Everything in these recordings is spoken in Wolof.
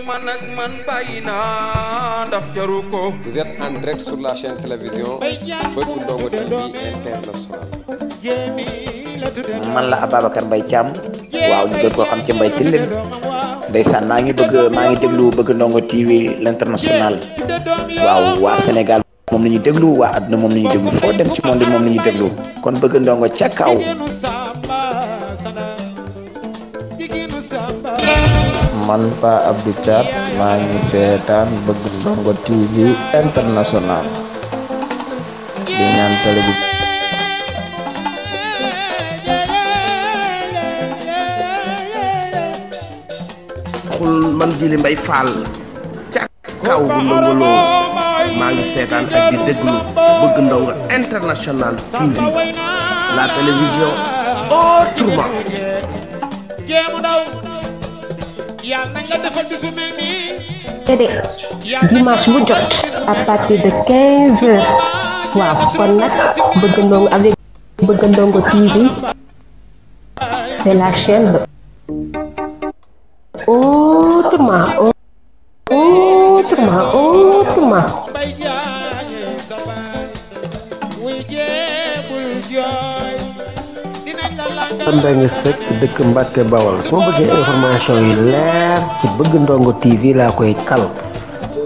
man ak man bàyyi naa ndax la chaîne télévision Bërkë Ndongo TV international. waaw ñu gën koo xam ci Mbaye Tilène ndeysaan maa ngi bëgg maa ngi déglu Bërkë Ndongo TV l'international waaw waa Sénégal. moom la ñuy déglu waa na moom la ñu déglu foo dem ci monde moom la ñuy déglu kon Bërkë Ndongo ca kaw. man Pa maa ngi seetaan bëgg ndongo TV international di ñaan télé bi xul man jili mbay faal ca kaw bu maa ngi seetaan ak di déglu bëgg ndongo international TV la télévision oh, autrement Jadi, Dimas Wujud apa tidak Kaiser? Wah, pernah bergendong abis bergendong ke TV? Saya Oh, terma. Oh, oh terma. Oh, Mbengue Seck dëkk Mbacke bawal su ma bëggee information yi leer ci bëgg ndongo TV laa koy kal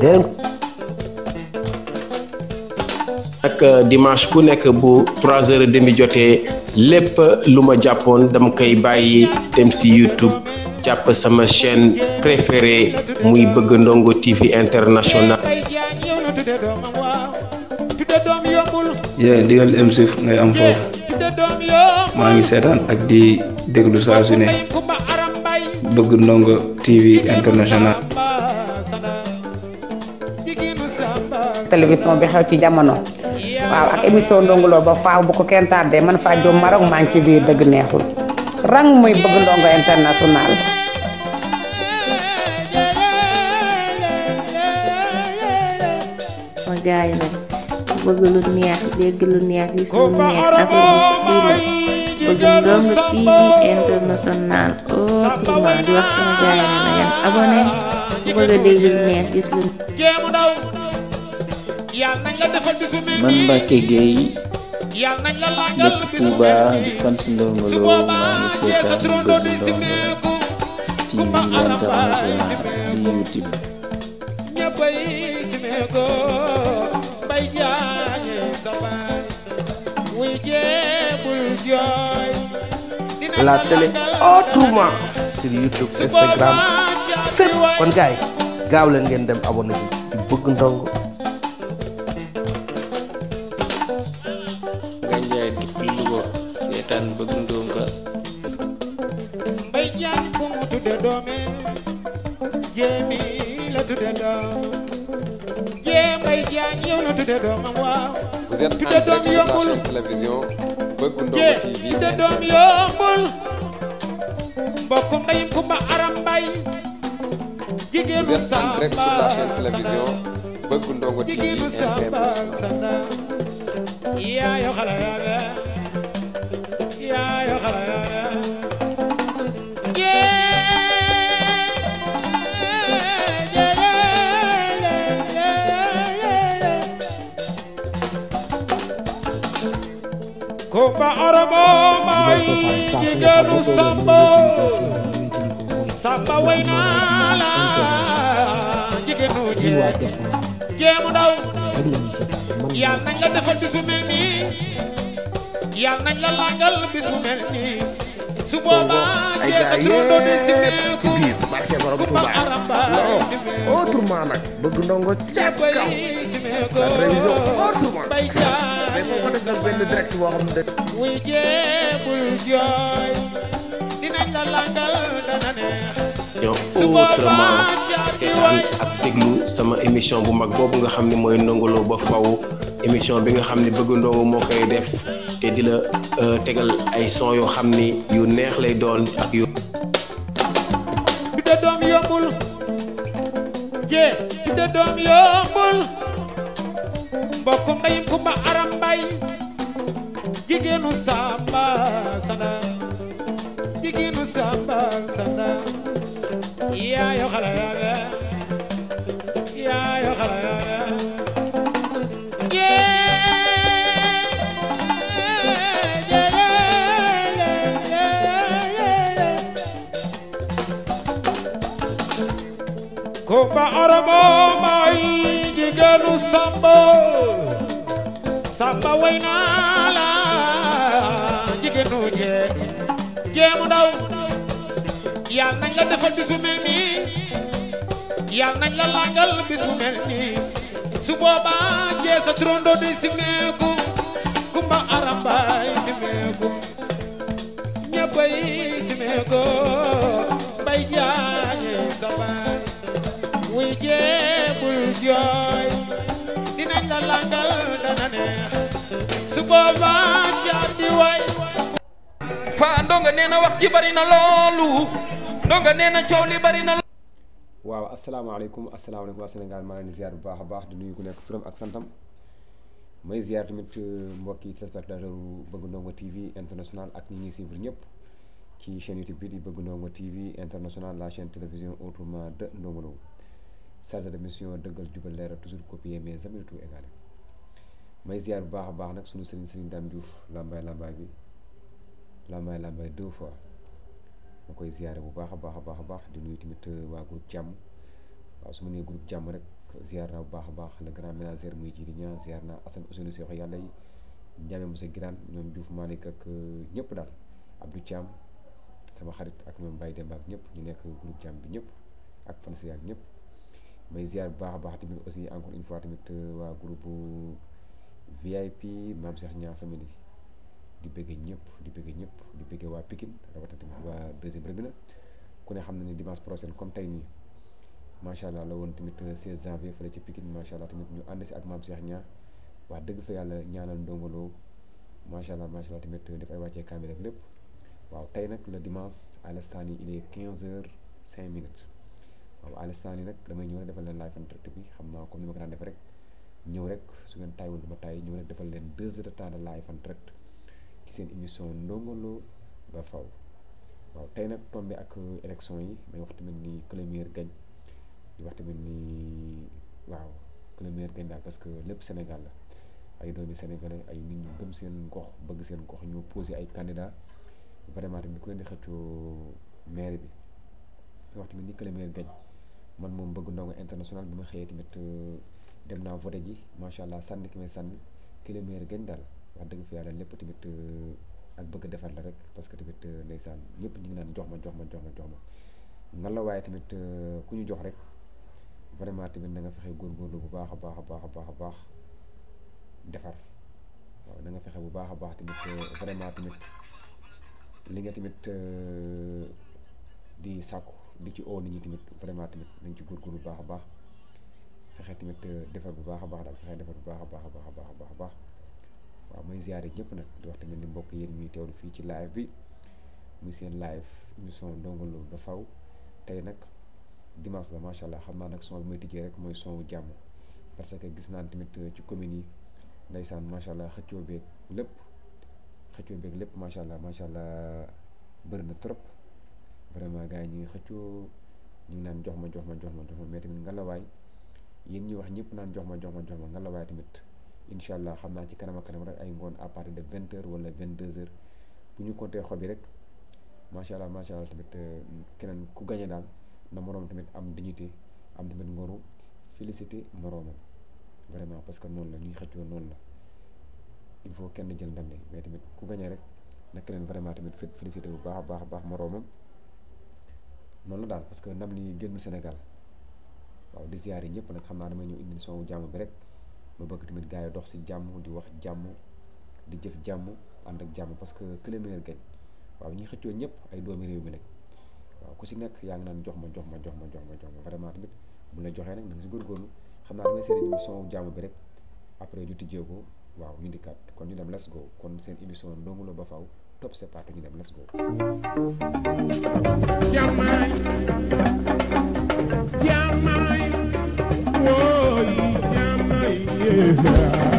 den ak dimanche ku nekk bu 3 heures demi jotee lépp lu ma jàppoon dama koy bàyyi dem si YouTube jàpp sama chaîne préférée muy bëgg ndongo TV international. yee ya, digal MC ngay am foofu maa ngi seetaan ak di déglu saa su ne bëgg ndongo TV international. télévision bi xew ci jamono waaw ak émission Ndongo Lo ba faaw bu ko kenn tardé man faa jom Maroc maa ngi ci biir dëgg neexul rang muy bëgg ndongo international. ma gars bëgg lu neex dégg lu neex gis lu neex bi fii la. bëgg Ndongo TV international oh, autrement di wax sama gaay yi na ngeen abonné bu bëgg a dégg lu neex gis lu man Mbacke Gueye dëkk Touba di fan si Ndongo Lo maa ngi seetaan bëgg Ndongo ci international ci YouTube bay jaay sa baay wuy jeebul joor la télé oh, autrement sur YouTube Instagram fépp kon gars yi gaaw leen dem abonné ji ci Bëgg Ndongo nga njaay depuis Louga seetaan Bëgg Ndongo mbay jaan ko mu tudde doome jéemi la tudde doom jéem mbay jaan yow la tudde doomam waaw vous êtes en direct sur la chaîne télévision bëgg Ndongo TV bi de doom yombul mbokku ndeyum Samba vous êtes en arabo mai kigeru sabo saba wayna la jigenu je jemu daw yal nañ la defal bisu melni yal nañ la langal bisu melni su boba je sa trondo de ci biir barke borom touba non autrement nak bëgg ndongo ci kaw révision autrement mais foko def nak direct bo xamne wuy jéebul jooy dinañ la langal dana ak déglu sama émission bu mag boobu nga xam ne mooy nongolo ba faw émission bi nga xam ne bëgg moo koy def te di la euh, tegal ay son yoo xam yu neex lay doon ak yu doom yombul doom yombul mbokk aram mbay jigéenu Samba Sana jigéenu Samba Sana yaa yoo xale yaa yaa yoo xale yaa Kumba Oromo may jigéenu Samba Samba way naa duuje jéemu ndaw yal nañ la defal bisu mel nii yal langal bisu mel nii su boobaa sa turandoo simeeku kumba arambaay simeeku ñëppay simeeku bay jaañee sa baay wuy jéebul jooy dinañ la langal dana neex su boobaa Moustapha ndonga nee wax ji bari loolu ndonga nee coow li bari na waaw asalaamaaleykum asalaamaaleykum waa Sénégal maa leen di ziar bu baax a baax di nuy ku nekk turam ak santam may ziar tamit euh, mbokki téléspectateur bu Bëgg Ndongo TV international ak ñi ñuy suivre ñëpp ci chaîne YouTube bi di Bëgg Ndongo TV international la chaîne télévision autrement de Ndongo Lo chargé de mission dëggal jubal leeral toujours copier mais jamais tout égalé may ziar bu baax a baax nag sunu sëriñ sëriñ Dame Diouf bi Lambaye Lambaye deux fois ma koy ziare bu baax a baax a baax a baax di nuyu tamit euh, waa groupe jàmm waaw su ma nee groupe jàmm rek ziar naa bu baax a baax le grand ménagère muy ji di ñaan ziar naa Assane Ousseynou Seck yàlla yi Ndiame Moussa Giraan ñoom Diouf Malick ak euh, ñëpp daal du Thiam sama xarit ak ñoom Baye Demba ak ñëpp ñu nekk group jàmm bi ñëpp ak Fancy ak ñëpp may ziar bu baax a baax tamit aussi encore une fois tamit euh, waa groupe VIP Mame Cheikh Niang famille di bëgge ñëpp di bëgge ñëpp di bëgge wa Pikine rawata tamit waa deuxième rëbina ku ne xam na ni dimanche prochain comme tey nii macha allah la won tamit 16 janvier fële ci Pikine macha allah tamit ñu ànd ci ak maam Cheikh Niang wa dëgg fa Yalla ñaanal ndongoloo macha allah macha allah tamit def ay wacce kaamil ak lépp waaw tey nag le dimanche à l'instant il est 15 h 5 minutes waaw à l'instant nak nag damay ñëw rek defal leen live en direct bi xamna naa comme ni ma ko daan def rek ñëw rek su ngeen taay wul dama tay ñëw rek defal leen 2 heures de temps de live en direct seen émission Ndongo ba faw waaw tey nag tombé ak élection yi may waxtu tamit nii que le di wax tamit ni waaw que le daal parce que lépp Sénégal la ay doomi sénégalais ay nit ñu gëm seen gox bëgg seen gox ñu posé ay candidats vraiment tamit ku leen xëccoo maire bi may wax tamit ni que le man moom bëgg ndongo international bi ma xëyee tamit euh, dem naa voté ji macha allah sànni ki may sànni que le daal. wax dëgg fi yàlla lépp tamit ak bëgg defar la rek parce que tamit ndeysaan ñëpp ñu ngi naan jox ma jox ma jox ma jox ma nga la waaye tamit ku ñu jox rek vraiment tamit na nga fexe góor góorgóorlu bu baax a baax a baax a baax a baax defar waaw na nga fexe bu baax a baax tamit vraiment tamit li nga tamit di sàkku di ci ow nit ñi tamit vraiment tamit na nga ci góorgóorlu bu baax a baax fexe tamit defar bu baax a baax daal fexe defar bu baax baax a baax a baax a baax. waaw mooy ziare ñëpp nag di wax tamit ni mbokk yéen ñuy teewlu fii ci live bi muy seen live émission Ndongo Lo ba faw tey nag dimanche la macha allah xam naa nag son bi may tijjee rek mooy son jàmm parce que gis naan tamit euh, ci communes yi ndeysaan macha allah xëccoo beeg lépp xëccoo beeg lépp macha allah macha allah bëri na trop vraiment gars yi ñu ngi xëccoo ñu naan jox ma jox ma jox ma jox tamit ngelawaay yéen ñi wax ñëpp naan jox ma jox ma jox ma tamit. incha allah xam naa ci kanam ak kanam rek ay ngoon à partir de vingt heures wala vingt deux bu ñu compter xob yi rek macha allah macha tamit euh, keneen ku gañe daal na moroom tamit am dignité am tamit ngoru félicité moroomam vraiment parce que noonu la ñuy xëccoo noonu la il faut kenn jël ndam ni mais tamit ku gañe rek na keneen vraiment tamit félicité bu baax a baax baax moroomam noonu la daal parce que ndam li génn Sénégal waaw di ziar yi ñëpp nag xam naa damay ñëw indi son jàmm bi rek. ma bëgg tamit gars yi dox si jàmm di wax jàmm di jëf jàmm ànd ak jàmm parce que que le waaw ñi xëccoo ñëpp ay doomi réew mi lañ waaw ku si nekk yaa ngi naan jox ma jox ma jox ma jox ma jox ma vraiment tamit bu na joxee nag na nga si góorgóorlu xam naa damay seen émission jàmm bi rek après ñu tijjee ko waaw ñu dikkaat kon ñu dem let's go kon seen émission Ndongo ba faw topp c'est parti ñu dem let's go. jàmmaay yeah.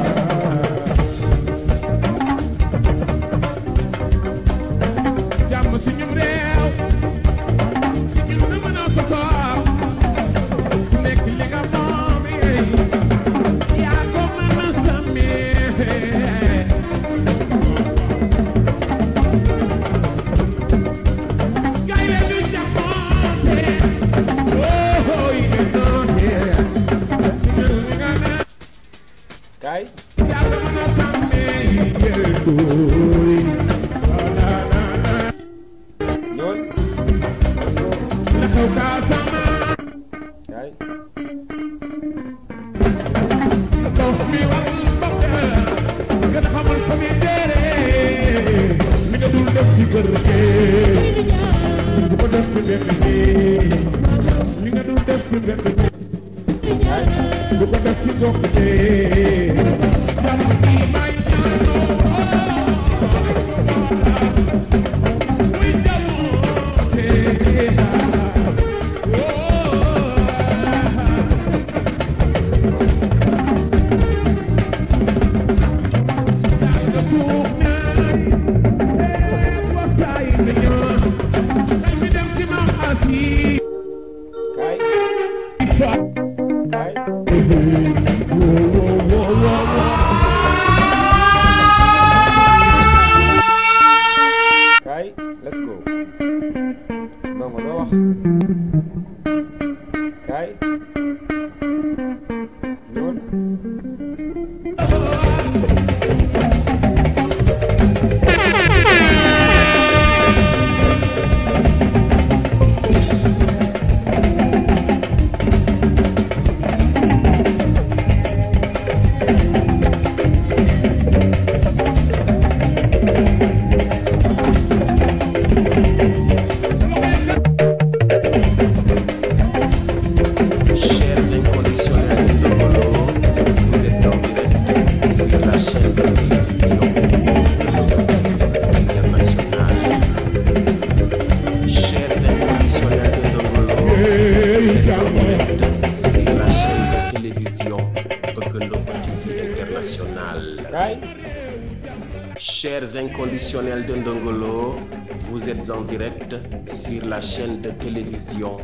en direct sur la chaîne de télévision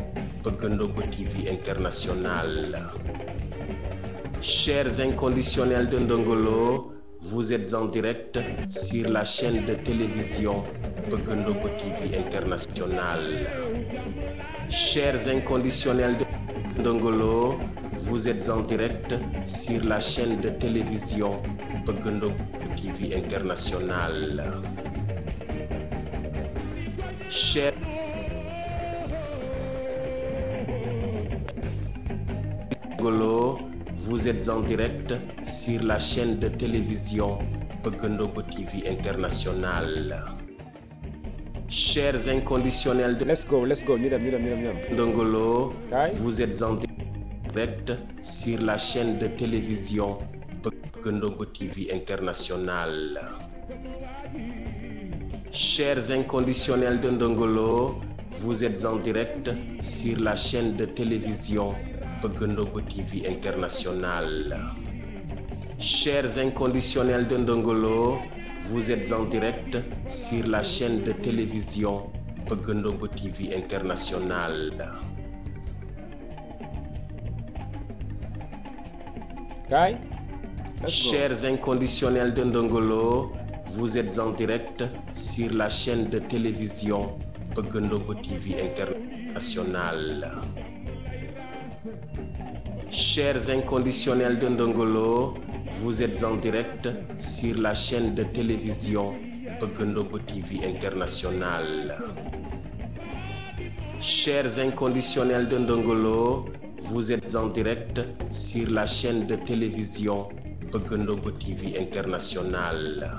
Pekendogo TV International. Chers inconditionnels de Ndongolo, vous êtes en direct sur la chaîne de télévision Pekendogo TV International. Chers inconditionnels de Ndongolo, vous êtes en direct sur la chaîne de télévision Pekendogo TV International shit. vous êtes en direct sur la chaîne de télévision Begundogo TV International. Chers inconditionnels de... Let's go, let's go, Dongolo, vous êtes en direct sur la chaîne de télévision Begundogo TV International. Chers inconditionnels de Ndongolo, vous êtes en direct sur la chaîne de télévision Begendongo TV International. Chers inconditionnels de Ndongolo, vous êtes en direct sur la chaîne de télévision Begendongo TV International. Chers inconditionnels de Ndongolo, vous êtes en direct sur la chaîne de télévision TV International. Chers inconditionnels de Ndongolo, vous êtes en direct sur la chaîne de télévision Pegundobo TV International. Chers inconditionnels de Ndongolo, vous êtes en direct sur la chaîne de télévision Pegundobo TV International.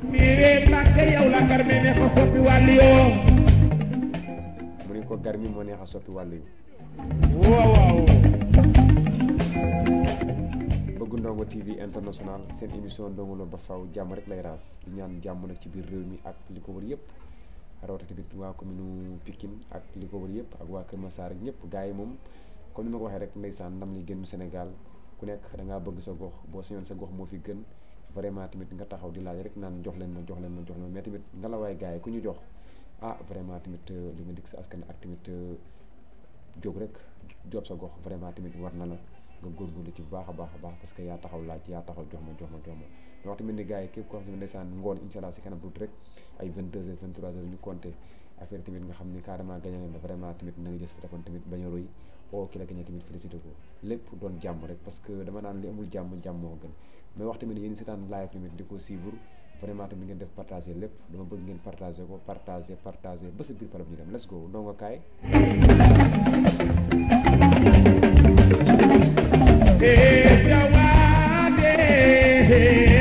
mire ko garmi moo neex a soppi ndongo tv international seen émission ndongo lo ba faw jàmm rek lay raas di ñaan jàmm nag ci biir réew mi ak li ko wër yépp rawata tamit waa commune Pikine ak li ko wër yépp ak waa Kër Massar ak ñëpp gars yi moom comme ni ma ko waxee rek ndeysaan ndam li gën Sénégal ku nekk da ngaa bëgg sa gox boo sañoon sa gox moo fi gën vraiment tamit nga taxaw di laaj rek naan jox leen ma jox leen ma jox leen mais tamit nga la way gaay ku ñu jox ah vraiment tamit euh, li nga dik sa askan ak tamit euh, jog rek jóob sa gox vraiment tamit war na la nga gor ci bu baax a baax baax parce que ya taxaw laaj ya taxaw jox ma jox ma jox ma mais wax tamit ni gaay yi ko koo xam ngol inshallah ci kanam tuuti rek ay 22 h 23 h ñu compté affaire tamit nga xamni carrément gagné na vraiment tamit na nga jël sa téléphone tamit bañ roy oo oh ki la gagné tamit félicité ko lepp doon jamm rek parce que dama naan li amul jamm jamm mo gën mais wax tamit yéen seetaan live tamit di ko suivre vraiment tamit ngeen def partager lépp dama bëgg ngeen partager ko partager partager ba sa biir palam ñu dem let's go ndongo kaay Hey,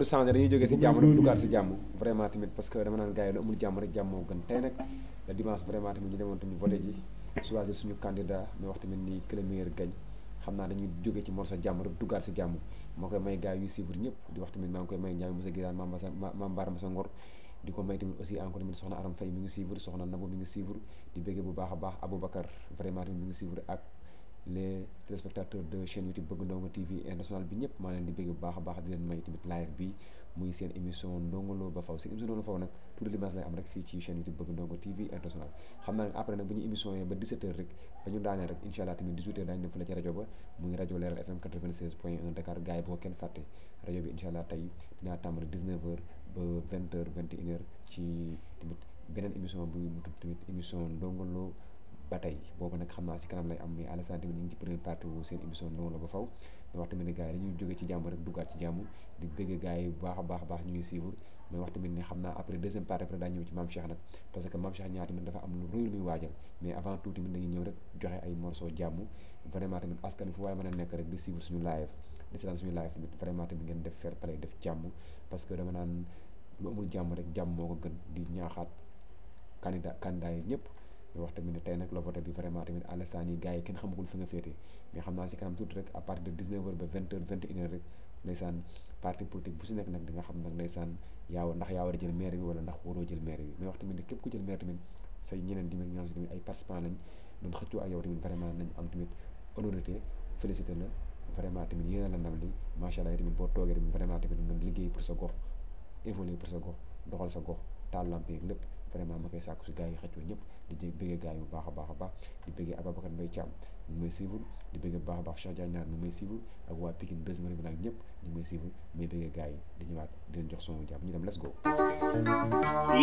du changer dañuy jógee ci jamm rek duggaat ci jamm vraiment tamit parce que dama nan gaay yi lu amul jamm rek jamm mo gën tay nak le dimanche vraiment tamit ñu demon tamit voté ji choisir suñu candidat mi wax tamit ni que le meilleur gagne xamna dañuy jógee ci morceau jamm rek duggaat ci jamm ma koy may gaay yu suivre ñep di wax tamit ma ngi koy may musa giran Giraan Mame Bara sa Ngor di ko may tamit aussi encore tamit soxna Aram fay mi ngi suivre soxna Nabo mi ngi suivre di bëggee bu baaxa baax abou bakkar vraiment tamit mi ngi suivre ak les téléspectateurs de chaîne YouTube bëgg Ndongo TV international bi ñëpp maa leen di bëgg bu baax a baax di leen may tamit live bi muy seen émission Ndongo Lo ba faw seen émission Ndongo Lo faw nag tous les dimanches lay am rek fii ci chaîne YouTube bëgg Ndongo TV international xam naa après nag ba ñu émission ba 17 rek ba ñu daanee rek incha tamit 18 ba muy rajo ci tamit beneen émission bu mu tamit émission Ndongo Lo ba tey boobu nag xam naa si kanam lay am mais Alassane tamit ñu ngi ci première partie wu seen émission noonu la ba faw mais wax tamit ne yi dañuy jóge ci jàmm rek duggaat ci jàmm di bëgg gars yi baax a baax baax ñu ngi suivre mais wax tamit ne xam naa après deuxième partie daa ñëw ci Mame nag parce que Mame Cheikh dafa am lu rëy lu muy waajal mais avant tout tamit dañuy ñëw rek joxe ay morceau jàmm vraiment tamit askan fu waaye mën a nekk rek di suivre suñu live di seetaan suñu live tamit que dama naan jàmm rek jàmm moo ko gën di ñaaxaat candidat ñëpp ñu wax tamit ne tey nag la vote bi vraiment tamit à l'instant nii gars yi kenn xamagul fi nga féete mais xam naa si kanam tuuti rek à de 19 ba 20 heures 21 rek ndeysaan parti politique bu si nekk nag di nga xam nag ndeysaan yaaw ndax yaa a jël maire bi wala ndax waroo jël maire bi mais wax tamit képp ku jël maire tamit say ñeneen tamit ñi xam si tamit ay participants lañ doon xëccoo ak yow tamit vraiment nañ am tamit honorité félicité la vraiment tamit yéen la ndam li boo toogee tamit vraiment tamit nga liggéey pour sa gox évoluer pour sa sa gox taal yi lépp vraiment ñëpp di bëggee gars yi bu baax a baax a baax di bëggee Ababacar Mbaye Thiam ñu ngi may suivre di bëggee baax baax Cheikh Diagne Naar ñu ngi may suivre ak waa Pikine Bés Marine ak ñëpp ñu ngi may suivre may bëggee gars yi di ñëwaat di leen jox son jàmm ñu dem let's go.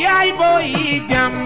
yaay booy jàmm.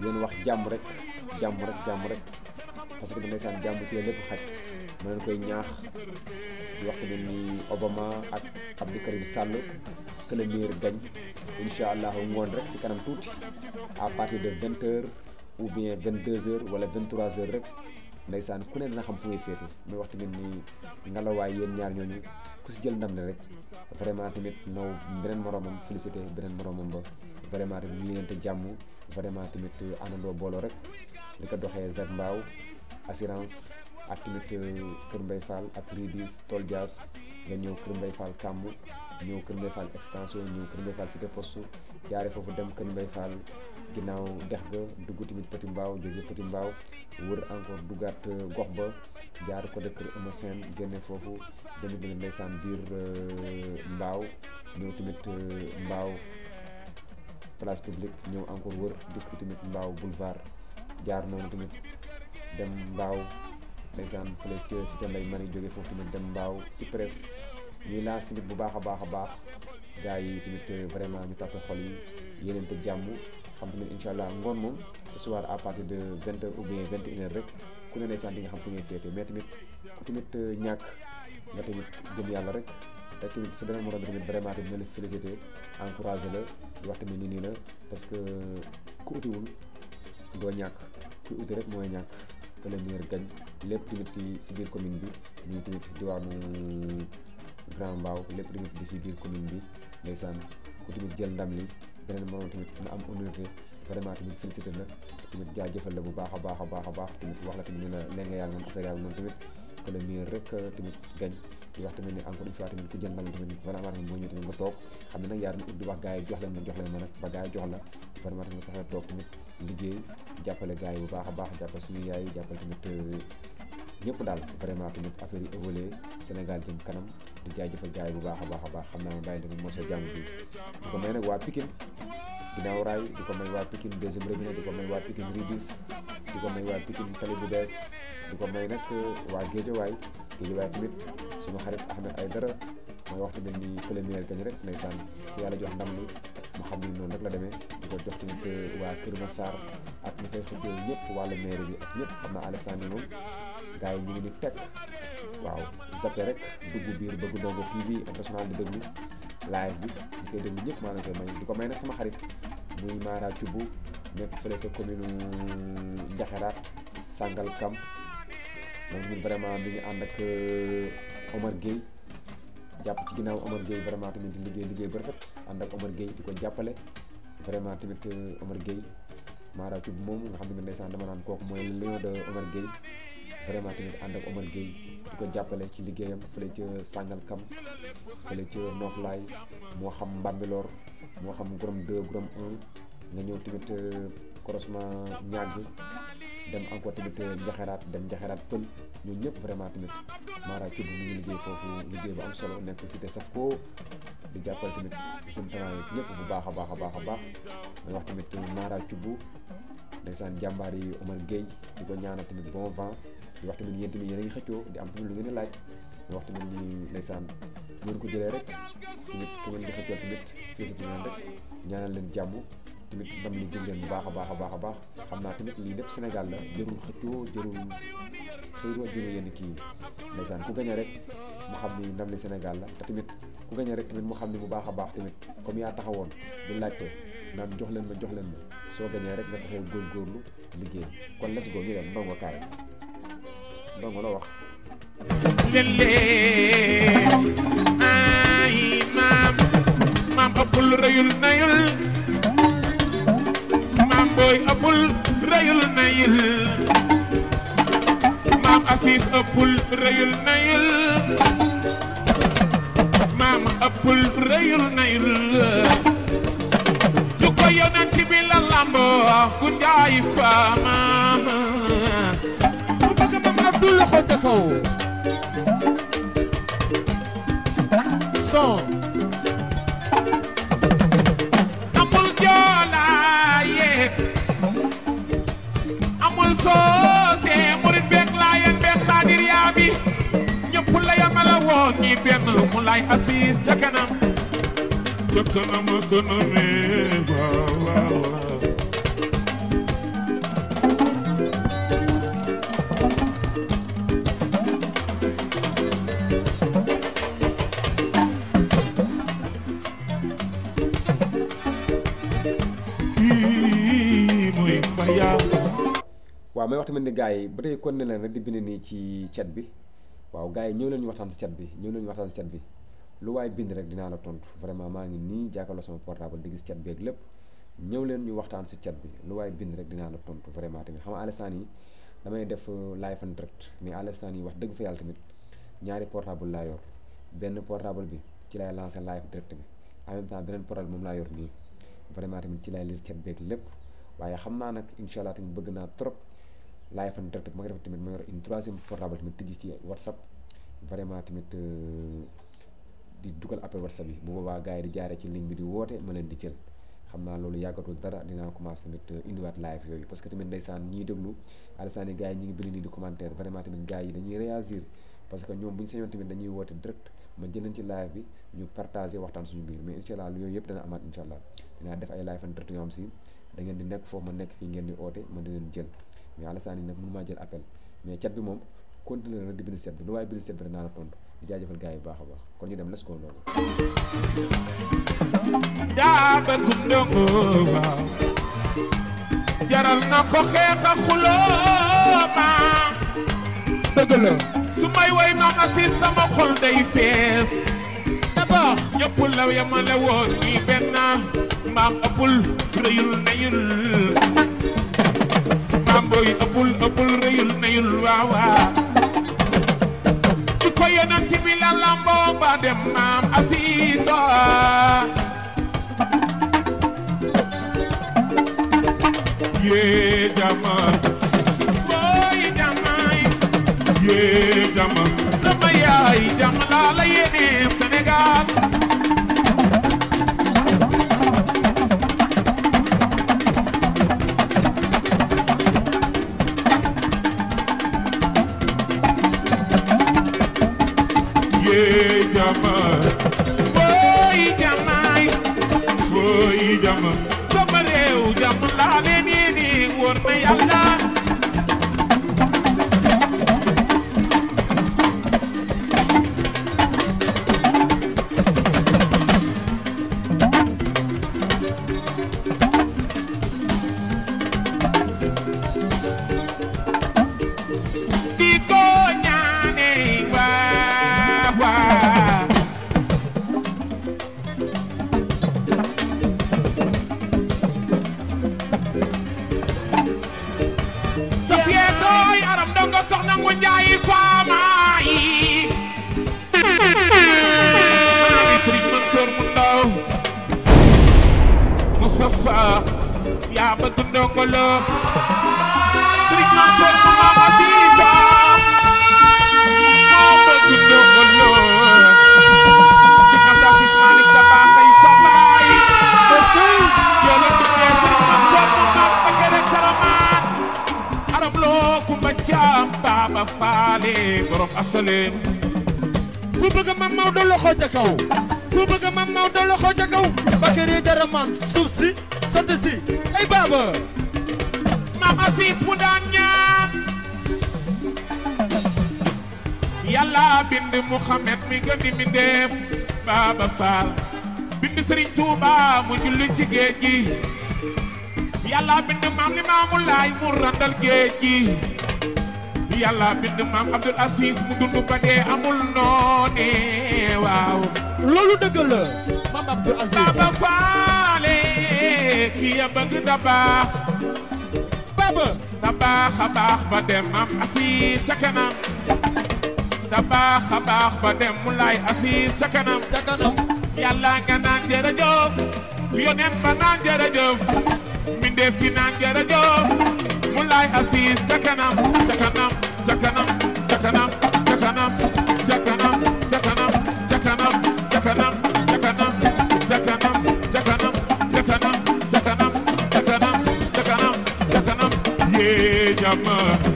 leen wax jàmm rek jàmm rek jàmm rek parce que ndeysaan jàmm ki la lépp xaj ma leen koy ñaax di wax tamit ni Obama ak Abdou Karim Sall que le meilleur gagne incha allah ngoon rek si kanam tuuti à partir de vingt heures ou bien vingt deux heures wala vingt trois heures rek ndeysaan ku ne dina xam fu ngay féete muy wax tamit ni ngalawaay yéen ñaar ñooñu ku si jël ndam ne rek vraiment tamit naw beneen moromam félicité beneen moromam ba vraiment tamit ñu ngi leen te jàmm. vraiment tamit àndandoo booloo rek li ko doxee Zac mbaaw assurance ak tamit euh, Kër Mbay Fall ak Ridis Tol Dias nga ñëw Kër Mbay Fall Kamb ñëw Kër Mbay Fall extension ñëw Kër Mbay Fall cité poste jaare foofu dem Kër Mbay Fall ginnaaw dex ga dugg tamit Petit Mbao jóge Petit Mbao wër encore duggaat euh, gox ba jaar ko de kër Eumeu Sène foofu demit na ndeysaan biir euh, mbaaw ñëw tamit Mbao place publique ñëw encore wër dikk tamit mbaaw boulevard jaar noonu tamit dem mbaaw ndeysaan place ci cité Ndeye Marie jóge foofu tamit dem mbaaw si presse ñuy lance tamit bu baax a baax a baax gars yi tamit euh, vraiment ñu tàppe xol yi yéeneente jàmm xam tamit incha allah ngoon moom soir à partir de vingt heures ou bien vingt et rek ku ne ndeysaan di nga xam fu ngay féete mais tamit ku tamit euh, ñàkk nga tamit gëm yàlla rek te tamit sa beneen morom bi tamit vraiment tamit na la félicité la wax tamit ni nii la parce que ku utiwul doo ñàkk ku uti rek mooy ñàkk que le meilleur gagne lépp tamit ci si biir commune bi ñu ngi tamit diwaanu Grand Mbao lépp tamit di si biir commune bi ndeysaan ku tamit jël ndam li beneen morom tamit na am honorité vraiment tamit félicité la tamit jaajëfal la bu baax a baax a baax a baax tamit wax la tamit nee na léeg-léeg yaa ngi moom affaire yaa tamit que rek euh, tamit gagne. di wax tamit ne encore une fois tamit ci jëndal tamit vraiment tamit mooy ñëw tamit nga toog xam ne nag yaa doon ubbi wax gars yi jox leen ma jox leen ma nag ba gars yi jox la vraiment tamit yi bu baax a baax jàppale suñu yaay jàppale tamit euh, ñëpp daal vraiment tamit affaire yi évolué Sénégal jëm kanam di jaajëfal gars yi bu baax a baax a baax xam naa ne bàyyi tamit moo sa jàmm bi di ko may nag waa Pikine ginnaaw raay di ko may waa Pikine deuxième bu di ko may waa ko may waa Pikine Tali bu bees di ko euh, waa Géejawaay suma xarit Ahmed Aïdara mooy waxtu bi ni préliminaire gañ rek ndeysaan ku yàlla jox ndam li mu xam ni noonu rek la demee di ko jox tamit euh, waa Kër Massar ak ñu fay xëccoo ñëpp wàllu mairie bi ak ñëpp xam naa Alassane moom gars yi ñu ngi ni teg waaw zappe rek dugg biir bëgg ndongo TV international di déglu live bi ñu koy déglu ñëpp maa ngi koy may di ko may nag sama xarit muy Mara Thioub nekk fële sa commune Ndiakharaat Sangalkam moom ñun vraiment mi ngi ànd euh, Omar gay japp ci ginaaw Omar gay vraiment tamit di liggéey liggéey bu rafet ànd ak Omar gay di ko jàppale vraiment tamit euh, Omar gay Mara ci moom nga xam ne ndeysaan dama naan kooku mooy lion de Omar gay vraiment tamit ànd ak Omar gay di ko jàppale ci liggéeyam fële ca Sangalkam fële ca Noflaay moo xam mbambi lor moo xam Gorom 2 Gorom 1 nga ñëw tamit euh, croisement ñaag dem encore tamit njaxeraat dem njaxeraat pël ñooñ ñëpp vraiment tamit Mara Thioub ñu ngi liggéey foofu liggéey bu am solo nekk cité ko di jàppal tamit seen talent yi ñëpp bu baax a baax a baax a baax may wax tamit Mara Thioub ndeysaan jàmbaar yi Omar Gueye di ko ñaanal tamit bon vent di wax tamit yéen tamit yéen a ngi xëccoo di am tamit lu ngeen di laaj di wax tamit ñi ndeysaan ngeen ko jëlee rek tamit ku ngeen di xëccoo tamit fii ci ñaan rek ñaanal tamit ndam li jël leen bu baax a baax a baax a baax xam naa tamit lii lépp Sénégal la jërul xëccoo jërul xëyroo jërul yenn kii ndeysaan ku gañe rek mu xam ni ndam li la te tamit ku rek tamit mu xam ni bu baax a baax tamit comme yaa taxawoon di laajte naan jox leen ma jox leen ma soo gañee rek nga taxaw góorgóorlu liggéey kon let's go ñu dem ndongo kaay ndongo la wax ay maam maam ëppul rëyul nayul ndooy ëppul reyul nayil maam Asis ëppul reyul nayil maam ëppul reyul nayil ju ko yonent bi la lambo ku njaay fa maam ku bëgg maam Abdul loxo ca kaw son amul joolaa yee so see murit beeg laayeen beeg xaadir yaa bi ñëpp la yamala woon ñi benn mu lay Yeah. waaw may wax tamit ni gars kon ne leen rek di bind ci chat bi waaw gars yi ñëw leen ñu waxtaan si cet bi ñëw leen ñu waxtaan si chat lu waaye bind rek dinaa la tontu vraiment maa ngi nii jàkkaarloo sama portable di gis chat bi ak lépp leen ñu waxtaan si chat bi lu waaye bind rek dinaa la tontu vraiment tamit xam nga à yi damay def euh, live en direct mais à yi wax dëgg fa yàlla tamit ñaari portable laa yor benn portable bi ci lay lancé live direct bi en même beneen portable moom laa yor nii vraiment tamit ci laay lire chat bi ak lépp waaye xam naa nag incha allah tamit bëgg naa trop live en direct bi ma ko defee tamit ma portable tamit tijji ci whatsapp vraiment tamit euh, di dugal appel whatsapp yi bu boobaa gars yi di jaaree ci ligne bi di woote ma leen di jël xam naa loolu yàggatul dara dinaa commencé tamit euh, indiwaat live yooyu parce que tamit ndeysaan ñiy déglu alisaan yi gars yi ñu ngi bind nii di commentaire vraiment tamit gars yi dañuy réagir parce que ñoom bu ñu tamit dañuy woote direct ma jël leen ci live bi ñu partagé waxtaan suñu biir mais yooyu yëpp dana amaat incha allah dinaa di nekk foofu nekk fii ngeen di oote ma di leen jël mais Alassane yi nak mënuma jël appel mais chat bi mom continuer na di bind set lu way bind set na la tontu di jaajëfal gars bu baaxa baax kon ñu dem let's go ndongo daa bëgg ndongo waaw jaral na ko xexa xulo ba ma dëgg la su may way noona si sama xol day fees d'abord ya la yamale woon ñi benn maam ëppul rëyul neyul booy ëppul ëppul rëyul neyul waaw waaw ci ko yonent bi lamboo ba dem maam asiiso yee jama booy jamay yee jama sama yaay jama laa la yéene Sénégal jàmm sama réew jàmm laa leen yéene wóor na yàlla Fall bind Sëriñ Tuuba mu julli ci géej gi yàlla bind maam li maamu laay mu randal géej gi yàlla bind maam Abdul Asis mu dund ba dee amul noone waaw loolu dëgg la maam Abdul Asis Baba Faale baax baba ba dem maam Asis ca kanam da baax a ba dem mu laay Asis ca kanam yàlla nga naan jërëjëf yonent ba naan jërëjëf mbindeef fi naan jërëjëf mu laay asiis ca kanam ca kanam ca kanam ca kanam ca kanam ca kanam ca kanam ca kanam yee jàmm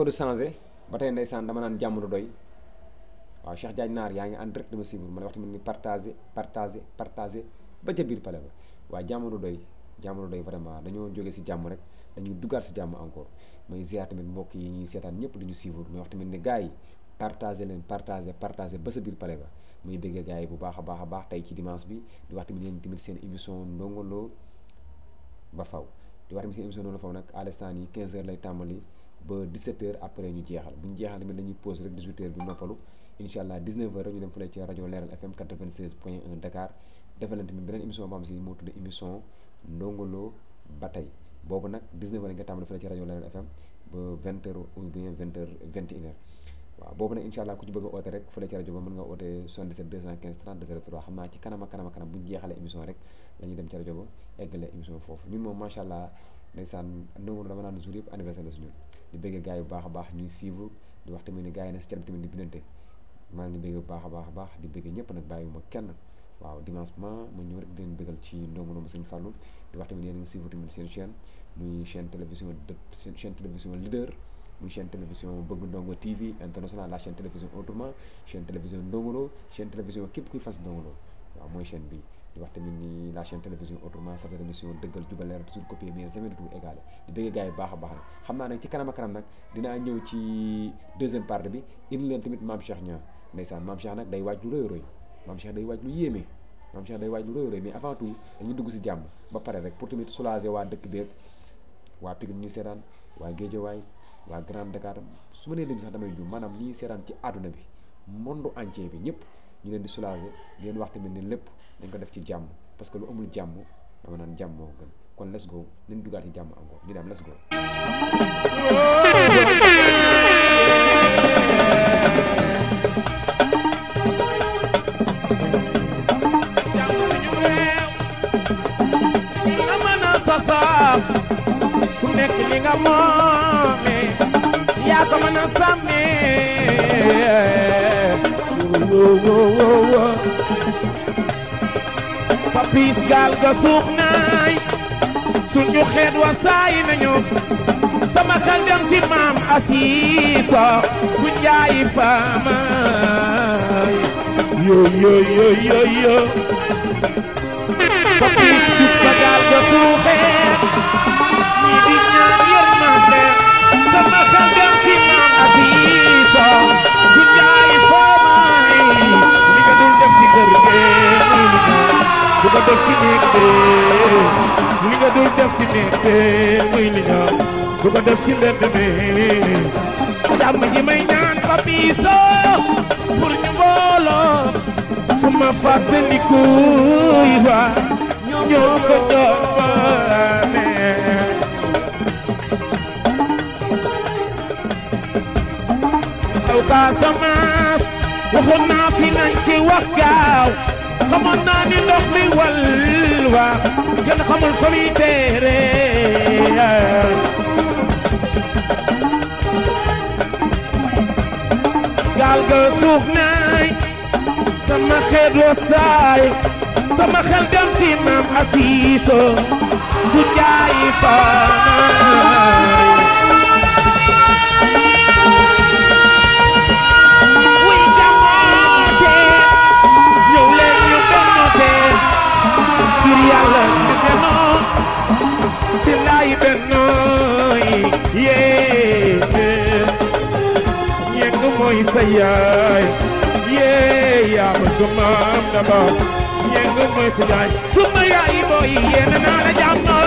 ko du changé ba tey ndeysaan dama naan jàmm du doy waaw Cheikh Diagne Naar yaa ngi en direct dama suivre man wax tamit ni partagé partagé partagé ba ca biir pale ba waaye jàmm du doy jàmm dañoo jógee si jàmm rek dañuy duggaat si jàmm encore may ziar tamit mbokk yi ñuy seetaan ñëpp di ñu suivre mais wax tamit ne gars yi partagé leen ba sa biir pale ba muy bëggee gars yi bu baax a baax a baax tey ci dimanche bi di wax tamit yéen tamit seen émission Ndongo Lo ba faw di wax tamit seen émission noonu faw nag à l'instant yi 15 heures lay tàmbali ba 17h après ñu jeexal bu ñu jeexal tamit dañuy pause rek 18h bi noppalu incha allah 19 rek ñu dem fële ci rajo Leeral FM 96 point 1 Dakar defal si moo tudd émission Ndongo ba tey boobu nag nga tàmbali fële ci rajo Leeral FM ba 20h waaw boobu nag incha ku ci bëgg a oote rek fële ci rajo ba mën nga oote xam naa ci kanam ak kanam ak kanam bu rek la dem ci rajo ba eggale émission foofu ñun moom macha allah ndeysaan Ndongo Lo dama naan jour yëpp anniversaire di bëggee gars yi bu baax a baax ñuy suivre di wax tamit ne gars yi na si canam tamit di bindante maa ngi di bëggee bu baax a baax a baax di bëggee ñëpp nag bàyyiwuma kenn waaw dimanche ma ma ñëw rek di leen bëggal ci ndongo ndongo seen Fallou di wax tamit yéen a ngi suivre tamit seen chaîne muy chaîne télévision de chaîne télévision leader muy chaîne télévision Bëgg Ndongo TV international la chaîne télévision autrement chaîne télévision Ndongo Lo chaîne télévision képp kuy fas Ndongo Lo waaw mooy bi di wax tamit ni la chaîne télévision autrement sa émission dëggal jubal leeral toujours copier mais jamais du tout égalé di bëgg gars baax a baax nag xam naa nag ci kanam a kanam nag dinaa ñëw ci deuxième partie bi indi leen tamit maam Cheikh Niang ndeysaan maam Cheikh nag day waaj lu rëy rëy maam Cheikh day waaj lu yéeme maam Cheikh day waaj lu rëy rëy mais avant tout dañuy dugg si jàmm ba pare rek pour tamit soulager waa dëkk beeg waa Pikine ñuy seetaan waa waay waa Grand Dakar su ma nee lim sax damay ju maanaam ñiy seetaan ci àdduna bi monde entier bi ñëpp ñu leen di soulager di leen wax tamit ne lépp dañ ko def ci jàmm parce que lu amul jàmm dama naan jàmm moo gën kon let's go nañ dugaat ci jàmm encore ñu dem let's go woo woo woo papis suux naay suñu xeet wa saay nañu sama xel dem ci maam asiisa bu njaay faamaay yoo yoo yoo yoo yoo def ci néeg bi li nga dul def ci néeg bi muy li nga du ko def ci mbedd bi jàmm ji may ñaan ba biisoo pour ñu booloo su ma fàttaliku yi wa ñoo ko doon baane taw Casamance waxoon naa fi nañ ci wax gaaw xamoon naa ni ndox mi walwa kenn xamul ko mi teere gaal ga suuf naay sama xeet wasaay sama xel dem ci maam asiiso bu jaayi faanaay yàlla billaay bennooy yéene ñeeng mooy sa yaay yée yaa ma gëmaam daba ñeeng mooy sa yaay suma yaay mooy yéene naa la jàmm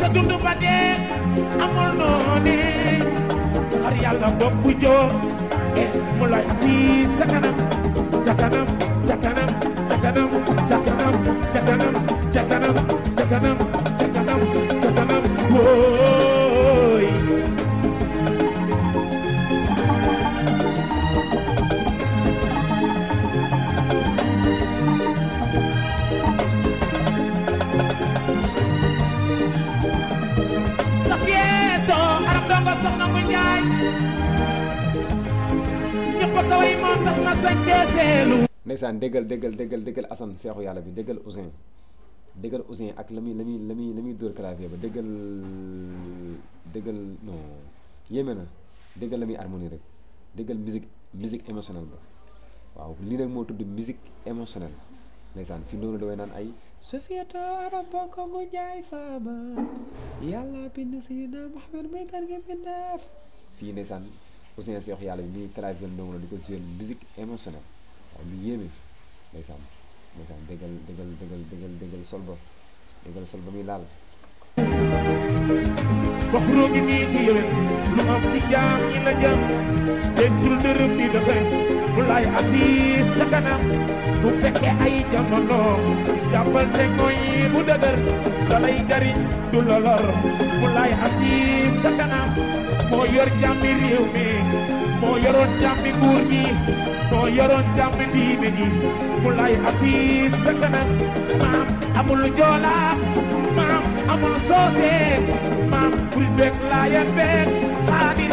sa dund a dee a noonu xar yàlla bopp a eh mu lay si ca kanam ca kanam ca kanam ca kanam ca kanam ca kanam ca kanam ca kanam ndeysaan déggal déggal déggal déggal Assane seexu yàlla bi déggal Ousin déggal Ousin ak la muy la muy la muy la dóor clavier ba déggal déggal non yéeme na déggal la muy harmonie rek déggal musique musique émotionnelle ba waaw lii nag moo tudd musique émotionnelle ndeysaan fi noonu la naan ay sufieto arab bokko ngu jaay faama yàlla bind si na Muhammad muy kar gi fi def fii ndeysaan Ouzin Seck yàlla bi muy traversé Ndongo Lo di ko joué musique émotionnelle waaw lu yéeme ndeysaan ndeysaan déggal déggal déggal déggal déggal sol ba déggal sol ba muy laal. baxuroo ngi nii ci yéen lu am ci jaam ñi la jëm dencul dërëm di defe bu lay asiis sa kanam bu fekke ay jamono jàppal te ngoy bu dëgër dalay jariñ du la lor bu lay asiis sa kanam moo yor jàmmi réew mi moo yoroon jàmmi nguur gi moo yoroon jàmmi diine gi bu lay asiis sa kanam maam amul joolaa amul soose maam bul beeg laayeen beeg xaadir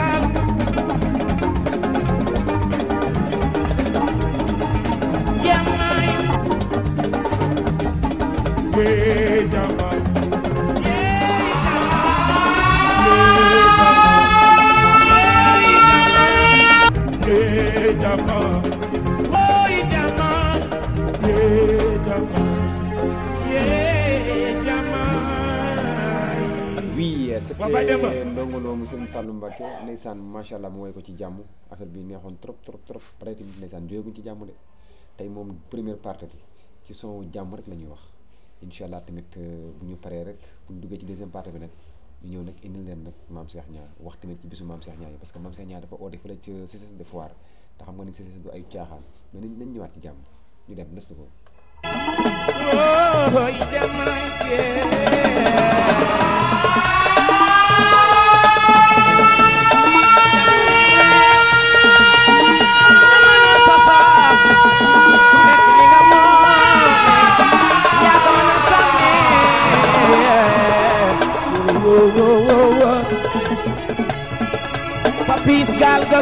te ndongo loo mu Serigne Fallou Mbacké ndeysaan macha allah mu woy ko ci jàmm affaire bi neexoon trop trop trop pare tamit ndeysaan jógeguñ ci jàmm de tey moom première partie bi ci son jàmm rek la ñuy wax incha allah tamit euh, bu ñu paree rek bu ñu duggee ci deuxième partie bi nag ñu ñëw nag indi leen nag maam seex Niang wax tamit ci bisu maam seex Niang yi parce que maam Cheikh Niang dafa oote fële ci CCS de foire te xam nga ni CCS du ay caaxaan mais nañ ñu dem nës ko.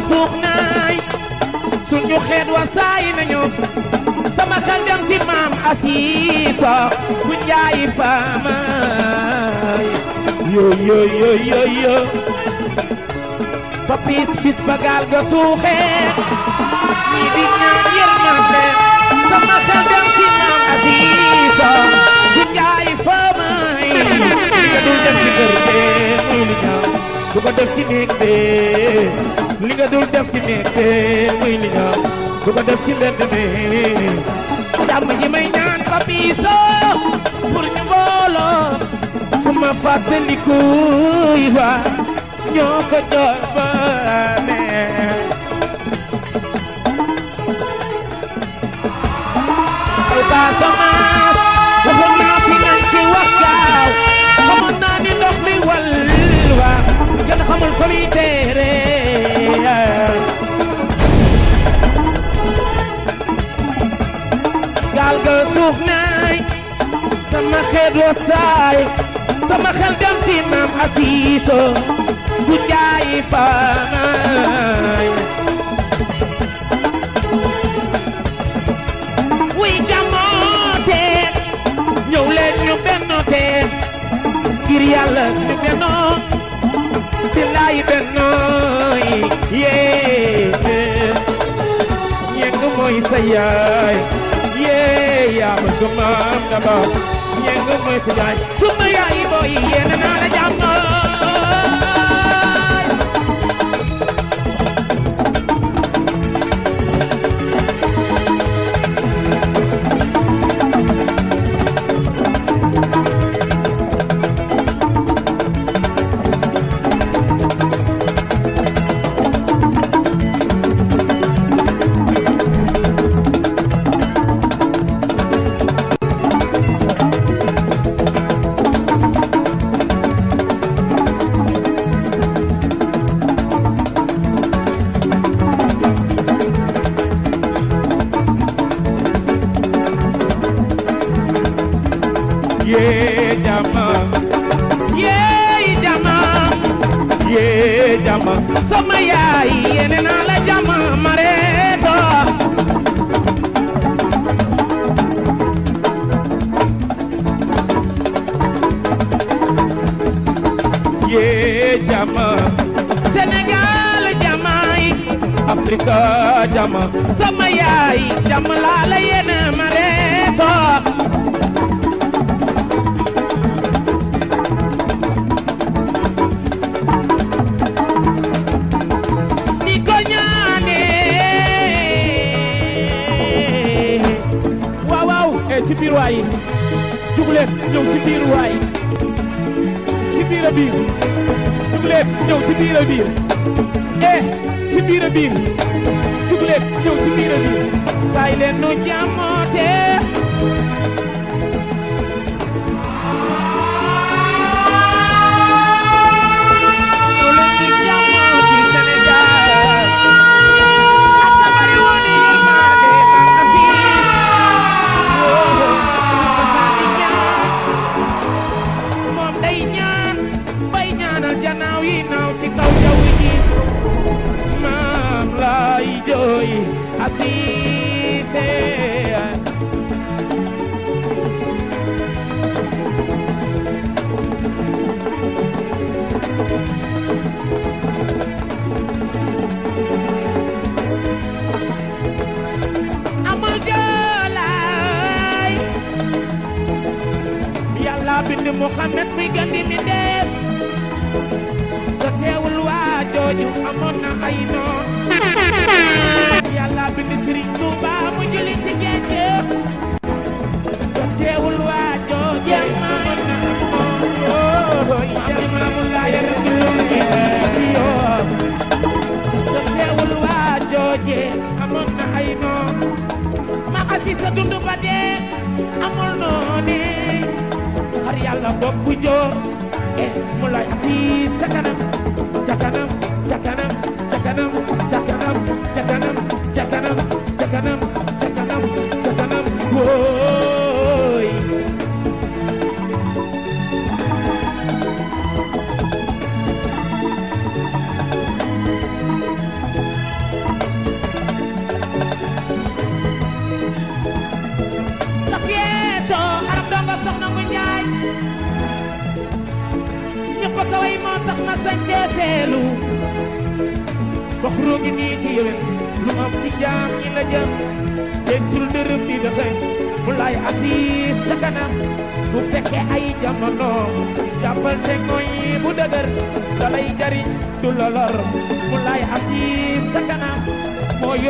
ba suux naay suñu xeet wa saay nañu sama xel dem ci maam asiisa bu njaay faamaay yoo yoo yoo piis ba gaal ga suuxee ñii di ñaan yërmande sama xel dem ci maam asiisa bu faamaay nga dul dem ci kër gee muy du ko def ci néeg bi li nga dul def ci néeg bi muy li nga du ko def ci mbedd bi jàmm ji may ñaan papi soo pour ñu mbooloo su ma fàttaliku yi waa ñoo ko jox ba खोली तेरे gaal ga suuf naay sama xel loo saay sama xel dem ci maam Asiiso bu jaay faamaay wuy jamoote ñëw leen ñu bennoo te ngir yàlla ñu bennoo silay bennooy yéené ñeeng mooy sa yaay yaa bëgg maam na ba ñeeng mooy sa yaay suma yaay booy yéené naa la jàmm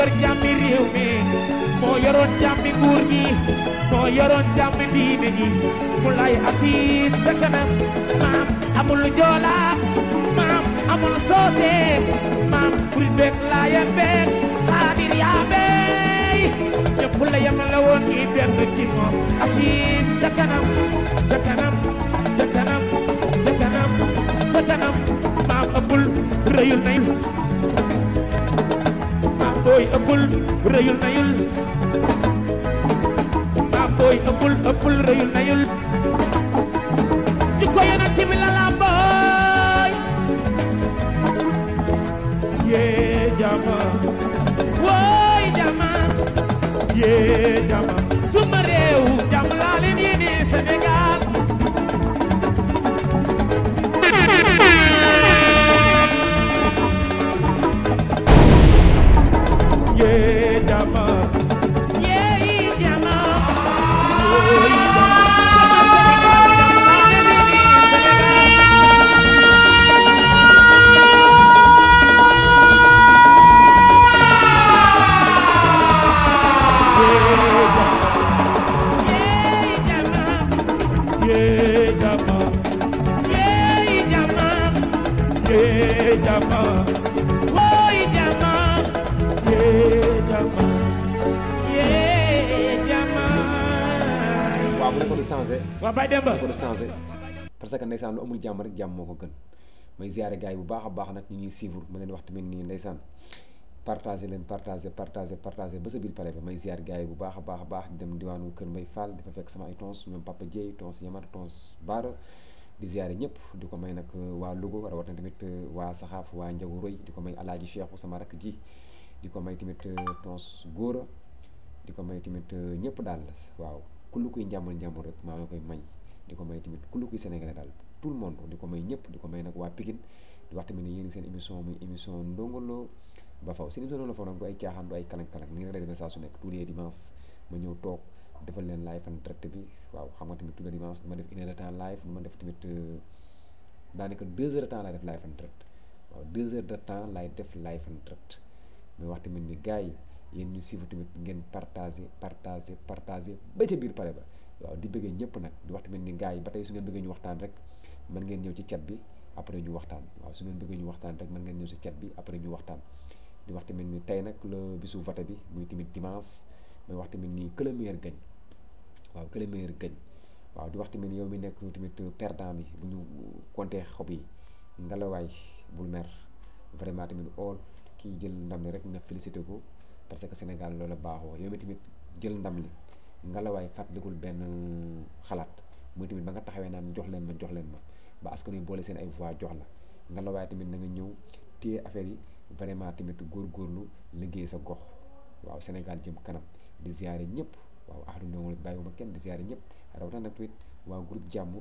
yor jàmmi réew mi moo yoroon jàmmi nguur gi moo yoroon jàmmi diine gi mu lay asiis sa kanam maam amul joola maam amul soose maam kurit beeg laayeen beeg xaadir yaa beey ñëpp la yem la woon i benn ci moom asiis sa kanam sa kanam sa kanam sa kanam sa kanam maam ëppul rëyul nay booy ëppul rëyul nayul daa booy ëppul ëppul rëyul nayul jikko yonent bi la la booy yee jama wooy jama yee jama away. Papa Demba parce que ndeysaan lu amul jàmm rek jàmm moo ko gën may ziare gars bu baax a baax nag ñu ñuy suivre ma leen wax tamit nii ndeysaan partagé leen partagé partagé partagé ba sa biir pale ba may ziar gars bu baax a baax a baax dem diwaanu Kër Mbay Fall dafa fekk sama ay tons ñoom Papa Dieye tons Yamar tons Baara di ziare ñëpp di ko may nag euh, waa war Louga rawatina tamit euh, waa Saxaaf waa Njagu Roy di ko may Alaaji Cheikhu sama rakk ji di ko may tamit euh, tons Góora di ko may tamit ñëpp daal waaw ku lu kuy njàmbur njàmbur rek maa la koy may di ko may tamit ku lu kuy sénégalais daal tout le monde di ko may ñëpp di ko may nag waa Pikine di wax tamit ne yéen seen émission muy émission Ndongo Lo ba faw seen émission Ndongo Lo faw nag du ay caaxaan du ay kalang-kalang nii rek lay demee saa su nekk tous les dimanches ma ñëw toog defal leen live en direct bi waaw xam nga tamit tous les def une heure de temps live dama def tamit euh, daanaka deux heures de temps laay def live en direct waaw deux heures de temps laay def live en direct mais wax tamit ni gars yi yéen ñu suivre tamit ngeen partager partager partager ba ca biir pare ba waaw di bëggee ñëpp nag di wax tamit ni gars yi ba tey su ngeen bëggee ñu waxtaan rek mën ngeen ñëw ci chat bi après ñu waxtaan waaw su ngeen bëggee ñu waxtaan rek mën ngeen ñëw ci chat bi après ñu waxtaan di wax tamit ni tey nag le bisu vote bi muy tamit dimanche muy wax tamit ni que le meilleur gagne waaw que le meilleur gagne waaw di wax tamit yow mi nekk tamit perdant bi bu ñu compter xob yi ngelawaay bul mer vraiment tamit all ki jël ndam li rek nga féliciter ko parce que Sénégal loola baaxoo yow mi tamit jël ndam li ngelawaay la waay benn xalaat mooy tamit ba nga taxawee naan jox leen ma jox leen ma ba boole seen ay voix jox la nga tamit na nga ñëw téye affaire yi vraiment tamit góorgóorlu liggéey sa gox waaw Sénégal jëm kanam di ziare ñëpp waaw axlu ndongo bàyyiwuma kenn di ziare ñëpp rawatina nag tamit waaw groupe jàmm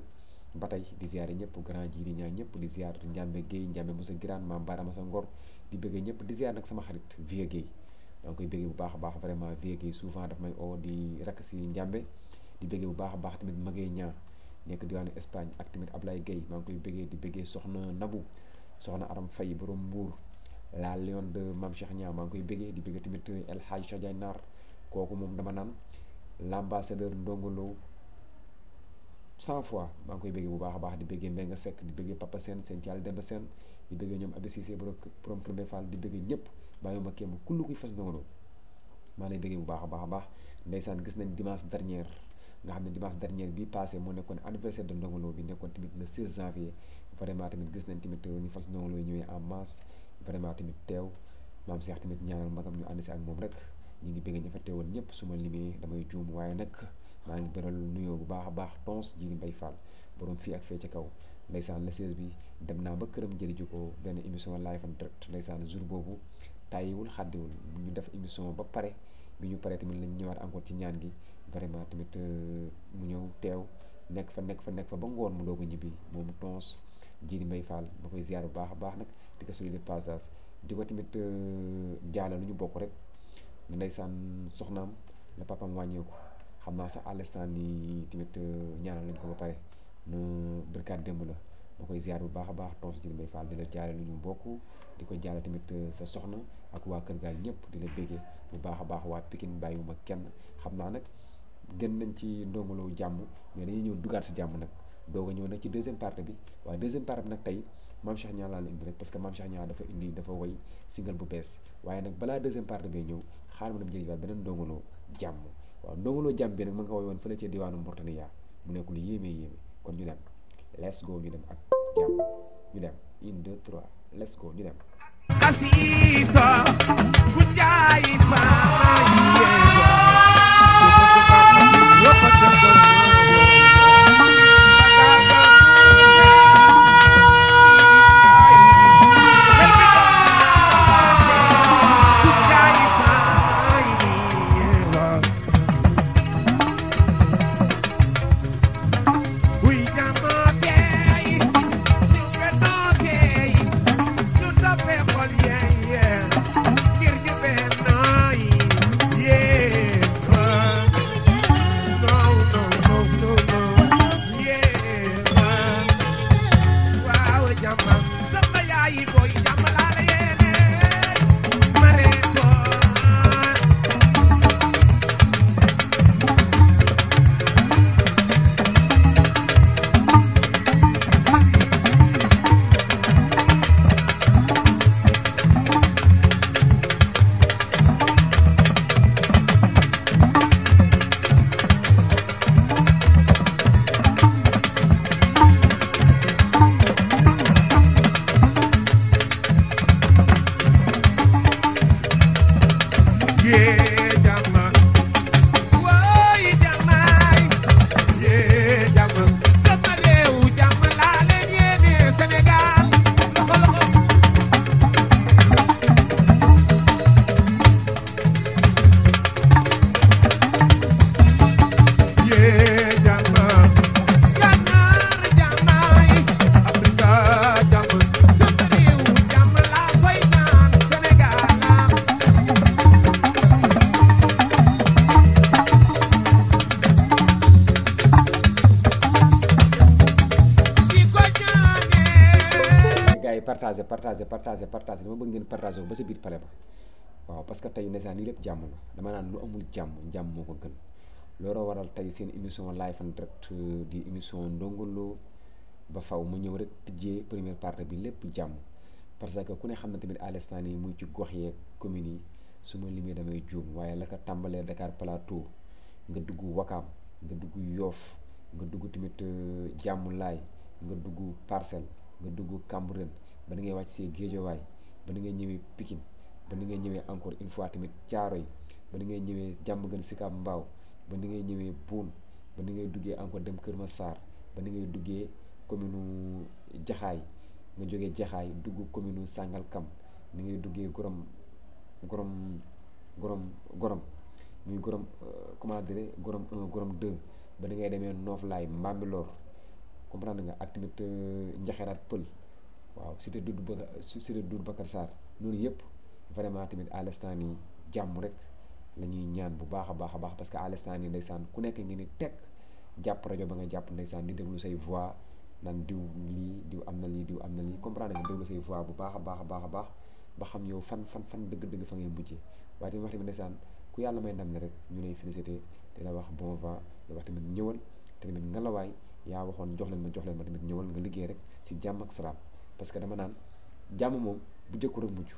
ba tey di ziare ñëpp grand ji di ñaa ñëpp di ziare Ndiambe Guèye Ndiambe Moussa Giraan maam Barama sa Ngor di bëgg ñëpp di ziare nag sama xarit Vieux Guèye da koy bëggee bu baax baax vraiment vie gi souvent daf may oo oh, di rakk si njàmbe di bëggee bu baax baax tamit magee ñaa nekk diwaanu Espagne ak tamit Ablaye gay ma koy bëggee di bëggee soxna Nabou soxna Aram fay borom Mbour la Lion de mam Cheikh Niang ma koy bëggee di bëggee tamit El Hadj Sadiane Nar koku mom dama nan l'ambassadeur ndongolo 100 fois ma koy bëggee bu baax baax di bëggee Mbengue sek di bëggee Papa sen sen Thial Demba sen di bëggee ñoom Abé Cissé borom premier fall di bëggee ñëpp bàyyi ma kéem kullu kuy fas dama maa lay bëggee bu baax a baax a baax ndeysaan gis nañ dimanche dernier nga xam ne dimanche dernier bi passé moo nekkoon anniversaire de Ndongo bi nekkoon tamit le 16 janvier vraiment tamit gis nañ tamit ñu fas Ndongo Lo ñëwee en masse tamit teew maam Cheikh tamit ñaanal magam ñu ànd si ak moom rek ñu ngi bëggee ñu fa teewoon ñëpp su ma limee damay juum waaye nag maa ngi beral nuyoo bu baax a baax tons ji bay faal borom fii ak fee ca kaw ndeysaan le bi dem naa ba këram jëli ji benn émission live en direct ndeysaan boobu tàyyiwul xàddiwul ñu def émission ba pare bi ñu paree tamit lañ ñëwaat encore ci ñaan gi vraiment tamit euh, mu ñëw teew nekk fa nekk fa nekk fa ba ngoon mu doog a ñibbi moom Tons Jiri Mbay Fall ba koy ziar bu baax a baax nag di ko solide passage di ko tamit euh, jaale lu ñu bokk rek ndeysaan soxnaam la papam wàññeeku xam naa sax à l'instant nii tamit euh, ñaanal lañ ko ba pare na barkaat démb la. ma koy ziar bu baax a baax tons jili may faal di la jaare lu ñu bokk di ko jaare tamit euh, sa soxna ak waa kër gaal ñëpp di la béggee bu baax a baax waa Pikine bàyyiwuma kenn xam naa nag gën nañ ci Ndongo jàmm mais dañuy ñëw dugaat si jàmm nag ñëw nag ci deuxième partie bi waaye deuxième partie nag tey Mame laa la parce que Mame Cheikh dafa indi dafa woy single bu bees waaye nag balaa deuxième partie bi ñëw xaar ma dem jëli waat beneen Ndongo Lo jàmm waaw Ndongo Lo jàmm bi nag ma nga ko woy woon fële ca diwaanu Mauritanie mu nekk lu yéeme yéeme kon ñu dem let's go ñu dem ak jàmm ñu dem une deux trois let's go ñu dem. dama bëgg ngeen raison ba si biir palais ba waaw parce que tey ndeysaan lii lépp jàmm la dama naan lu amul jàmm jàmm moo ko gën looloo waral tey seen émission live en direct euh, di émission Ndongo Lo ba faw mu ñëw rek tijjee premier part bi lépp jàmm parce que ku ne xam na tamit à l'instant muy ci gox yeeg commune yi su damay juum waaye la ko tàmbalee Dakar Plateau nga dugg Wakaam nga dugg Yoof nga dugg tamit euh, Jàmmulaay nga dugg Parcelles nga dugg Cambérène ba da ngay wàcc see Géejawaay ba ni ngay ñëwee Pikine ba ni ngay ñëwee encore une fois tamit Thiaroye ba ni ngay ñëwee Diamaguène kam Mbao ba ni ngay ñëwee Boune ba ni ngay duggee encore dem Kër Massar ba ni ngay duggee commune Jaxaay nga jógee Jaxaay dugg commune kam ni ngay duggee Gorom Gorom Gorom Gorom muy Gorom euh, comment dire Gorom 1 Gorom 2 ba ni ngay demee Nooflaay Mbambilor comprendre nga ak tamit euh, Njaxeraat Pël waaw cité Doudou Ba cité Doudou Bakar sar loolu yëpp vraiment tamit à l'instant nii jàmm rek la ñuy ñaan bu baax a baax a baax parce que à l'instant nii ndeysaan ku nekk ngi ni teg jàpp rajo ba nga jàpp ndeysaan di déglu say voix naan diw lii diw am na lii diw am na lii comprendre nga déglu say voix bu baax a baax a baax a baax ba xam yow fan fan fan dëgg-dëgg fa ngay mujjee waaye tamit wax tamit ndeysaan ku yàlla may ndam ne rek ñu lay félicité te la wax bon vent la wax tamit ñëwal te tamit ngelawaay yaa waxoon jox leen ma jox leen ma tamit ñëwal nga liggéey rek si jàmm ak salaam parce que dama nan jamm mom bu jëkku rek mujj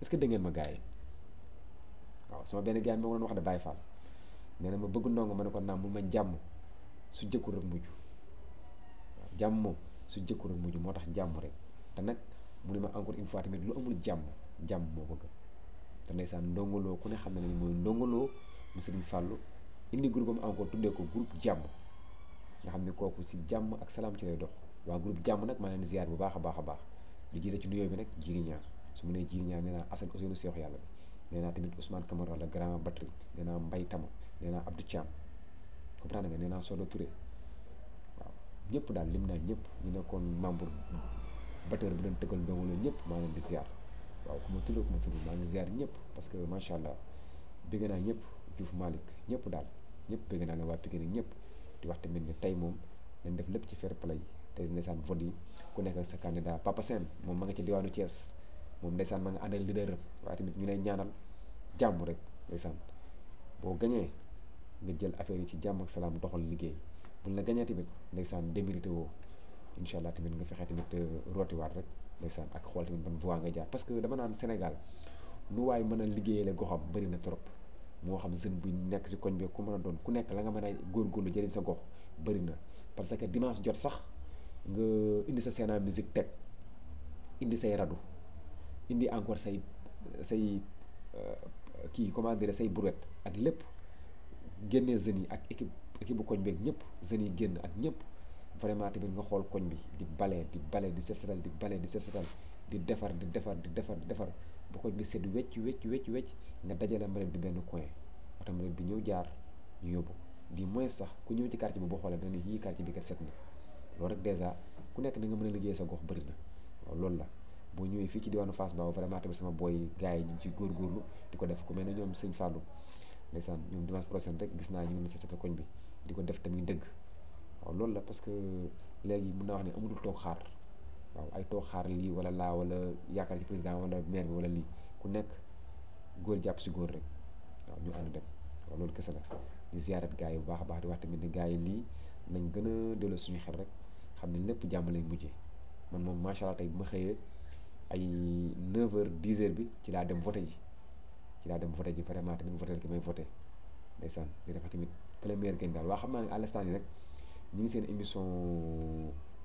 est-ce que dengen ma gars yi waaw sama ben gars mo doon wax da Baye Fall nee ma bëgg ndongo ma ko nam bu ma jamm su jëkku rek mujj waaw jàmm su jëkku rek mujj moo tax jàmm rek te nak mu ni ma encore une fois tamit lu amul jamm jamm mo ko gën te ndeysaan ndongoloo ku ne xam ne ne mooy ndongoloo mu Serigne fallu indi groupe am encore tuddé ko groupe jamm nga xamni koku ci jamm ak salam ci lay dox wa groupe jamm nak maa len ziar bu baakha baakha baax di jiite ci nuyoo bi nak jirinya su mu nee jiriñaa nee naa Assane Ousseynou Seexu yàlla bi nee tamit Ousmane Camara la grand batterie neena mbay tam neena Abdou Thiam comprendre nga neena solo Touré waaw ñëpp daal lim ñu membre batteur bu den di ziar waaw ku ma ma tudd ziar ñepp parce que macha allah bëgg naa malik Diouf dal ñepp daal na bëgg naa la waa di wax tamit ni tay mom def lepp ci fair play te ndeysaan vote yi ku nekk sa candidat Papa sen moom ma nga ci diwaanu Thiès moom ndeysaan ma nga àndal leader waaye tamit ñu lay ñaanal jàmm rek ndeysaan boo gañee nga jël affaire yi ci jàmm ak salaam doxal liggéey bu la gañee tamit ndeysaan démérité woo incha allah tamit nga fexe tamit eh, rootiwaat rek ndeysaan ak xool tamit ban voix nga jaar parce que dama naan Sénégal nu waay mën a liggéeyale goxam bëri na trop moo xam jeune bu nekk si koñ bi ku mën a doon ku nekk la nga mën a góorgóorlu jëriñ sa gox bëri na parce que dimanche jot sax nga indi sa seen musique teg indi say radu indi encore say say euh, kii comment dire say brouette ak lépp génnee jeunes yi ak équipe équipe bu koñ beeg ñëpp jeunes yi génn ak ñëpp vraiment tamit nga xool koñ bi di bale di bale di set setal di bale di set setal di defar di defar di defar di defar bu koñ bi set wecc wecc wecc wecc nga dajale mbalit bi benn coin oto mbalit bi ñëw jaar ñu yóbbu di moins sax ku ñëw ci quartier bi boo xoolee dana ne quartier bi kat set na loolu rek déjà ku nekk da nga mën a liggéey sa gox bëri na waaw loolu la boo ñëwee fii ci diwaanu Fass Ba vraiment tamit sama boy gars yi ñu ngi ciy góorgóorlu di ko def ku mel ne ñoom sëñ Fallou ndeysaan ñoom dimanche prochain rek gis naa ñu ngi ci sa koñ bi di ko def tamit dëgg waaw loolu la parce que léegi mën naa wax ne amatul toog xaar waaw ay toog xaar lii wala laa wala yaakaar ci président wala maire bi wala lii ku nekk góor jàpp si góor rek waaw ñu ànd dem waaw loolu kese la ñu ziarat gars yi bu baax a baax di wax tamit ne gars yi lii nañ gën a delloo suñu xel rek xam ne lépp jàmm lay mujjee man moom macha allah tey ma xëyee ay 9h 10h bi ci laa dem voté ji ci laa dem voté ji vraiment tamit voté ki may voté ndeysaan di defar tamit première gain daal waa xam naa ne à l'instant yi nag ñu ngi seen émission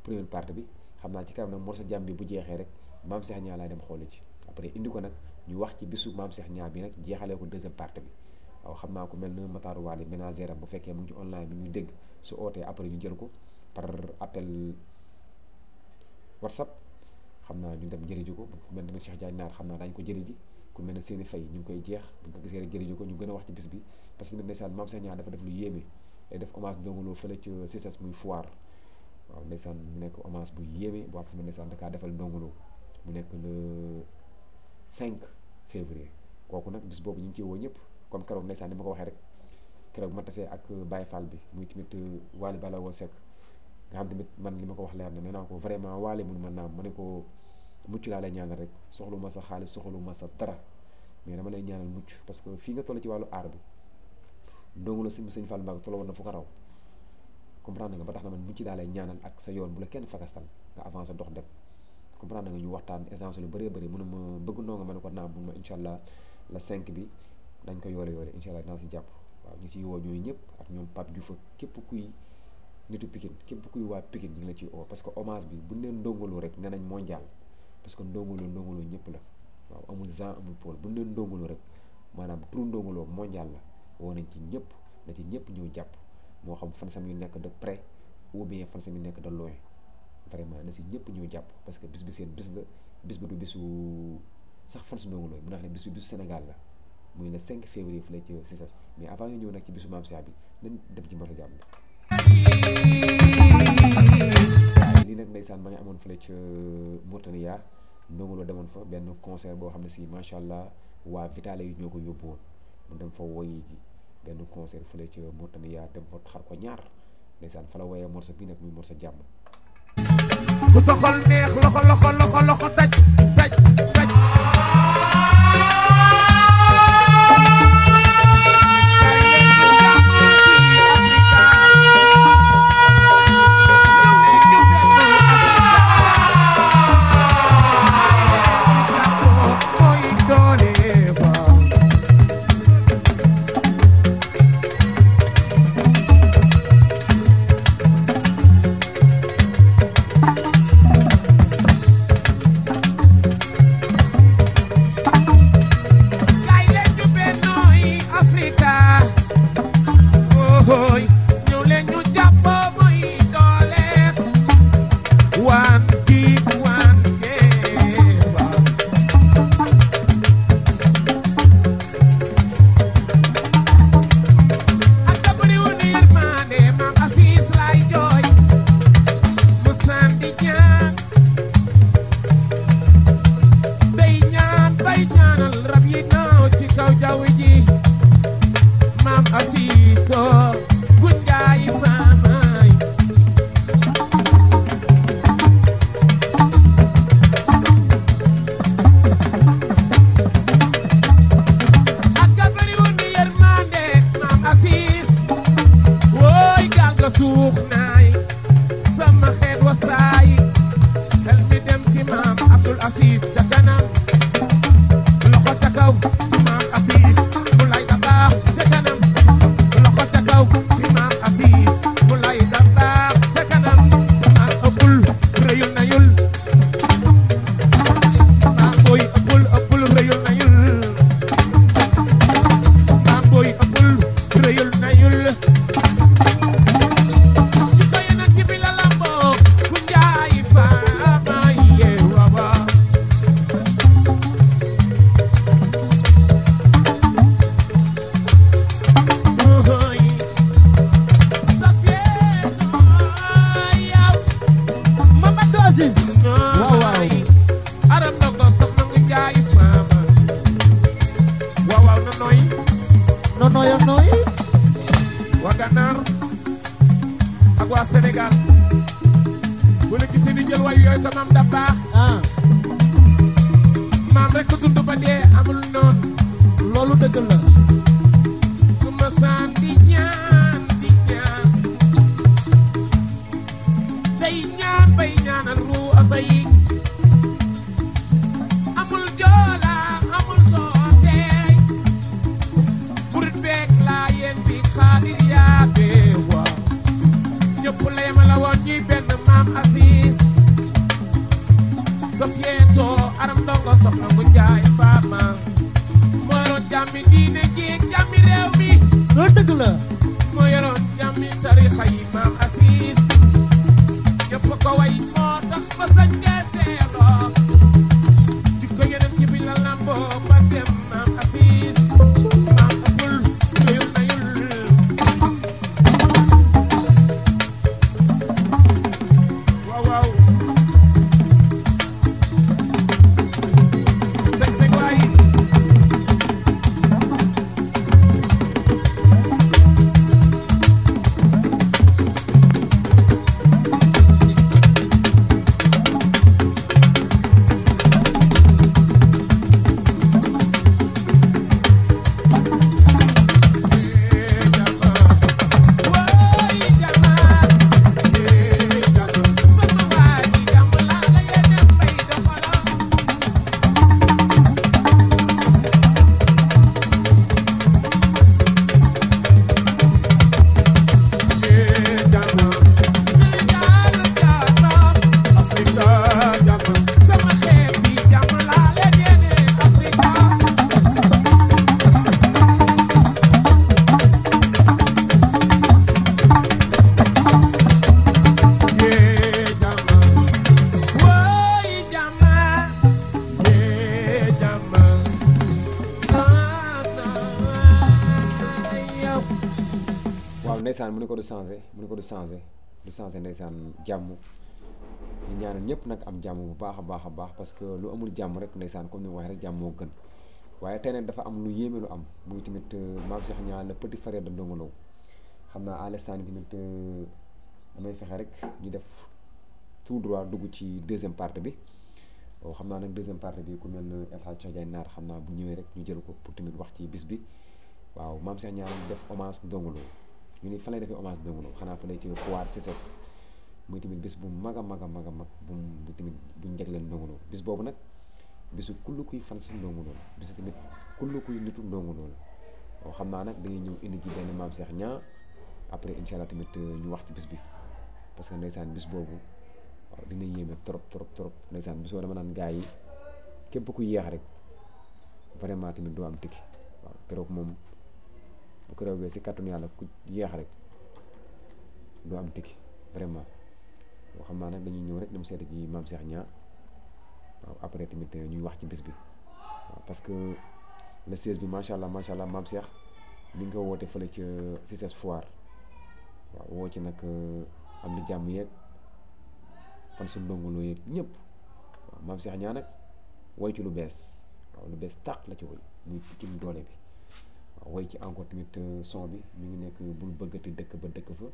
première part bi xam naa ci kanam nag morceau jàmm bi bu jeexee rek maam Cheikh Niang laay dem xooli ci après indi ko nag ñu wax ci bisu maam Cheikh Niang bi nag jeexalee ko deuxième partie bi waaw xam naa ko mel na Matar Wali ménagère am bu fekkee mu ngi ci online ñu dégg su ootee après ñu jël ko. par appel whatsapp xam naa ñu dem jëri ji ko ku mel ne Cheikh Diagne xam naa daañu ko jëri ji ku mel ne seeni fay ñu ngi koy jeex buñ ko gisee rek jëri ji ko ñu gën a wax ci bis bi parce que tamit ndeysaan Mame Cheikh Niang dafa def lu yéeme day def hommage Ndongo Lo fële ci CICES muy foire waaw ndeysaan mu nekk hommage bu yéeme boo xam tamit ndeysaan da kaa defal Ndongo mu nekk le 5 février kooku nag bis boobu ñu ngi ciy woo ñëpp comme keroog ndeysaan ni ma ko waxee rek keroog ma tasee ak baay Fall bi muy tamit euh, Wally Ballago Seck nga xam tamit man li ma ko wax leer na nee naa ko vraiment waale mun ma naam ma ne ko mucc laa lay ñaanal rek soxlu ma sa xaalis soxlu ma sa dara mais dama lay ñaanal mucc parce que fii nga toll ci wàllu aar bi ndongo la si sëñ Fall Mbacké toll woon na fu ko raw comprendre nga ba tax na man mucc laa lay ñaanal ak sa yoon bu la kenn fagastal nga avancer dox dem comprendre nga ñu waxtaan essence lu bëree bëri mënu ma bëgg ndongo ma ne ko naam mun ma incha la cinq bi dañ ko yoole yoole incha allah si jàpp waaw ñu si woo ñooyu ñëpp ak ñoom Pape Diouf képp kuy nitu Pikine képp kuy waa Pikine ñu ngi oo parce que hommage bi bu neen ndongoloo rek nee nañ mondial parce que ndongoloo ndongoloo ñëpp la waaw amul Jean amul Paul bu neen ndongoloo rek maanaam turu ndongoloo mondial la woo ci ñëpp na ci ñëpp ñëw jàpp moo xam fan sam yu nekk de près ou bien fan sam yu nekk de loin vraiment na si ñëpp ñëw jàpp parce que bis bi seen bis la bis bi du bisu sax fan si ndongoloo yi mun naa ne bis bi bisu Sénégal la mu le 5 février fu la ci ñëw nag ci bisu Mame Siya bi nañ dem ci mbota jàmm lii nag ndeysaan ma ngi amoon fële ca Mauritania Ndongo Lo demoon fa benn concert boo xam ne sii macha allah waa Vitale yi ñoo ko yóbbu woon mu dem fa woyi ji benn concert fële ca Mauritania dem fa xar ko ñaar ndeysaan fa la woyee morceau bi nag muy morceau jàmm ku soxal neex loxo loxo loxo loxo taj taj taj du changé mu ne ko du changé du changé ndeysaan jàmm ñu ñaanal ñëpp nag am jàmm bu baax a baax a baax parce que lu amul jàmm rek ndeysaan comme ni mu waxee rek jàmm moo gën waaye tey dafa am lu yéeme lu am muy tamit euh, maam Cheikh Niang le petit frère de Ndongo xam naa à l'instant tamit euh, damay fexe rek ñu def tout droit dugg ci deuxième partie bi oo oh, xam naa nag deuxième partie bi ku mel ne El Hadj Naar xam naa bu ñëwee rek ñu jël ko pour tamit wax ci bis bi waaw maam Cheikh Niang ñu ni fan lay defee hommage Dóomu Ndóo xanaa fa lay ci foire CICES muy tamit bis bu mag a mag a mag a mag bu bu tamit bu njëgleen Ndóomu Ndóo bis boobu nag bisu kullu kuy fan si Ndóomu Ndóo bisu tamit kullu kuy nitu Ndóomu Ndóo xam naa nag dañuy ñëw indi ci benn maam Cheikh ñaa après incha tamit euh, ñu wax ci bis bi parce que ndeysaan bis boobu waaw dina yéeme trop trop trop ndeysaan bis boobu dama naan gars yi képp ku yéex rek vraiment tamit doo am tikki bu ko roobee si kàttanu yàlla ku yeex rek do am tigi vraiment boo xam nak dañuy ñew rek dem seeti ji mam Cheikh nya waaw après tamit euh, ñuy wax ci bis bi parce que le 16 bi machallah machallah mam Cheikh mi nga woté woote ci ca Foire waaw wo ci nak euh, am na jamm yek fan su ndongu lo yek waaw mam Cheikh nya nak way ci lu bees waaw lu bees tak la ci woy muy piccum doole bi way ci encore tamit euh, son bi mi ngi nek bu bëggati dëkk ba dëkk fa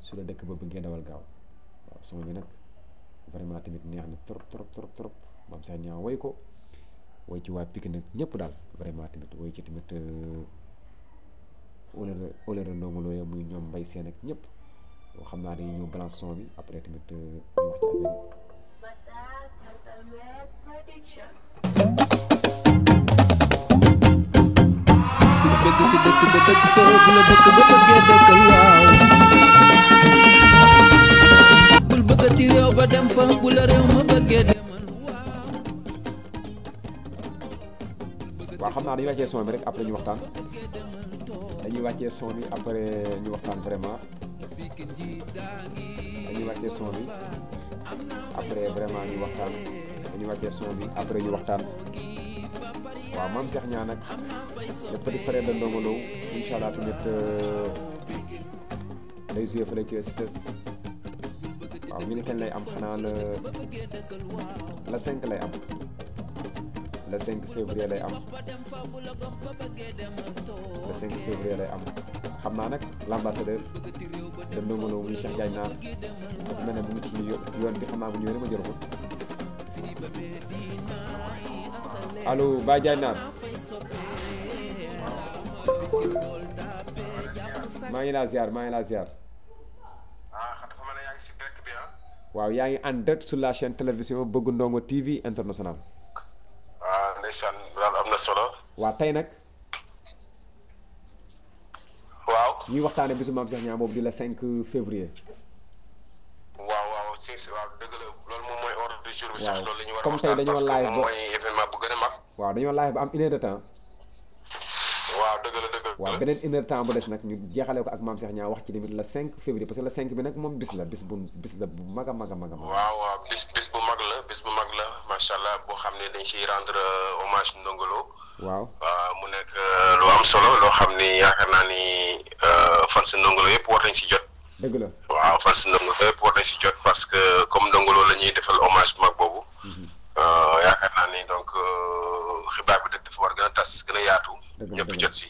su la dëkk ba bëggee dawal gaaw waaw son bi nak vraiment tamit neex na trop trop trop trop maam sa ñaa way ko way ci wa pik nag ñëpp dal vraiment tamit way ci tamit euh olera olera ndongo loye muy ñom mbay seen ak ñëpp xam naa dañuy ñëw balance son bi après tamit euh, ñu wax ci affaire yi. Prediction. bëgg begitu dëkk begitu dëkk begitu, bu begitu dëkk ba bëggee dëkk waaw bul bëggati réew ba dem son bi rek après ñu waxtaan dañuy wàccee son bi après ñu waxtaan vraiment son bi après vraiment ñu waxtaan son bi après ñu waxtaan waaw maam Cheikh ñaa nag le petit frère de ci Cissés waaw ñu ne kañ lay am xanaa le le 5 lay am le février lay am le février lay am xam naa nag l' ambassadeur de Ndongo Lo muy Cheikh Ndiaye naan dafa mel ne bu ñu yoon bi xam naa bu ñëwee ma jël ko. alo Baye Diagne maa ngi laa ziar maa ngi laa ziar. waaw yaa ngi en direct sur la chaîne télévision Bëgg Ndongo TV international. waaw ndeysaan daal am na solo. waaw tey nag. waaw ñuy waxtaane bisu maam Cheikh Niang boobu di la 5 février. ci waaw dëgg la loolu moom mooy ordre du jour bi sax loolu la ñu war a waxtaan parce que moom mooy événement bu gën a mag waaw dañoo live ba am une heure de temps waaw dëgg la dëgg la waaw beneen une heure temps bu des nag ñu ko ak maam Cheikh Niang wax ci la 5 février parce que la 5 bi nag moom bis la bis bu bis la bu mag a mag a mag a mag waaw waaw bis bis bu mag la bis bu mag la macha allah boo xam ne dañ rendre euh, hommage waaw mu nekk euh, lu am solo loo xam ni yaakaar naa ni euh, fan si Ndongo yëpp war nañ si jot dëgg waaw fal si ndongo fépp war na si jot parce que comme ndongo loolu la ñuy defal hommage bu mag boobu. Mhm. Euh, yaakaar naa ni donc euh, xibaar bi dafa war gën a tas gën a yaatu. ñëpp jot si.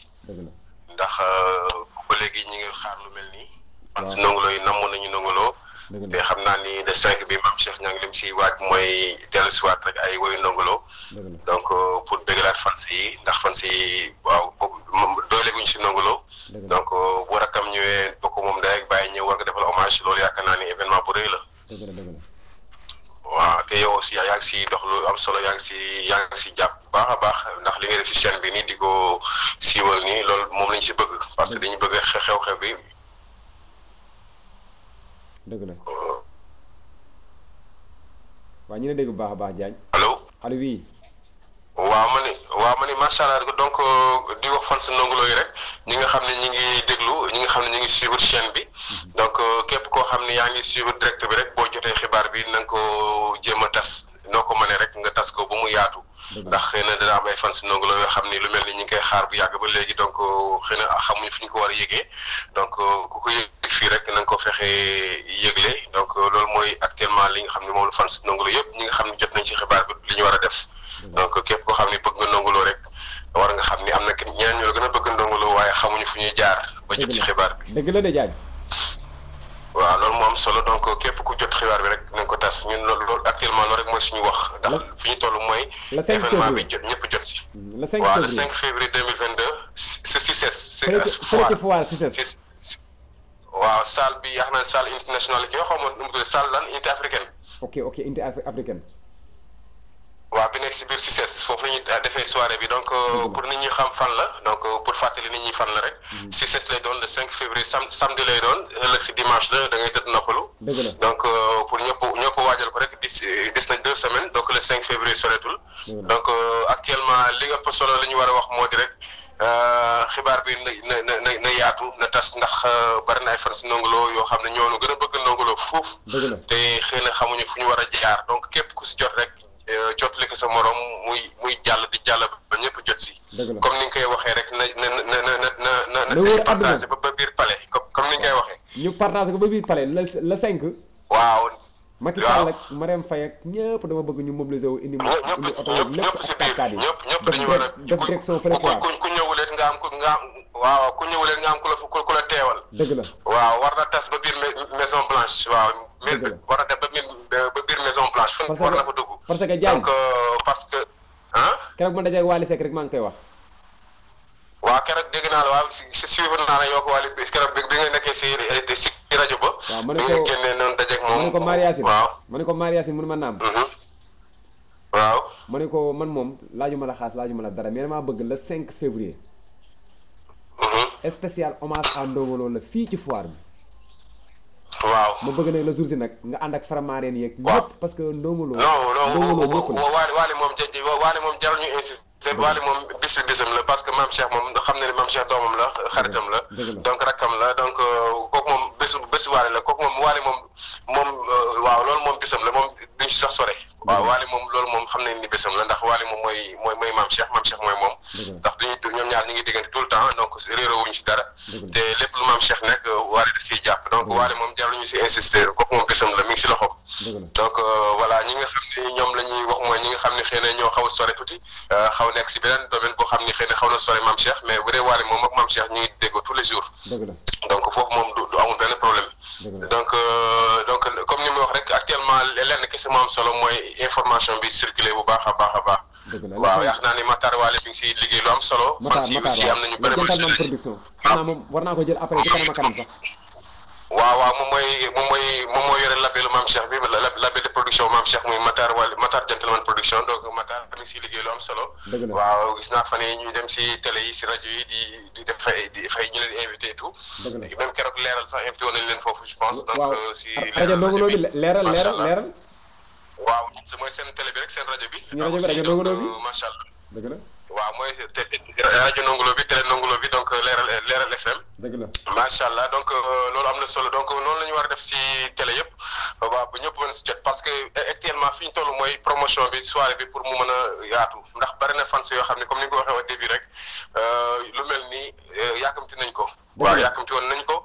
ndax euh, ba léegi ñu ngi xaar lu mel nii. waaw fal si ndongo looy namm nañu ndongoloo. te xam naa ni le cinq bi maam Cheikh ña ngi lim si waaj mooy dellu si waat rek ay woyu ndongolo. donc euh, pour bëggalaat fan si ndax fan si waaw doole ñu si ndongolo. donc euh, bu rakkam ñëwee bokk moom day bàyyi ñëw war nga defal hommage loolu yaakaar naa ni événement bu rëy la. waaw te yow aussi yaa si dox lu am solo yaa si yaa ngi si jàpp baax a baax ndax li nga def si chaîne bi nii di ko siiwal nii loolu moom lañ si bëgg parce que dañu bëgg xew-xew bi. dëgg la waaw ñu ne dégg bu baax a baax Diagne. allo allo oui. waaw ma ne waaw ma ne macha allah donc euh, di wax fan sa Ndongo Lo yi rek ñi nga xam ne ñi ngi déglu ñi nga xam ne ñi ngi suivre chaîne bi mhm. donc euh, képp koo xam ne yaa ngi suivre direct bi rek boo jotee xibaar bi na nga ko jéem a tas. noo ko mënee rek nga tas ko ba mu yaatu. ndax xëy na dana am fan fans ndongo la yoo xam ni lu mel ni ñi ngi koy xaar bu yàgg ba léegi donc euh, xëy na xamuñ fu ñu ko war a yëgee donc euh, ku ko fii rek na nga ko fexe yëgle donc euh, loolu mooy actuellement li nga xam ne moom la fans ndongo yëpp ñi nga xam ne jot nañ ci xibaar bi li ñu war a def. donc képp koo xam ne bëgg nga ndongo rek. war nga xam ni am na ñeneen ñu la gën a bëgg ndongo waaye xamuñu fu ñuy jaar. ba jot ci xibaar bi waaw loolu moo am solo donc képp ku jot xibaar bi rek nañ ko tas ñun loolu lool actuellement loolu rek mooy suñu wax. ndax fi ñu toll mooy. événement bi jot ñëpp jot si. le 5 février waaw le 5 février 2022. c' est CICES. c' est foire CICES waaw salle bi yaakaar la ñu xamoon nu lan inter africaine. ok ok inter africaine. waaw bi nekk si biir CICES foofu la ñuy defee soirée bi donc euh, pour nit ñi xam fan la donc euh, pour fàttali nit ñi fan la rek. CICES mm-hmm. lay doon le 5 février samedi lay doon ëllëg si dimanche la da ngay tëdd noppalu. donc euh, pour ñëpp ñëpp waajal ko rek dis des na deux semaines donc le 5 février soreetul. donc actuellement li nga solo la ñu war a wax moo di rek. xibaar bi na na na yaatu na tas ndax bari na ay fans Ndongo Lo yoo xam ne ñoo gën a bëgg Ndongo Lo foofu. te xëy na xamuñu fu ñu war a jaar donc képp ku si jot rek Euh, jottali ko sa morom muy muy jàll di jàll ba ñëpp jot si. comme ni nga koy waxee rek na na na na na na. na wër partagé ba ba biir palais comme ni nga koy waxee. ñu partagé ko ba biir palais la la cinq. waaw. Macky Sall ak Marème ñëpp dama bëgg ñu mobiliser wu indi. indi oto lépp si biir ñëpp ñëpp dañu war a def direction fële ku ku ñëwuleet nga am ku nga am waaw ku ñëwuleet nga am ku la fu ku la teewal. dëgg la waaw war na tas ba biir maison blanche waaw. dëgg war na def ba ba biir maison blanche. fu war na ko dugg. parce que parce que Diagne donc euh, parce que ah. keroog ma dajeeg Wally Seck rek maa ngi koy wax. waaw keroog dégg naa la waaw si suivre naa la yow ko wàllu keroog bi nga nekkee si eh, rajo ba. ko bi nga génnee noonu dajeeg moom. ma ne ko Mariasin waaw ma ne mun ma naam. Mm-hmm. waaw. ma ne ko man moom laajuma la xaas laajuma la dara mais damaa bëgg la cinq février. Mm-hmm. spécial hommage à Ndongo Lo la fii ci foire bi. waaw ma bëgg nag le jour si nag nga ànd ak faramaareen yeeg. waaw parce que Ndongo Lo. Ndongo Lo bokkul non waale waale moom jë waale moom jarul ñu insister waale moom bis bisam la parce que maam Cheikh moom xam na ne maam Cheikh doomam la xaritam la. donc rakkam la donc euh, kooku moom bésu bésu waale la kooku moom waale moom moom euh, waaw loolu moom bisam la moom duñ si sax sore. waaw waali moom loolu moom xam nañ ni bésam la ndax waale moom mooy mooy mooy maam Cheikh maam Cheikh mooy moom ndax duñu ñoom ñaar ñi ngi déggante tout le temps donc réeroo wuñu si dara te lépp lu maam Cheikh nekk waale daf siy jàpp donc waale moom jarul ñu si insister kooku moom bésam la mi ngi si loxoom donc euh, voilà ñi nga xam ne ñoom la ñuy wax mooy ñi nga xam ne xëy na ñoo xaw a sore tuuti euh, xaw nekk si beneen domaine boo xam ne xëy na xaw na sore maam Cheikh mais bu dee waali moom ak maam Cheikh ñu ngi déggoo tous les jours donc foofu moom du amul benn problème donc euh, donc comme ni ma wax rek actuellement lenn kese moo am solo mooy information bi circulé bu baax a baax a baax. waaw yaakaar naa ni Matar Waale mi ngi liggéey lu am solo. fan si aussi am nañu bëri production xanaa moom war waaw moom mooy moom mooy moom mooy yore labelu maam Cheikh bi label de production maam Cheikh muy Matar wala Matar gentleman production donc Matar mi liggéey lu am solo. waaw gis naa fan yii ñuy dem si tele yi si rajo yi di di def fay di fay ñu leen di invité et tout. même keroog leeral sax invité woon nañu leen foofu je pense. donc euh, si leeral leeral. waaw mooy seen télé bi rek seen rajo bi. suñu rajo bi rajo Ndongo bi macha allah. dëgg la waaw mooy te rajo Ndongo Lo bi télé Ndongo bi donc euh, leeral euh, leeral FM. dëgg la macha allah donc euh, loolu am na solo donc noonu la ñu war a def si télé yëpp waaw bu ñëpp mën si jot parce que actuellement fi ñu toll mooy promotion bi soirée bi pour mu mën a yaatu ndax bari na fans yoo xam ne comme ni nga ko waxee au début rek lu mel nii yàkkamti nañ ko. waaw yàkkamti woon nañ ko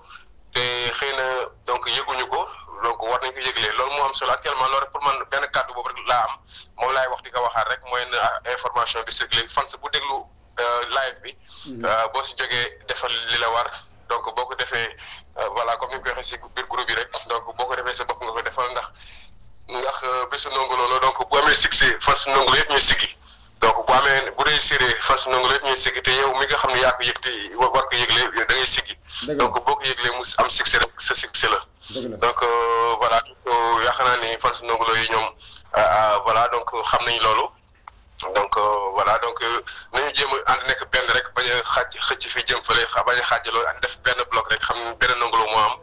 te xëy na donc yëguñu ko. donc war nañ ko yëglee loolu moo am solo actuellement loolu rek pour man benn kàddu boobu rek laa am moom laay wax di ko waxaat rek mooy na ah, information bi circulé fans bu déglu euh, live bi mm-hmm. euh, boo si jógee defal li la war donc boo ko defee euh, voilà comme ni ñu koy waxee si biir groupe bi rek donc boo ko defee sa bopp nga ko defal ndax ndax bésu Ndongo Lo la donc bu amee succès fans Ndongo Lo yëpp ñu siggi donc bu amee bu réussir fas nangu lépp ñuy siggi te yow mi nga xam ne yaa ko yëg te war ko yëgle yow da ngay siggi donc boo ko yëglee mu am succès rek sa succès la donc euh, voilà euh, yaakaar naa ni fas nangu yi ñoom ah, ah, voilà donc xam nañ loolu donc euh, voilà donc nañu jéem a ànd nekk benn rek bañ a xàcc xëcc fi jëm fële bañ a lool ànd def benn bloc rek xam ne benn nangu la am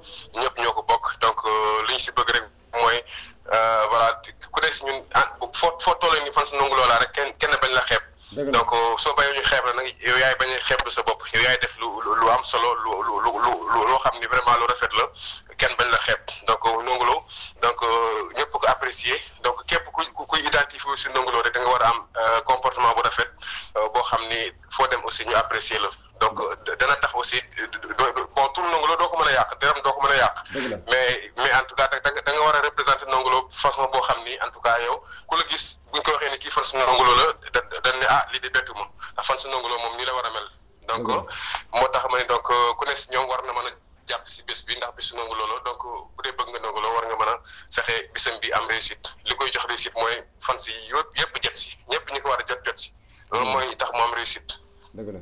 ñëpp ñoo ko bokk donc li ñu si bëgg rek mooy Euh, voilà ku ne si ñun ah, foo foo tollee ni fan si nangu loola rek kenn kenn bañ la xeeb. donc euh, soo bañoo ñu xeeb la nag yow yaay bañ a xeeblu sa bopp yow yaay def lu lu am solo lu lu lu lu loo xam ni vraiment lu rafet la kenn bañ la xeeb donc euh, Ndongo Lo donc ñëpp ko apprécier donc képp ku kuy identifier si Ndongo rek da nga war a am comportement bu rafet boo xam ni foo dem aussi ñu apprécier la. donc dana tax aussi bon tur Ndongo Lo doo ko mën a yàq deram doo ko mën a yàq mais mais en tout cas da nga da nga war Lo façon boo xam ni en tout cas yow ku la gis buñ ko waxee ni kii fan su Lo la dan dañ ne ah lii de bettu ma ndax fan su Ndongo Lo moom nii la war mel donc moo tax ma ne donc euh, ku ne si war na mën a jàpp si bés bi ndax bisu Ndongo Lo la donc bu dee bëgg nga Ndongo Lo war nga mën a fexe bisam bi am réussite li koy jox réussite mooy fan si yëpp yëpp jot si ñëpp ñi ko war jot jot si loolu mooy tax mu am réussite dëgg la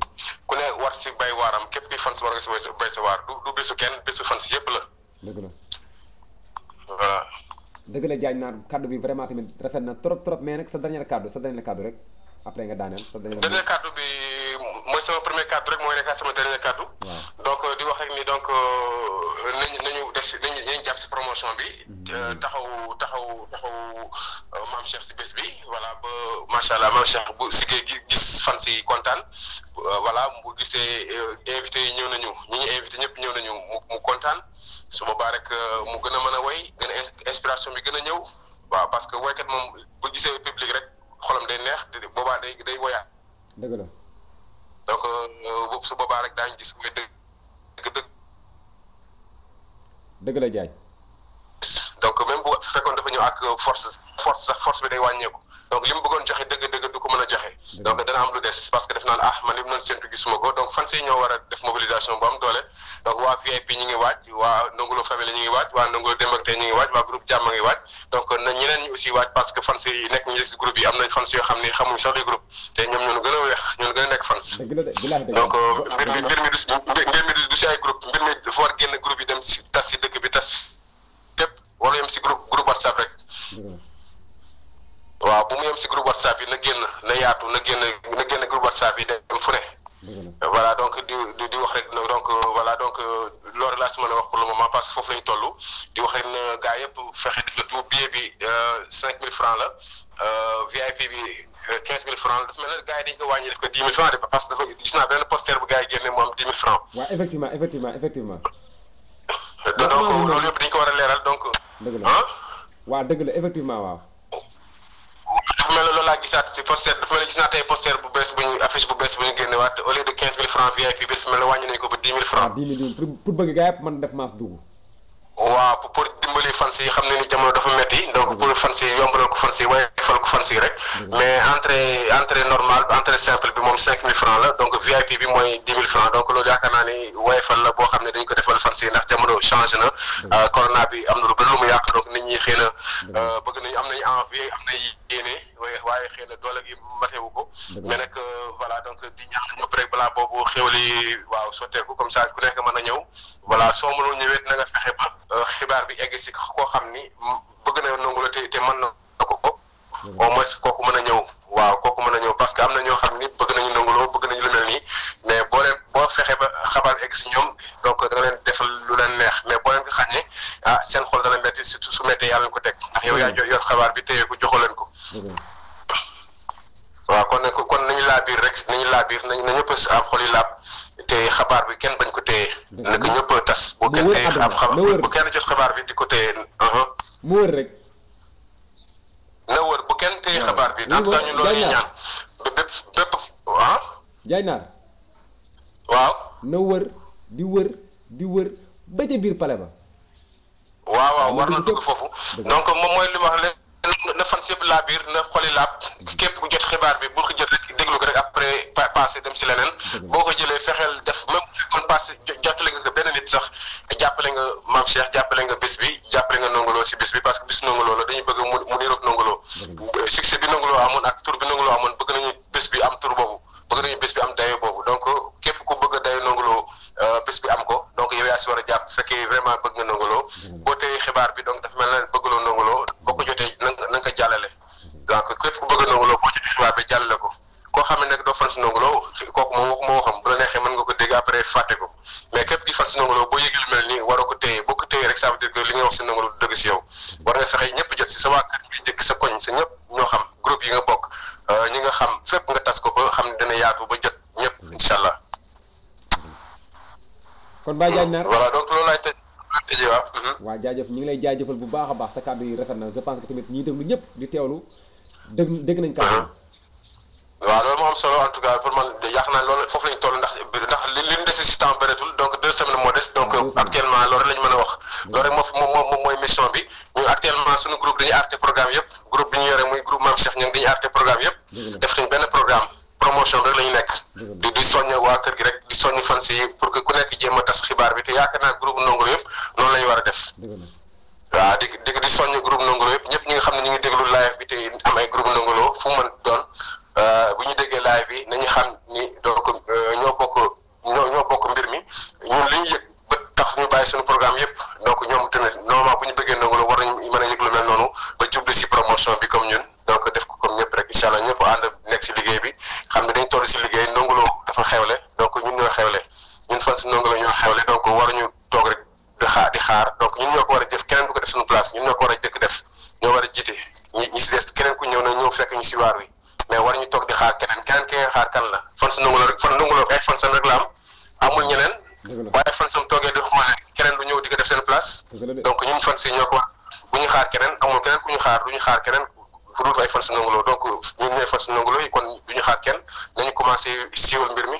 ku ne war si bay waaram képp kuy fans war nga si bay sa waar du du bisu kenn bisu fans yëpp la. dëgg la. voilà. dëgg la Diagne naan kaddu bi vraiment rafet na trop trop mais nag sa dernier kaddu sa dernier kaddu rek. après nga daaneel sa dernier kàddu bi mooy sama premier kàddu rek mooy nekk sama dernier kàddu donc euh, di wax rek ni donc euh, nañu nañu def si nañu jàpp si promotion bi taxaw mhm. euh, taxaw taxaw maam Cheikh si bés bi voilà ba macha allah maam Cheikh bu si gis fan si kontaan voilà bu gisee invité yi ñëw nañu ñu ñu invité ñëpp ñëw nañu mu mu kontaan su boobaa rek mu gën a mën a way gën a inspiration bi gën a ñëw waaw parce que waykat moom bu gisee public rek xolam day neex te boobaa day day woyaat. dëgg la. donc euh, su boobaa rek daañu gis mais dëgg dëgg. dëgg la jaay. donc même bu fekkoon dafa ñëw ak force force sax force bi day wàññeeku. donc lim bëggoon joxe dëgg dëgg du ko mën a joxe donc dana am lu des parce que def naan ah man lim noonu séntu gisuma ko donc fan si ñoo war a def mobilisation bu am doole donc waa VIP ñu ngi waaj waa Ndongo Lo famille ñu ngi waaj waa Ndongo Lo ak Tay ñu ngi waaj waa groupe jàmm ngi waaj donc na ñeneen ñi aussi waaj parce que fan yi nekk ñu si groupe yi am nañ fans yoo xam ne xamuñ sax luy groupe te ñoom ñu gën a weex ñoo gën a nekk fans donc euh, mbir mi mbir mi du mbir mi du si ay groupe mbir mi dafa war génn groupe yi dem si tas si dëkk bi tas fépp wala yem si groupe groupe WhatsApp rek waaw bu mu yem si groupe whatsapp yi na génn na yaatu na génn na génn groupe whatsapp yi dem fu ne. voilà donc di di wax rek donc euh, voilà donc euh, loolu laa si mën a wax pour le moment parce que foofu la ñu toll di wax rek na gaa yëpp fexe def la tout billet bi 5000 euh, francs la VIP bi. quinze mille francs dafa mel ne gars yi dañ ko wàññi def ko dix mille francs de parce que dafa gis naa benn poster bu gars yi génne mu am dix mille francs waaw effectivement effectivement effectivement donc loolu yëpp dañ ko war a leeral donc ah waaw dëgg la effectivement waaw dafa mel ne loolu laa gisaat si poster dafa mel ne gis naa bu bees bu ñu affiche bu bees bu ñu génnewaat au lieu de quinze mille francs VIP bi dafa mel ne wàññi nañu ko ba dix mille francs. waaw ah, mille pour pour bëgg gaa yëpp mën def masse dugg. waaw pour dimbali fans yi xam ne ni jamono dafa metti donc pour fans yi yombalal ko fans yi waaye fal ko fans yi rek mais entrée entrée normal entrée simple bi moom cinq mille francs la donc VIP bi mooy dix mille francs donc loolu yaakaar naa ni waaye fal la boo xam ne dañ ko defal fans yi ndax jamono changé na euh, corona bi am na lu bëri lu mu yàq donc nit ñi xëy na euh, bëgg nañu am nañu envie am nañu yéene waaye waaye xëy na doole gi wu ko mais nag euh, voilà donc di ñaax ñëpp rek balaa boobu xéwal yi waaw sotteeku comme ça ku nekk mën a ñëw voilà soo mënul ñëwee na nga fexe ba xibaar bi egg si koo xam ni bëgg na nangu te te mën na ko ko mm-hmm. au moins kooku mën a ñëw waaw kooku mën a ñëw parce que am na ñoo xam ni bëgg nañu nanguloo bëgg nañu lu mel nii mais boo leen boo fexe ba xabaar egg si ñoom donc da leen defal lu leen neex mais boo leen ko xàññee ah seen xool dana metti surtout su mettee yàlla ko teg ndax yow yaa mm-hmm. yor xabaar bi téye ko joxo leen ko mm-hmm. waaw kon nag kon nañu laa biir rek nañu laa biir nañu na ñëpp a am xol yi laab te xabaar bi kenn bañ ko téye. na ko ñëpp a tas. bu kenn téye xam xabaar bu kenn jot xabaar bi di ko téye. Uh-huh. mu wër rek. na wër bu kenn téye xabaar bi. en tout loolu ñuy ñaan ba bépp bépp ah? waaw. na wër di wër di wër ba ca biir pale ba. waaw waaw war na dugg foofu donc moom mooy li wax léegi na fan si yëpp laa na xoli laab képp ku jot xibaar bi bul ko jot rek déglu ko rek bëgg mu mu niroog bi am ko donc yow war a jàpp fekkee vraiment bëgg nga nongoloo boo tey xibaar bi donc dafa mel na bëggaloo nongoloo boo ko jotee donc képp ku bëgg a nangaloo boo ci histoire bi jàll ko koo xam ne nag doo fan si nangaloo kooku moom waxu moo xam bu la neexee mën nga ko dégg après fàtte ko mais képp ki fan si nangaloo boo yëgul mel nii waroo ko téye boo ko téye rek ça veut dire que li nga wax si nangaloo du dëgg si yow war nga fexe ñëpp jot si sa waa kër bi dëkk sa koñ sa ñëpp ñoo xam groupe yi nga bokk euh, ñi nga xam fépp nga tas ko ba xam ne dana yaatu ba jot ñëpp incha allah. kon Baye Diagne Nar voilà donc loolu laay tëj mhm. waaw jaajëf ñu ngi lay jaajëfal bu baax a baax sa kàddu yi rafet na je pense que tamit ñiy déglu ñëpp di teewlu dégg dégg nañ kàddu waaw loolu moo am solo en tout cas pour man yàq naa loolu foofu lañ toll ndax li li ñu des si temps donc deux semaines moo des donc ah, actuellement loolu lañ mën a wax loolu rek moo mooy mission bi ñu actuellement suñu groupe dañuy arrêté programme yëpp groupe bi ñu yore muy groupe Mame Cheikh ñu dañuy arrêté programme yëpp def nañ benn programme promotion rek la nekk di di soññ waa kër gi rek di soññ fans yi pour que ku nekk jéem a tas xibaar bi yëpp noonu la war a def waaw di di di soññ groupe Ndongo Lo yëpp ñëpp ñi nga xam ne ñu ngi déglu live bi te am ay groupe Ndongo Lo fu mu mën doon euh, bu ñu déggee live bi nañu xam ni donc euh, ñoo bokk ñoo bokk mbir mi ñun li ñu yëg ba tax ñu bàyyi suñu programme yëpp ñoom tamit normalement bu ñu bëggee Ndongo Lo war nañu noonu ba jublu si promotion bi comme ñun donc def ko comme ñëpp rek incha allah ñëpp ànd nekk si liggéey bi xam ne dañ toll si liggéey Ndongo Lo xew le donc ñun ñoo xewle ñun fan si Ndongo Lo ñoo xewle donc waruñu toog rek. di xaar di xaar donc ñun ñoo ko war a def a jëkk def ñoo war a jiite keneen ku ñëw na ñëw fekk ñu si waar wi mais war ñu toog di xaar keneen keneen ki nga xaar kan la fan sa nangu la rek fan nangu keneen du ñëw di ko def seen place donc ñun fan si ñoo ñu xaar keneen amul keneen ku ñu xaar du ñu xaar keneen pour dul ay fan sa nangu la donc ñun ñooy fan sa nangu la kon du ñu xaar kenn nañu commencé siiwal mbir mi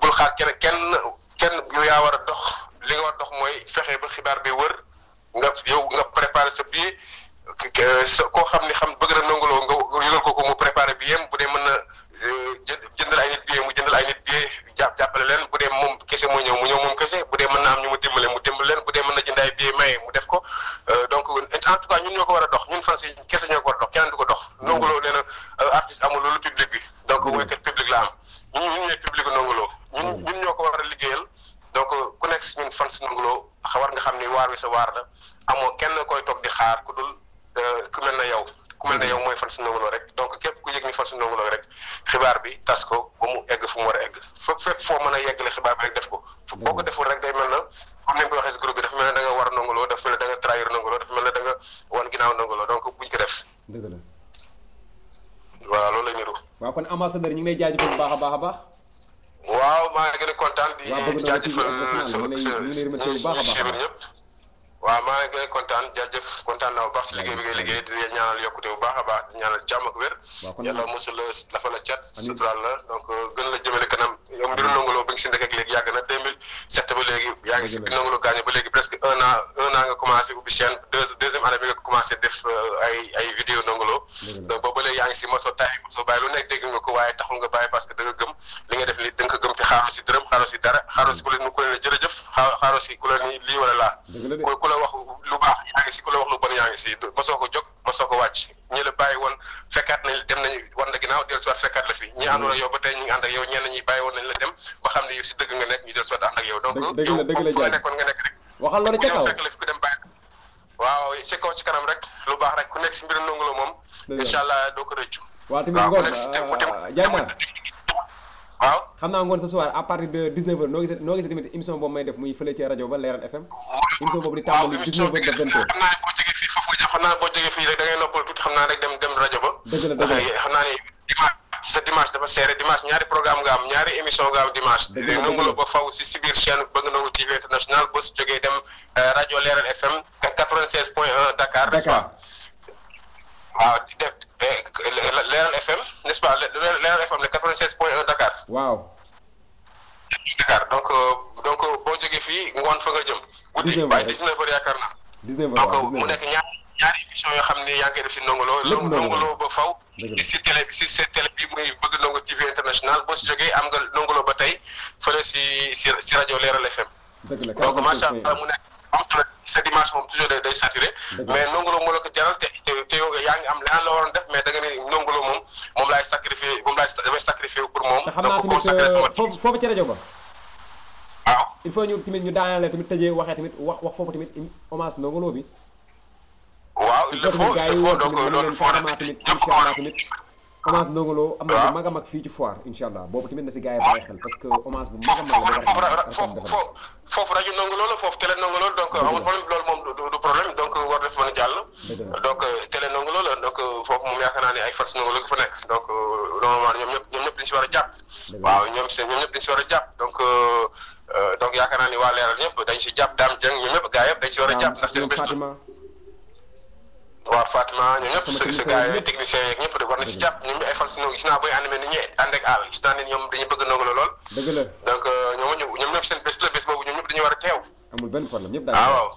bul xaar kenn kenn kenn yow yaa war a dox li nga war a dox mooy fexe ba xibaar bi wër nga yow nga préparé sa billet koo xam ni xam bëgg na nangaloo nga yëgal ko ko mu préparé billet bu dee mën na euh, jëndal ay nit billet mu jëndal ay nit billet jàpp jàppale leen bu dee moom kese moo ñëw mu ñëw moom kese bu dee mën na ñu mu mu dimbale leen bu dee mën na jënd ay maye mu def ko euh, donc en tout cas ñun ñoo ko war a dox ñun fans yi kese ñoo ko war a dox keneen du ko dox mm. nangaloo nee na euh, artiste loolu public bi donc mm. waykat public la am mu ñu ñooy public Ndongo Lo ñun mm. ñun ñoo ko war a liggéeyal donc ku nekk si ñun fan si Ndongo Lo war nga xam ni waar wi sa waar la amoo kenn koy toog di xaar ku dul ku mel na yaw ku mel na yow mm. mooy fan si rek donc képp ku yëg ni fan si Ndongo Lo rek xibaar bi tas ko ba mu egg fu mu war a egg fépp fépp foo mën a yeggale xibaar bi rek def ko boo ko mm. deful rek day mel na comme ni nga ko waxee si groupe bi dafa mel ne da war a Ndongo Lo dafa mel ne da nga trahir Ndongo Lo dafa mel ne da nga wan ginnaaw Ndongo donc buñ ko def waaw loolu la ñu def. waaw kon ambassadeur ñu ngi lay jaajëfal baax a baax a baax. waaw maa ngi gën a kontaan di. jaajëfal sa sa ñëpp. waaw maa ngi koy kontaan jaajëf kontaan naa bu baax si liggéey bi ngay liggéey di ñaanal yokkute bu baax a baax di ñaanal jàmm ak wér yàlla mosul la dafa la cat sutural la donc euh, gën la jëmale kanam yow mbiru nangaloo bi nga si nekk ak léegi yàgg na deux mille sept ba léegi yaa ngi si bi nangaloo gaañu ba léegi presque un an un an nga commencé ubbi chaîne deux deuxième année bi nga commencé def euh, ay ay vidéo nangaloo donc boobu ba léegi yaa ngi si mosoo taay mosoo bàyyi lu nekk dégg nga ko waaye taxul nga bàyyi parce que da nga gëm li nga def li da nga gëm te xaaroo si dërëm xaaroo si dara xaaroo si ku leen ku leen jërëjëf xaaroo si ku leen lii wala laa ku la wax lu baax yaa ngi si ku la wax lu bon yaa ngi si ma ko jóg ma ko wàcc ñi la woon fekkaat nañu la fi ñi mm-hmm. àndoon ba woon nañ la dem ba xam ne yow si dëgg nga nekk ñu dellu si waat ànd yow donc yow fu nga nekkoon nga nekk rek waxal loolu ca kaw fekk la fi ku dem bàyyi waaw si kaw si kanam rek lu baax rek ku nekk si mbiru la moom incha allah doo ko rëccu waaw tamit ngoon jaay naa waaw xam naa ngoon ce soir à partir de 19h noo gisee noo gisee tamit émission boobu may def muy fële ci ba Leeral FM. émission boobu boo jógee fii fii rek da ngay noppal tuuti xam naa rek dem dem rajo ba. dëgg la dëgg la xam naa ne dimanche sa dimanche dafa dem euh, rajo Leeral FM 96 point 1 Dakar. Dakar waaw def. Leeral FM n'est-ce pas Leeral FM le 96 point 1 Dakar. waaw. Dakar donc euh, donc euh, boo jógee fii ngoon fa nga jëm. guddi waaye 19 heures yaakaar naa. 19 donc euh, mu nekk ñaar ñaari émission yoo xam ni yaa ngi koy si Ndongo Lo. ba faw. si télé bi si télé bi muy bëgg Ndongo TV international boo si jógee am nga Ndongo ba tey fële si si si rajo Leeral FM. donc macha mu nekk. moom sa dimanche moom toujours day saturé mais Ndongo Lo moo la ko jaral te yaa ngi am leneen la waroon def mais danga nga ne Ndongo Lo moom moom laay sacrifié moom laay damay sacrifié pour moom. da euh, foofu foofu ci ba. Ah. il faut ñu tamit ñu daanale tamit tëjee waxee tamit wax wax foofu tamit hommage Ndongo Lo bi. waaw il le faut il le faut donc loolu foo tamit hommage Ndongo Lo am na bu ah. mag a fii ci foire incha allah boobu tamit na si gars yi xel parce que hommage a foofu foofu foofu rajo foofu télé Ndongo Lo donc amul problème loolu moom du problème donc war def mën a jàll donc euh, télé Ndongo Lo donc euh, foofu moom yaakaar naa ay fans Ndongo Lo gi nekk donc euh, normalement ñoom ñëpp ñoom ñëpp dañu si war a jàpp waaw ñoom seen ñoom si war a jàpp donc donc yaakaar waa leeral ñëpp dañ si jàpp daam jëng ñoom ñëpp a waaw Fatma ñoom ñëpp sa gars yooyu technicien yeeg ñëpp de war na si jàpp ñoom Evans ñoo gis naa booy animé ni ñee ànd ak àll gis naa ne ñoom dañuy bëgg ndogu la lool. dëgg la donc ñoom ñoom ñëpp seen bés la bés boobu ñoom ñëpp dañuy war a teew. amul benn problème ñëpp daal waaw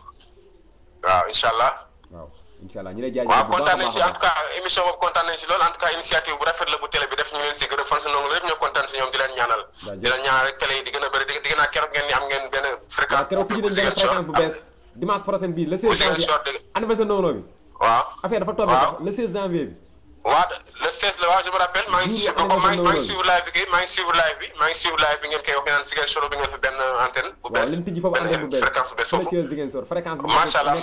waaw incha allah. waaw incha allah ñu lay jaajëfal waaw kontaan nañ si en tout cas émission boobu kontaan nañ si lool en tout cas initiative bu rafet la bu télé bi def ñu leen si gërëm fan sa ndongo lépp ñoo kontaan si ñoom di leen ñaanal di leen ñaanal rek télé yi di gën a di gën a ngeen ni am ngeen benn fréquence bu bees dimanche prochain bi le anniversaire ndongo bi waaw affaire dafa tombé sax le 16 bi. waaw le 16 la waaw je me rappelle maa ngi suivre comme maa maa ngi suivre live maa ngi suivre live ngeen koy wax naan Ziguinchor solo bi ngeen fi benn antenne bu bees benn fréquence bu bees foofu macha allah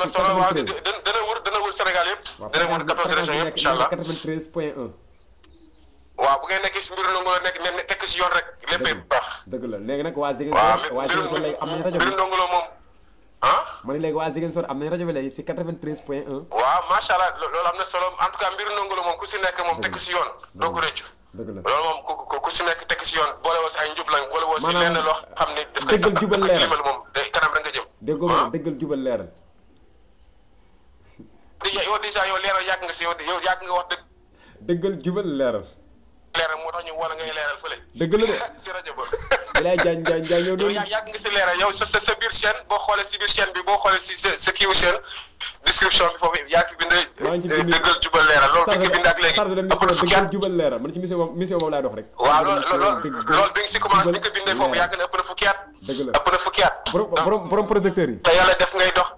dana wër dana wër Sénégal yëpp dana wër 14 régions point 1 waaw bu ngeen nekkee si mbiru ndongo la nekk ngeen tekk si yoon rek léppay baax dëgg la léegi nag waa Ziguinchor waa mbiru ndongo la moom ah ma ne léegi waa Ziguinchor am nañ rajo bi léegi si 93 point 1 waaw macha allah loolu am na solo en mbiru ndongo la moom ku si nekk moom tekk si yoon doo ko rëccu dëgg la loolu moom nekk tekk si yoon boole woo si ay njublañ boole woo si lenn loo xam ne kanam da nga jëm déggoo ma dëggal jubal leeral di yow di saa yow leeral yàgg nga si yow yow yàgg nga wax dëgg dëggal jubal leeral leeral moo tax ñu war a ngay leeral fële. dëgg la de si rajo ba. Ilaah Diagne Diagne Diagne yow doon. yow si leeral yow sa sa sa biir chaîne boo xoolee si biir chaîne bi boo xoolee si sa sa kiiwu bi foofu yaa bi nga bind ak mission boobu mission dox rek. waaw bi nga si commencé bi nga bindee foofu yàgg na ëpp na fukki at. dëgg la ëpp na fukki projecteur yi. te yàlla def ngay dox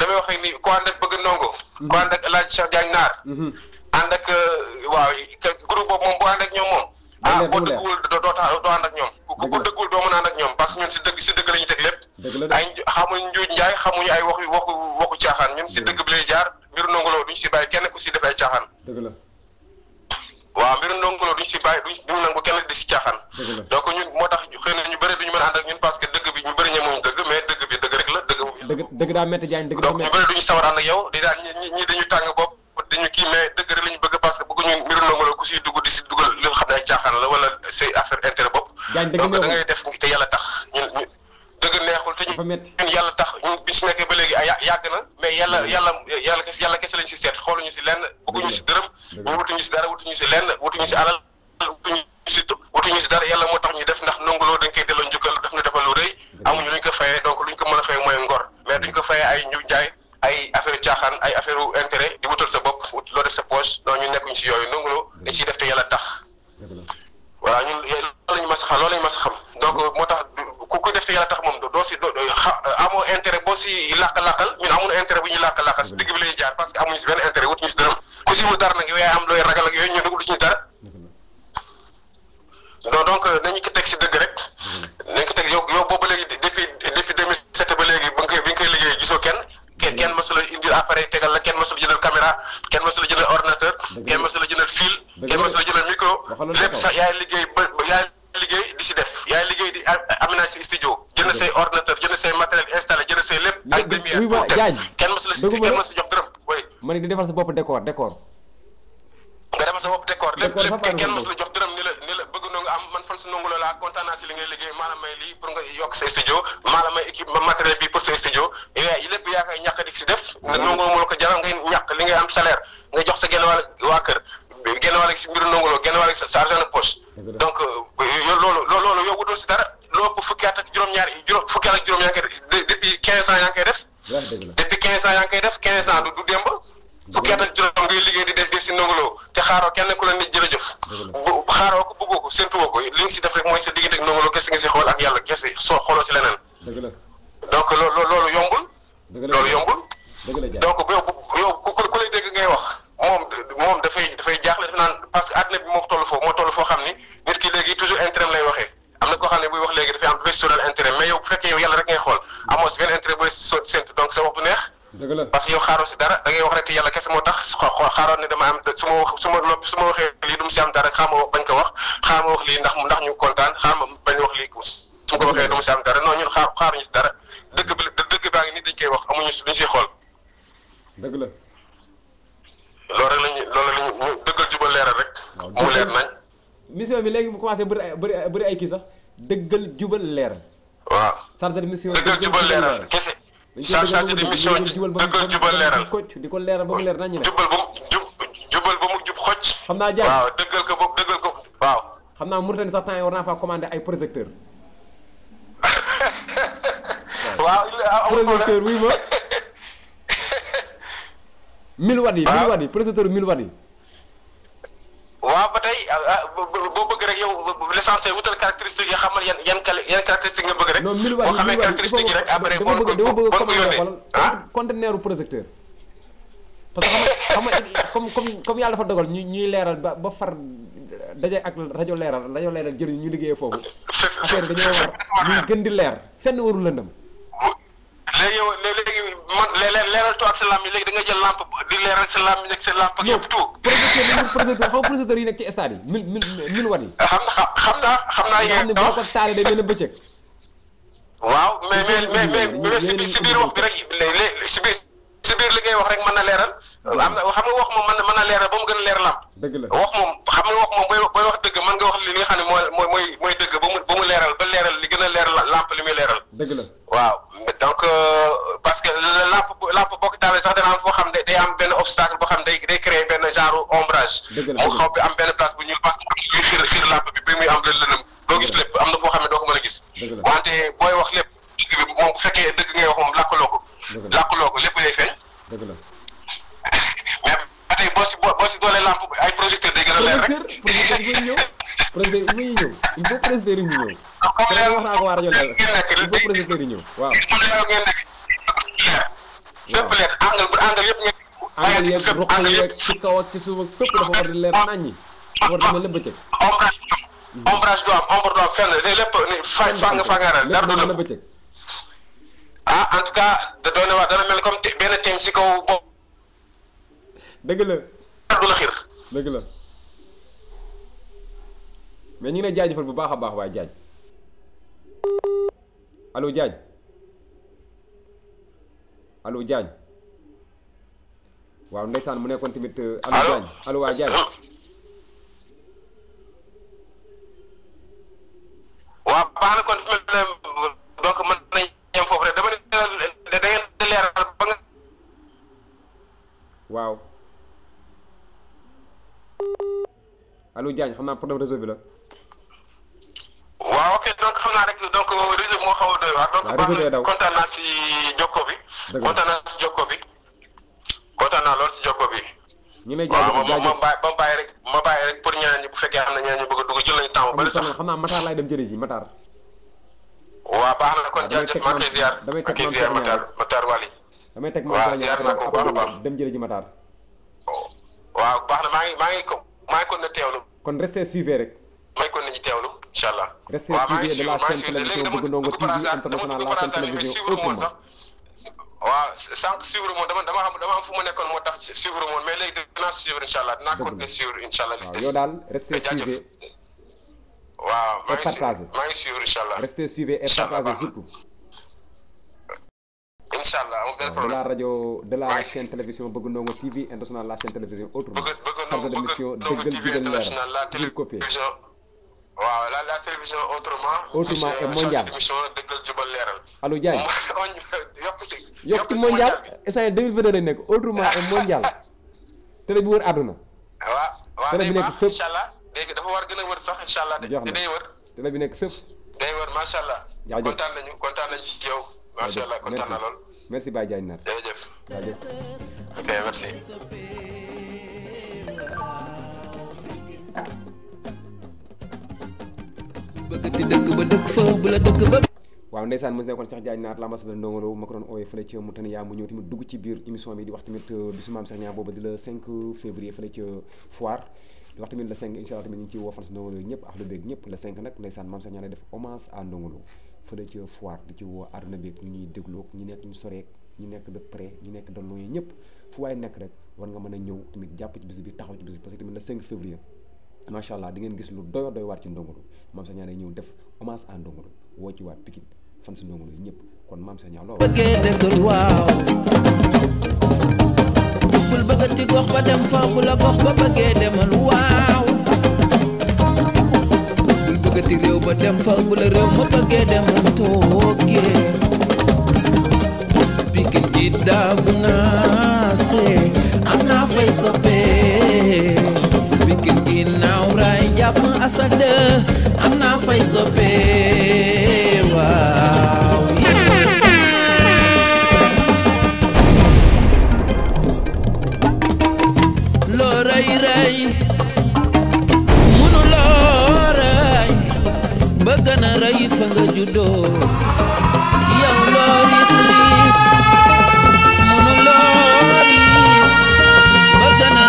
damay wax ni ko andak bëgg nongo ko andak mhm. ak ci Cheikh nar andak mhm. euh, waaw groupe bob mom bu andak ñom mom ah bo deggul do do ta do andak ñom ku ku deggul do mëna andak ñom parce que ñun ci dëgg ci dëgg la ñu teg lépp ay xamuñ njuuj njaay xamuñu ay waxu waxu waxu caaxaan ñun ci dëgg bi lay jaar mbiru nongo lo duñ ci bay kenn ku ci def ay caaxaan waaw mbiru nongo lo duñ ci bay duñ duñ nangu kenn di ci caaxaan donc ñun motax tax xëy na ñu bëre duñu mëna andak ñun parce que dëgg bi ñu bëri ñemuñu dëgg mais dëgg dëgg dëgg daa métti Diagne dëgg daa métti donc ñu bëri duñu sawar ànd ak dañu tàng bopp dañu kii mais dëgg rek lañu la dugg di xam ne ay la wala say affaire intérêt bopp donc da def te yàlla tax ñun dëgg neexul te ñun yàlla tax ñun bi si nekkee ba léegi yàgg na mais yàlla mm. yàlla kese yàlla si seet xooluñu si lenn bëgguñu si dërëm wutuñu si dara wutuñu si lenn wutuñu si alal surtout wutuñu si dara yàlla moo tax ñu def ndax lo dañ koy delloo njukkal daf ñu defal lu rëy amuñu luñ ko fayee donc luñ ko mën a fayee mooy ngor mais duñ ko fayee ay ñu jaay ay affaire caaxaan ay affaire intérêt di wutal sa bopp loo def sa poche donc ñu nekkuñ si yooyu nonguloo dañ siy def te yàlla tax voilà ñun loolu lañu mas xam loolu lañu mas xam donc euh, moo tax ku ko def te yàlla tax moom doo si euh, amoo intérêt boo si làq-làqal ñun amuñu intérêt bu ñuy làq-làqal si digg bi lañuy jaar parce que amuñu si intérêt wutuñu si dërëm ku si wut dara nag yooyu am looy ragal ak yooyu ñun dugg ci dara non donc euh, nañu ko teg si dëgg rek mm-hmm. nañu ko teg yow yow boobu léegi depuis depuis 2007 ba léegi ba nga koy bi nga koy liggéey gisoo kenn. kenn mm-hmm. kenn mësul a indil appareil tegal la kenn mësul jëlal caméra kenn mësul jëlal ordinateur. kenn mësul jëlal fil. kenn mësul jëlal micro. lépp sax yaay liggéey def yaay liggéey di aménage si studio. jënd say ordinateur jënd say matériel installé jënd say lépp. ak lumière jox dërëm. oui ma ne di jox dërëm ni la am man fan su Ndongo Lo laa kontaan naa si li ngay liggéey maa la may lii pour nga yokk sa studio maa la may équipe matériel bi pour sa studio yooyu lépp yaa koy ñàkk di si def. Ndongo Lo moo ko jaral ngay ñàkk li am salaire nga jox sa genn wàll waa kër genn wàll si mbiru Ndongo Lo genn wàll sa argent de poche. donc euh, loolu loolu yow wutoo si dara loo ko fukki at ak juróom-ñaar juróom ñaar depuis 15 ans yaa ngi koy def. depuis 15 ans du démb. fukki at ak juróom ngay liggéey di def def si ndongoloo te xaaroo kenn ku la nit li si def rek mooy sa diggante ak ndongoloo kese nga si xool ak yàlla loolu loolu yombul loolu yombul donc ngay wax moom moom dafay dafay jaaxle def naan parce que àddina bi moo toll foofu moo toll foo xam ni nit ki léegi toujours intérêt lay waxee am na koo xam ne buy wax léegi dafay am dafay sóoraal intérêt mais yow bu fekkee yow yàlla rek ngay xool amoo si benn intérêt booy so séntu donc sa wax du neex parce que yow xaaroo si dara da ngay wax rek yàlla kese moo tax xaaroon ne dama am su ma ñu kontaan xaar ma wax lii su ma ko waxee du mu si am dara non ñun xaar xaaruñu si dara dëgg bi dëgg baa ngi nii la loolu rek lañu loolu la ñu ñu dëggal jubal leeral rek mu leer nañ mission bi léegi mu commencé bëri ay ay kii sax dëggal jubal leeral waaw sartal mission dëggal jubal leeral kese chargé de mission dëggal jubal leeral di ko leeral ba mu leer nañu ne jubal ba mu jub jubal ba xam naa jaay dëggal ko boobu dëggal ko waaw xam naa Mauritanie sax temps yi war naa faa commandé ay projecteur waaw projecteur wuy ma mille watt yi mille watt yi projecteur mille watt yi waaw ba tey ah, ah, boo bëgg rek yow l'essentiel wutal caractéristique yi xamal yan yan yan caractéristique nga bëgg rek. non mil waay mil caractéristique yi rek après. boo ko boo ko yónnee ah conteneur projecteur. parce que xam nga comme comme comme yàlla fa dogal ñu ñuy leeral ba ba far daje ak rajo leeral rajo leeral jëriñ ñu liggéeyee foofu. affaire dañoo war ñuy gën di leer fenn warul lëndam léegi yow léegi man leeral toog sa lamb yi léegi da nga jël lamp di leeral sa lamb yi ak sa lamp ak yëpp tout. projecteur projecteur xaw projecteur yi nekk ci stade yi mille mille mille watt yi. xam na xam naa xam naa yéen. xam ne boo ko taalee day mel ne bëccëg. waaw mais mais mais mais si biir si biir wax bi rek si biir. si biir li ngay wax rek mën na leeral na xam nga wax moom mën mën na leeral ba mu gën leer làmp wax moom xam nga wax moom booy booy wax dëgg mën nga wax li xam ne mooy mooy mooy dëgg ba mu ba mu leeral ba leeral li gën a leer làmp li muy leeral waaw donc euh, parce que làmp làmp bokk taalee sax dana am foo xam ne day am benn obstacle boo xam ne day créer benn genre ombrage mu xaw bi am benn place bu ñuul parce xiir xiir làmp bi muy am la lëndëm doo gis lépp am na foo xam ne doo ko mën gis wante booy wax lépp moom bu fekkee dëgg ngay wax ko làqloo ko lépp day feeñ. dëgg la mais ba tey boo si boo si doolee lamp ay projecteur day gën a leer rek. projecteur yi ñëw projecteur yi ñëw il faut projecteur yi ñëw. wax naa ko waa rajo leer il faut projecteur yi ñëw waaw. fépp leer angle bu angle yëpp ngeen. angle yëpp ruq yeeg ci kaw ak ci suuf ak fépp dafa war di leer naññi. war dama lépp bëccëg. ombrage ombrage du am ombre du fenn lépp fang fang fangara dara du ah en tout cas da doon ne wax dana mel comme benn teeñ ci kaw bopp. la. du la xir. la mais ñu ngi lay jaajëfal bu baax a baax waaye jaaj allo jaaj allo jaaj waaw ndeysaan mu nekkoon tamit. allo jaaj allo jaaj. waaw baax na kon fi Wow. Halo Diagne xam naa problème réseau bi la. waaw ok donc xam naa rek donc réseau moo xaw a doy waar. donc baax kontaan naa si jokko bi. dëgg naa si jokko bi. kontaan naa lool si jokko bi. ñu jaajëf waaw ma ma ma bàyyi rek ma bàyyi rek pour ñi a dugg jël nañu temps damay teg waaw ziar naa ko a baax dem jële ji Matar oh. waaw baax na maa ngi maa ngi ko maa ngi kon na teewlu kon restez suivez rek maa ngi kon nañu teewlu incha allah restez suivez de la chaîne télévision Bëgg Ndongo TV international la chaîne télévision autrement waaw sànq suivre moom dama dama xam dama xam fu mu nekkoon moo tax suivre moom mais léegi dinaa suivre incha allah dinaa continuer suivre incha allah liste yow daal restez suivez waaw maa ngi suivre incha allah restez suivez surtout incha allah amul benn problème de la rajo de la chaîne télévision Bëgg Ndongo TV international la chaîne télévision autrement. Bëgg Bëgg Ndongo TV international la télévision. waaw la la télévision autrement. autrement et mondial émission dëggal jubal leeral. allo Diagne yokk si. yokk si mondial instant yii 2022 dañ nekk autrement et mondial. télé bi wër àdduna. waaw waaw day baax incha allah léegi dafa war gën a wër sax incha allah. jox na day wër. télé bi nekk fépp. day wër macha allah. jaajëf kontaan nañu kontaan nañu ci yow. macha allah kontaan na lool. merci Baye Diagne Nar ok merci waaw ndeysaan mos nekkoon Cheikh Diagne Naar l'ambassadeur Ndongo Lo ma ko doon oowee fële ca Mauritania mu ñëw tamit dugg ci biir émission bi di wax tamit euh, bisu maam Cheikh Niang boobu di la 5 février fële ca foire di wax tamit le 5 incha allah tamit ñu ci ciy woofal si Ndongo Lo ñëpp ak lu beeg ñëpp le 5 nag ndeysaan maam Cheikh Niang lay def hommage à Ndongo fele ci foar di ci wo àdduna bi ñu ñuy dégloog ñi nekk ñu soreeg ñi nekk de pré ñi nekk de loin ñep fu way nekk rek war nga mëna a ñëw tamit japp ci bis bi taxaw ci bis parce que tamit le 5 février macha allah di ngeen gis lu doyo doy war ci ndongul mam sa ñaare ñëw def hommage à ndongul wo ci waa pikit fan su ndongul ñep kon mam sa ñaar lo bëggee dëggal waaw bul bëggati gox ba dem fa bu la gox ba bëggee demal waaw jogati réew ba dem fa bu la réew ma bëggee dem toogee pikin ji daagu naa see am naa fay soppee pikin ji naaw raay jàpp asade am naa fay soppee waaw loo rey rey gën a rëy fa nga juddoo yow loo riis riis munu loo riis ba gën a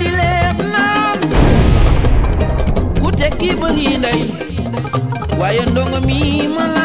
di leeb naan ku tekki bëri ndey waaye ndongo mi ma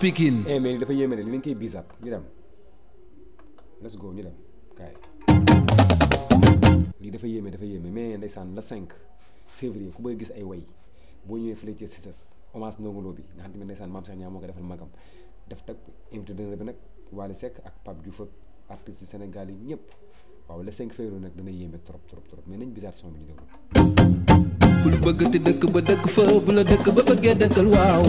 Pikine. eh mais dafa yéeme de li nga koy bisaab lii dafa yéeme dafa yéeme mais ndeysaan la 5 février ku bëgg gis ay way boo ñëwee fële ci CICES hommage Ndongo Lo bi nga xam ne ndeysaan maam Cheikh Niang moo defal magam def tag invité d'honneur bi nag Wally sekk ak Pape Diouf ak artistes Sénégal yi ñëpp waaw le 5 février nag dana yéeme trop trop trop mais nañ bisaab son bi ñu déglu. bul bëgg te dëkk ba dëkk fa bu la dëkk ba bëggee dëkkal waaw.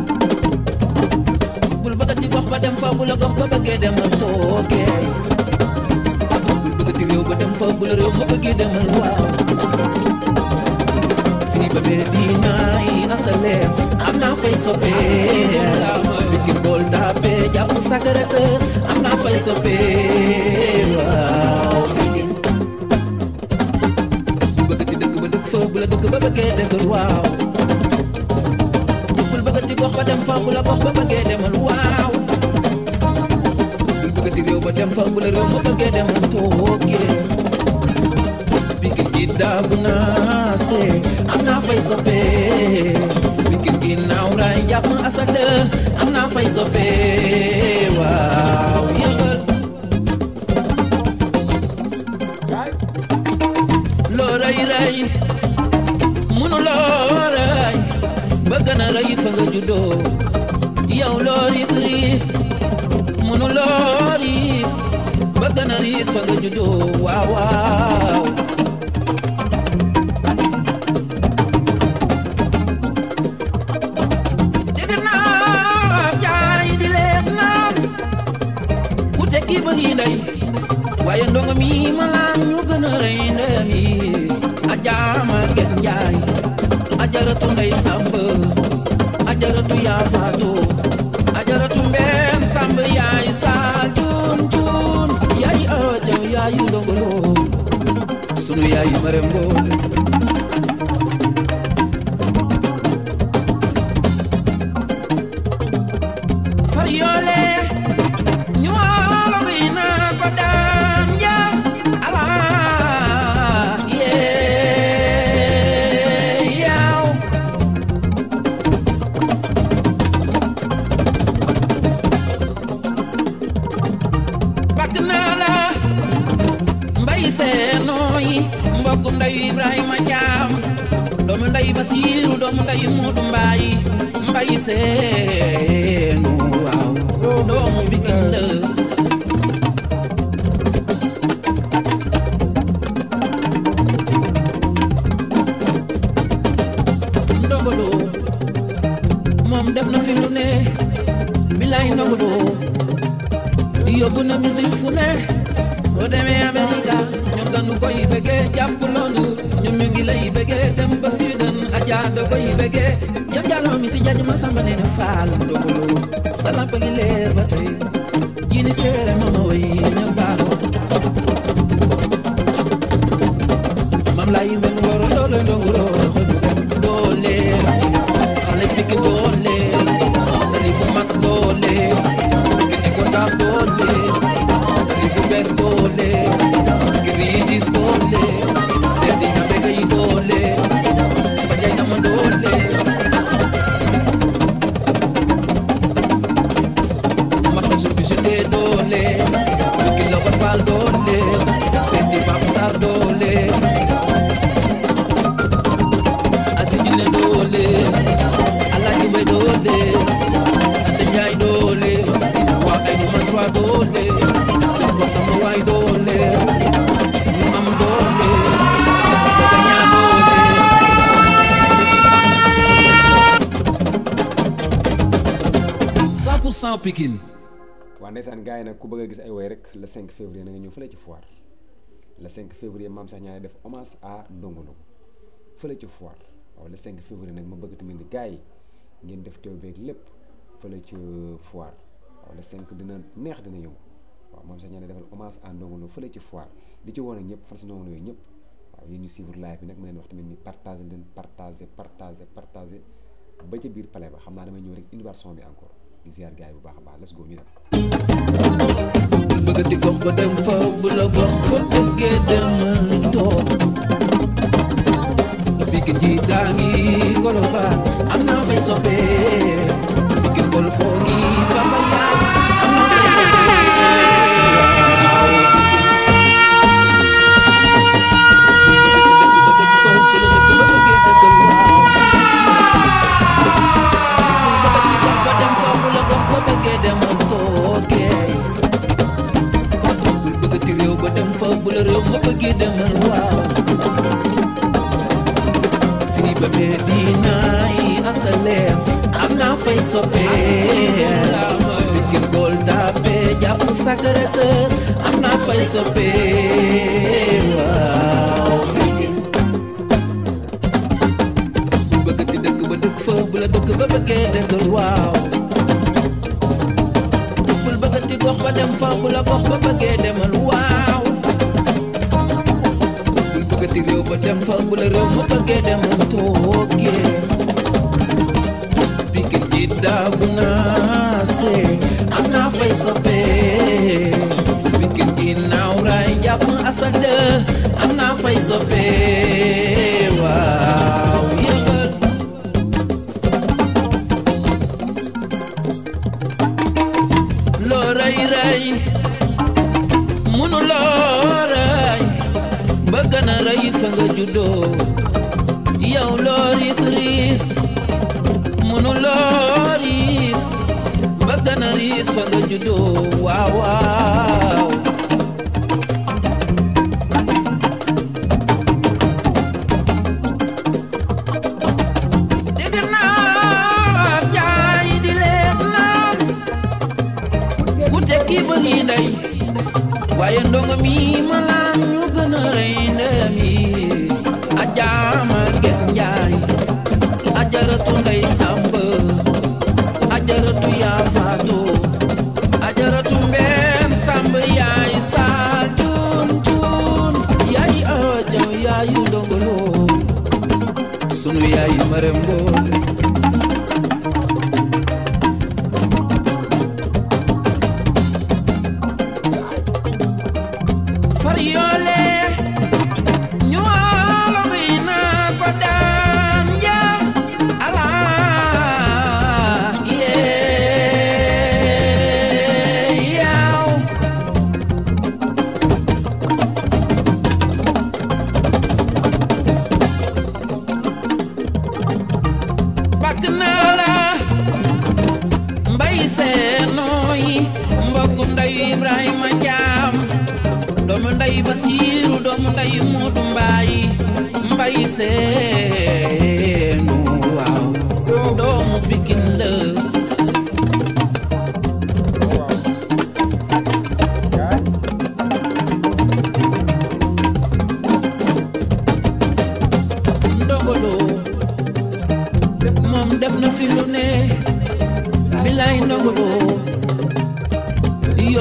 ba dem fa bu la gox ba bëggee demal tooke bëggati réew ba dem fa bu la réew ma bëggee demal waaw fii ba bee diinaay asaleer am naa fay soppee bikin bool daabe jàpp sagarak am naa fay soppee waaw bëggati dëkk ba dëkk fa bu la dëkk ba bëggee bëggee demal waaw bëggati réew ba dem fa bu la réew ma bëggee dem toogee Pikine gi daagu naa see am naa fay soppee Pikine gi naaw raay jàpp asada am naa fay soppee waaw yëgal loo ray ray munu loo ray bëgg na ray fa nga juddoo yow loo ris ris mënuloo riis bëgg na riis fa nga juddoo waaw waaw dégg naa jaay di leeg naan ku tekki bëri ndey waaye ndongo mi ma gën a rëy ndeyam yi ajaama gen jaay ajaratu ndey sàmb ajaratu yaa faatu yaayu ndongo loo sunu yaayu ma remboo ¡Gracias! Pikine. waa ndeysaan gaa yi nag ku bëgg a gis ay woy rek le 5 février na nga ñëw fële ci foire le 5 février maam sax def hommage à Ndongo Lo fële ci foire waaw le 5 nag ma bëgg tamit ni gars yi ngeen def teew beeg lépp fële ci foire waaw le 5 dina neex dina yëngu waaw maam sax ñaari defal hommage à Ndongo Lo fële ci foire di ci woon ak ñëpp fan si Ndongo Lo yooyu ñëpp waaw yéen ñu suivre bi nag ma leen wax tamit ni partager leen partager partager partager ba ca biir palais ba xam naa damay ñëw rek innovation bi encore di ziar gars yi bu baax a baax let's go ñu dem. ba dem fa bu la gox ba bëggee dem toog Pikine ji daa ngi Colobane am naa fay soppee Pikine Golf foo ngi bu la réew ma bëggee demal waaw fii ba Medina yi asaleem am naa fay soppee ngir góol tàppe jàpp Sacré am naa fay soppe waaw bëggati dëkk ba dëkk fa bu la dëkk ba bëggee dëkkal waaw bul ba dem fa bu bëggee demal waaw ti rew ba dem fa bula rew ma bëgge dem tooge pikin ji daagu naa se am naa fay soppe pikin ji naaw raay jàpp asal de am naa fay soppe waaw loo ray ray mënuloo gën a fa nga juddoo yow loo riis riis munu loo riis ba gën riis fa nga juddoo waaw waaw വരുമ്പോൾ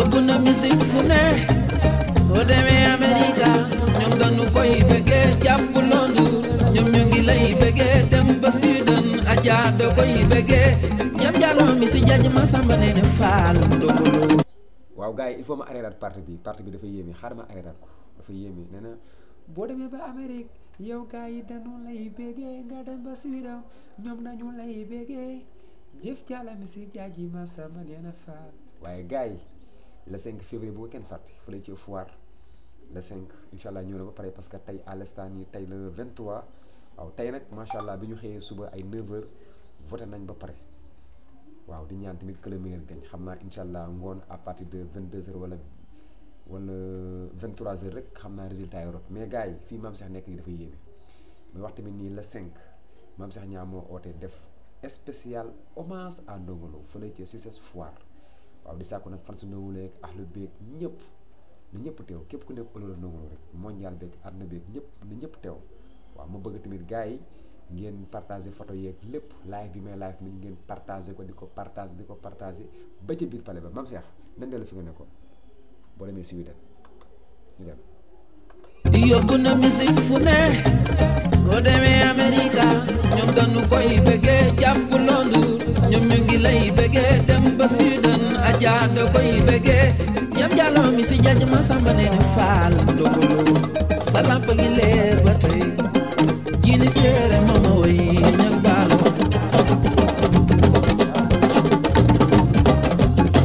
yóbbu na musique fu ne boo demee Amerika ñoom dañu koy bëggee jàpp Londres ñoom ñu ngi lay bëggee dem ba Sudan Adja da koy bëggee ñam jàlloo ma sàmba bi dafa yéeme xaaral ma arrêter ko dafa yéeme nee boo demee ba Amérique yow gars yi dañu lay bëggee nga dem ba Sudan ñoom dañu lay bëggee jëf jàllam si jaaji ma sàmba faal waaye gars yi le cinq février boo kenn fàtte fële ci foire le 5 incha allah ñëw na ba pare parce que tey à yi tey la le 23 waaw tey nag macha allah bi ñu xëyee suba ay 9h nañ ba pare waaw di ñaan tamit que le xam naa incha allah ngoon à partir de 22h wala wala 23h rek xam naa résultat Europe mais gars yi fii maam Cheikh nekk nii dafa yéeme mais wax tamit nii la 5 maam Cheikh ñaa moo oote def spécial hommage à Ndongo Lo fële ci CICES foire. waaw di sàkku nag fan su Ndongo Lo ak ahlu beeg ñëpp na ñëpp teew képp ku nekk ëllëg Ndongo Lo rek mondial beeg àdduna beeg ñëpp na ñëpp teew waaw ma bëgg tamit gars yi ngeen partagé photo yeeg lépp live bi may live mi ngeen partagé ko di ko partage di ko partagé ba ca biir pale ba Mame Cheikh nan dellu fi nga nekkoon boo demee si ñu dem yóbbu na musique fu ne boo demee Amérique ñoom dañu koy bëggee jàpp londu ngi lay bëggee dem ba sidan aja da koy bëggee ñam jàlloo si jaaj ma sàmba nee na faal ndogolu sa làmp ngi leer ba tey jiini séere mama way ñag baalo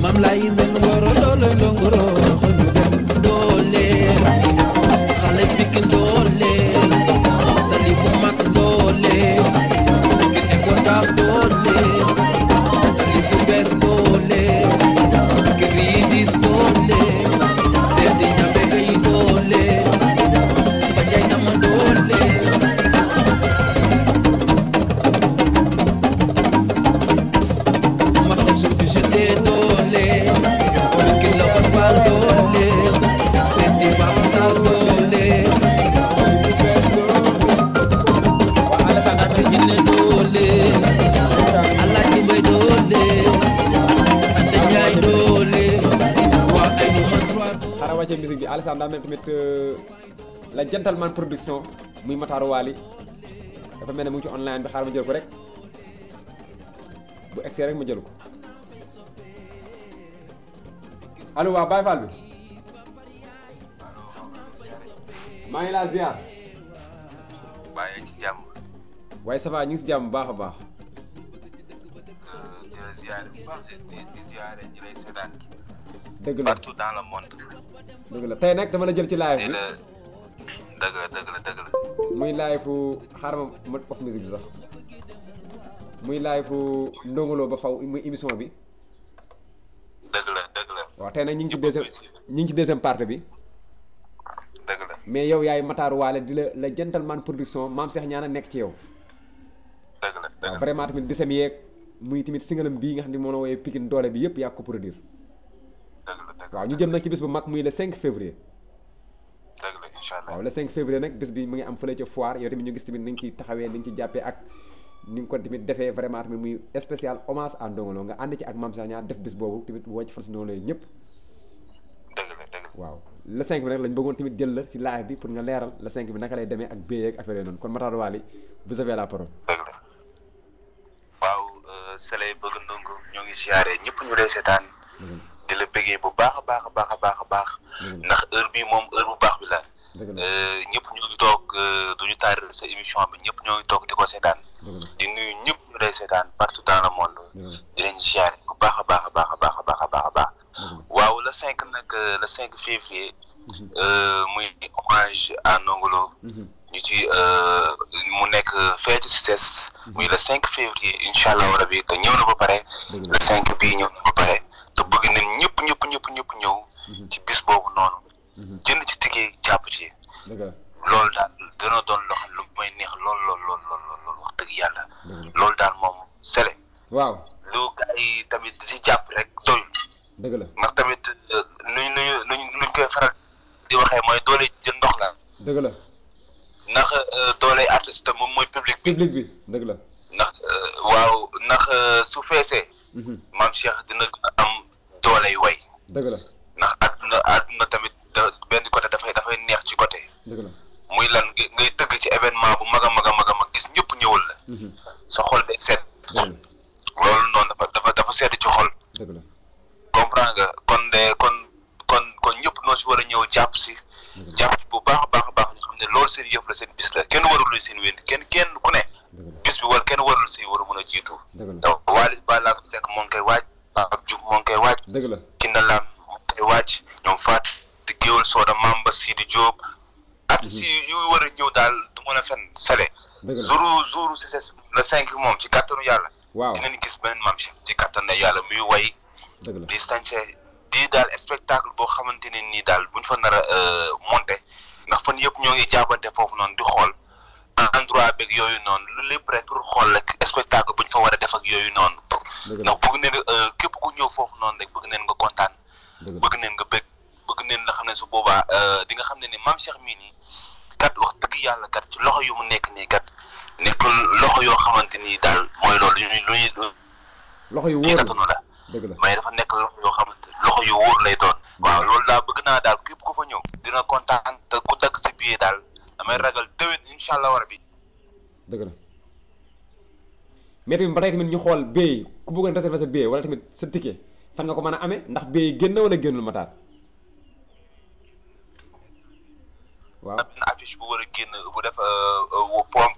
mam lay mbeng boro loolo ci musique bi Alassane daa tamit euh, la gentleman production muy Mataaru Waali dafa mel ne mu ngi ci online bi xaaral ma jël ko rek rek ma jël ko allo waa Baye Fall maa ngi laa ziar. waaye ci jàmm. waaye ça va si jàmm baax a baax. Euh, dëgg la partout dans la tey nag dama la jël ci live bi dëgg la dëgg la muy live fu xaaral ma foofu musique bi sax muy live fu Ndongo ba faw muy émission bi. dëgg la dëgg la. waaw tey nag ñu ngi ci deuxième ñu ngi ci deuxième partie bi. dëgg la mais yow yaay Matar Waale di la la gentleman production maam Cheikh ñaana nekk ci yow. dëgg la dëgg la waaw vraiment tamit bisam yeeg muy tamit singalam bii nga xam ne moo la woowee Pikine doole bi yëpp yaa ko produire. waaw ñu jëm nag ci bis bu mag muy la cinq février. dëgg la incha allah waaw février nag bis bi mu ngi am fële ca foire yow tamit ñu gis tamit ni nga ciy taxawee ni ñu ciy jàppee ko tamit defee vraiment tamit muy spécial hommage à Ndongo Lo nga ànd ci ak Mame Sagna def bis boobu tamit woo ci fan si noonu la ñëpp. dëgg la dëgg bi nag lañ bëggoon tamit jël la si live bi pour nga leeral le 5 bi naka lay demee ak béyee ak affaire yooyu noonu kon Matar Wali vous avez la parole. waaw euh, Sëley bëgg di la bëggee bu baax a baax a baax a baax a baax ndax heure bi moom heure bu baax bi la ñëpp ñoo ngi toog du ñu taaral sa émission bi ñëpp ñoo ngi toog di ko seetaan di nuyu ñëpp ñu day seetaan partout dans le monde di bu baax a baax baax a baax baax a baax baax waaw le cinq nag le cinq février muy hommage à Ndongo Lo ñu ci mu nekk fee ci CICES muy le cinq février incha allah rabi te ñëw na ba pare le cinq bii ñëw na ba pare te bëgg nañ ñëpp ñëpp ñëpp ñëpp ñëw mhm. ci bis boobu noonu mhm. jënd ci tiggee jàpp ci loolu daal dana doon loo xam lu may neex lool lool lool lool lool wax dëgg yàlla loolu daal moom sele waaw lu gars yi tamit si jàpp rek doyul dëgg la ndax tamit nuñ euh, nuñu luñ koy di waxee mooy doole jën ndox la dëgg la ndax euh, doole moom mooy public bi public bi dëgg la ndax euh, waaw ndax su feesee mhm. maam Cheikh dina dooley way. dëgg la ndax àdduna àdduna tamit da benn côté dafay dafay neex ci côté. dëgg muy lan ngay tëgg ci événement bu mag a mag a mag a mag gis ñëpp ñëwal la. Mhm. sa xol de set loolu noonu dafa dafa dafa sedd ci xol. dëgg la comprendre nga kon de kon kon kon ñëpp noo si war a ñëw jàpp si. jàpp si bu baax a baax a baax ñu xam ne loolu seen yëf seen bis la kenn warul seen wéen kenn kenn ku ne. bis bi war kenn warul si war a mën a jiitu. dëgg la donc Waly Ballago Seck moo ngi waaj. Pape Diouf moo ngi koy waaj. dëgg la Kindala moo ngi koy waaj ñoom Fatou di géwél Soda Mamba Sidi Diop. artistes mhm. yu war a ñëw daal du mën a fen sele. dëgg la jour jour si le moom ci kàttanu yàlla. waaw dinañ gis beneen Mame ci kàttanu yàlla muy way. dëgg di daal spectacle boo xamante ne nii daal buñ fa nara a euh, monter ndax fan yëpp ñoo ngi jaabante foofu noonu di xool. endroit beeg yooyu noonu lu lépp rek pour xool ak spectacle bu ñu fa war a def ak yooyu noonu. ndax bëgg neen euh, képp ku ñëw foofu noonu rek bëgg neen nga kontaan. bëgg neen nga bëgg bëgg neen la xam ne su boobaa euh, di xam ne ni maam Cheikh mii nii kat wax dëgg yàlla kat ci loxo yu mu nekk nii kat nekk loxo yoo xamante ni daal mooy loolu lu ñuy lu ñuy. dafa nekk loxo yoo xamante loxo yu wóor lay doon. waaw loolu bëgg naa daal képp ku fa ñëw. dina kontaan te ku takk sa billet daal. damay ragal déwén incha allah war bi. dëgg la mais tamit ba tey tamit ñu xool bee ku bëggoon réserver sa bee wala tamit sa ticket fan nga ko mën a amee ndax bee génn wala génnul Matar. waaw am na affiche bu war a génn bu def euh, euh, point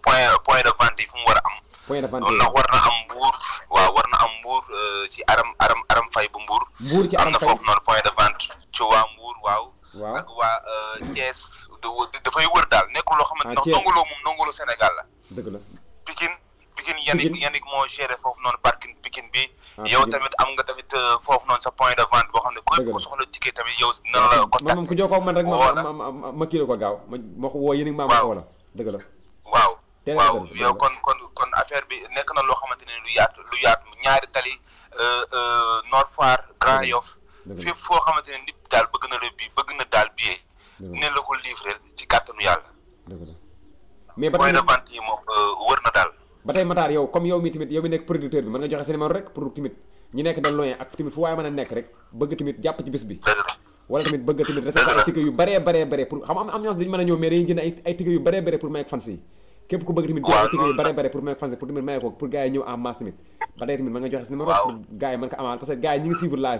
point de vente yi fu mu war a am. point de vente ndax war na am mbuur waaw war na am mbuur euh, ci aram aram aram fay bu mbuur. mbuur ci am na foofu noonu point de vente ci waa mbuur waaw. waaw waa Thiès. dafay wër daal nekkul loo xamante ah, ndax ndongoloo moom ndongoloo Sénégal la. dëgg la Pikine Pikine Yannick Yannick moo géré foofu noonu parking Pikine bi. Ah, yow tamit am nga tamit euh, foofu noonu sa point de vente boo xam ne. dëgg la ko soxla ticket tamit yow dina la contact. man moom ku jokkoo man rek ma ma ma kii la ko gaaw ma ma la dëgg la. waaw kon kon affaire bi nekk na loo xamante ne lu yaatu lu yaatu ñaari tali euh, euh, Nord Foire Grand Yoff. fépp foo xamante ne nit daal bëgg na la bi bëgg na daal billet neen la ko livré ci kàttanu yàlla. mais ba tey yi moom euh, wër na daal. ba tey Matar yow comme yow mi tamit yow mi nekk producteur bi mën nga joxe sa rek pour tamit ñu nekk da loin ak tamit fu waaye mën a nekk rek bëgg tamit jàpp ci bis bi. wala tamit bëgg tamit recette ay ticket yu bëree bëree pour xam am am ñoo dañu a ñëw mais dañuy jënd ay ay yu bëree bëree pour may ak fans yi képp ku bëgg tamit jënd ay ticket yu bëree bëree pour may ak fans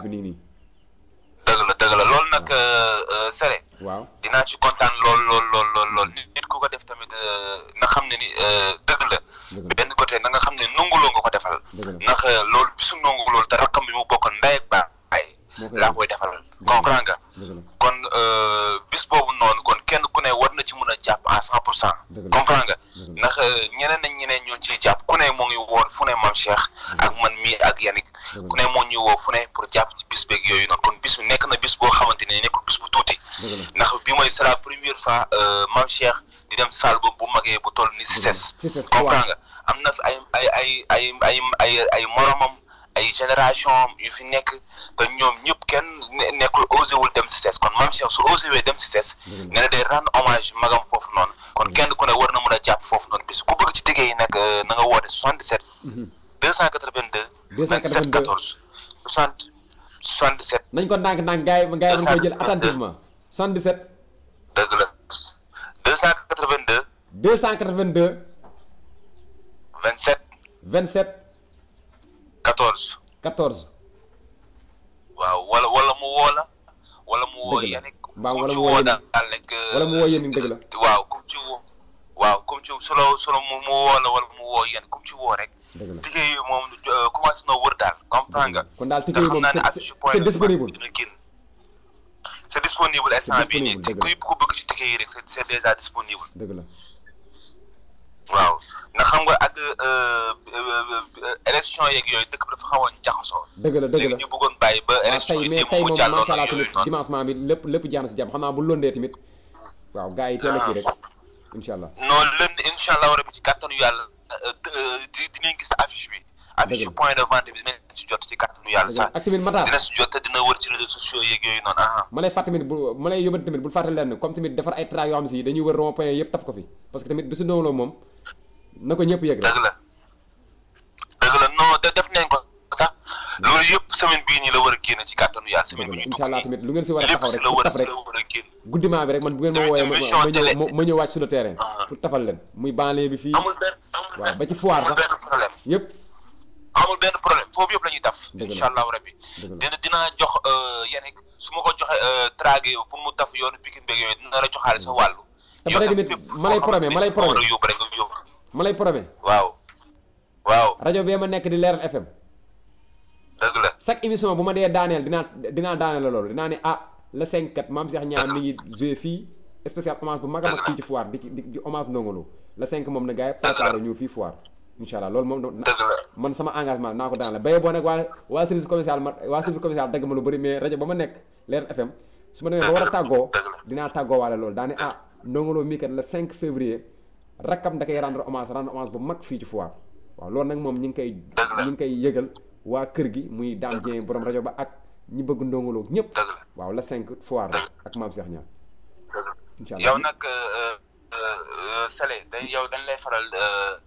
yi dëgg la dëgg la loolu nag euh, euh, Sere. waaw dinaa ci kontaan lool lool lool lool lool nit ku ko def tamit euh, na xam ne ni dëgg la. benn côté na nga xam ne nonguloo nga ko defal. ndax loolu bisu nonguloo te rakkam bi mu bokk ndey ak laa koy defaral comprends nga kon euh, bis boobu noonu kon kenn ku ne war na ci mun a jàpp à cent pour cent comprends nga ndax euh, ñeneen nañ ñeneen ñoo ciy jàpp ku ne moo ngi woon fu ne maam Cheikh ak man mii ak Yannick ku ne moo ñu woo fu ne pour jàpp bis beek yooyu noonu kon bis bi nekk na bis boo xamante ne nekkul bis bu tuuti ndax bi mooy c'est la première fois euh, maam Cheikh di dem salle bu magee bu toll ni si ses comprends am na fi ay ay ay ay ay ay ay moromam ay génération yu fi nekk te ñoom ñëpp kenn nekkul osé wul dem si ses kon Mame Cheikh su osé wee dem si ses ne na day rendre hommage magam foofu noonu kon kenn ku ne war na mën a jàpp foofu noonu bis ku bëgg ci tëggee yi nag euh, na nga woote 77 282 27 14 60 77 nañ ko ndànk ndànk gars yi gars yi mën koy jël attentivement 77 dëgg la quatorze. quatorze. waaw wala wala mu woo la. wala mu woo Yannick. mbaa wala mu woo daal rek. wala mu woo Yannick dëgg la. waaw comme ci woo. waaw comme ci solo solo mu mu woo la wala mu woo Yannick comme ci woo rek. dëgg la tike yi moom euh, commencé na wër daal. comprends nga. kon daal tike yi moom c'est disponible dina génn. c'est disponible instant bii nii. dëgg la ku bëgg ci tike yi rek c'est déjà disponible. dëgg la. waaw nga xam nga ak euh, élection yeeg yooyu dëkk bi dafa xawoon jaxasoo. dëgg la dëgg la léegi ñu bëggoon bàyyi ba. yi tey moom macha allah tamit dimanche maa bi lépp lépp jaar na si jàmm xam naa bu lëndee tamit. waaw gars yi teel a kii rek incha allah. non lënd incha allah war a ci kàttanu yàlla euh, euh, dinañ gis bi. ak ci point de vente bi dinañ si jot ci kàttanu yàlla sax ak tamit Matar dina si jot dina wër ci réseaux sociaux yeeg yooyu noonu ma lay fàtt tamit bu ma lay yóbbante tamit bul fàttali leen comme tamit defar ay tra yoo xam dañuy wër rond point yëpp taf ko fi parce que tamit bisu dooloo moom na ko ñëpp yëg dëgg la dëgg la non def nañ ko sax loolu semaine bii nii la war a génn ci kàttanu yàlla semaine bi ñu lu ngeen si war a taxaw rek pour bi rek man bu ngeen ma wooyee ma ñëw wàcc sur le terrain pour amul benn problème foofu yëpp la ñuy taf incha allahu rabbi dina dinaa jox euh, yéen su ma ko joxe tragué euh, yow pour mu taf yoonu Pikine beeg yooyu dina la joxaale sa wàllu yow ma lay promé ma lay promé waaw rajo bee ma nekk di Leeral FM dëgg la chaque émission bu ma dee daaneel dinaa dinaa daaneel loolu dinaa ne ah le 5 kat maam seex Niang mi ngi joué fii spécial hommage bu mag a mag fii ci foire di di hommage Ndongo Lo le moom na gars yi préparé ñu fii foire inshallah lol mom man sama engagement nako ko daan la béyee boo nag waa waa service commercial wa service commercial dag ma lu bari mais radio bama nek Leer FM suma ma demee ba war a tàggoo dinaa tàggoo waale loolu ah Ndongo mi mii kat le 5 février rakam da kay rendre hommage rendre hommage bu mak fi ci foire wa lol nak mom ñing kay ñing kay ngi wa kër gi muy dam Dieng borom radio ba ak ñi bëgg ndongolo ñëpp waaw le 5 foire ak mam Cheikh ñaan inshallah yow nak euh, euh euh salé dañ yow dañ lay faral euh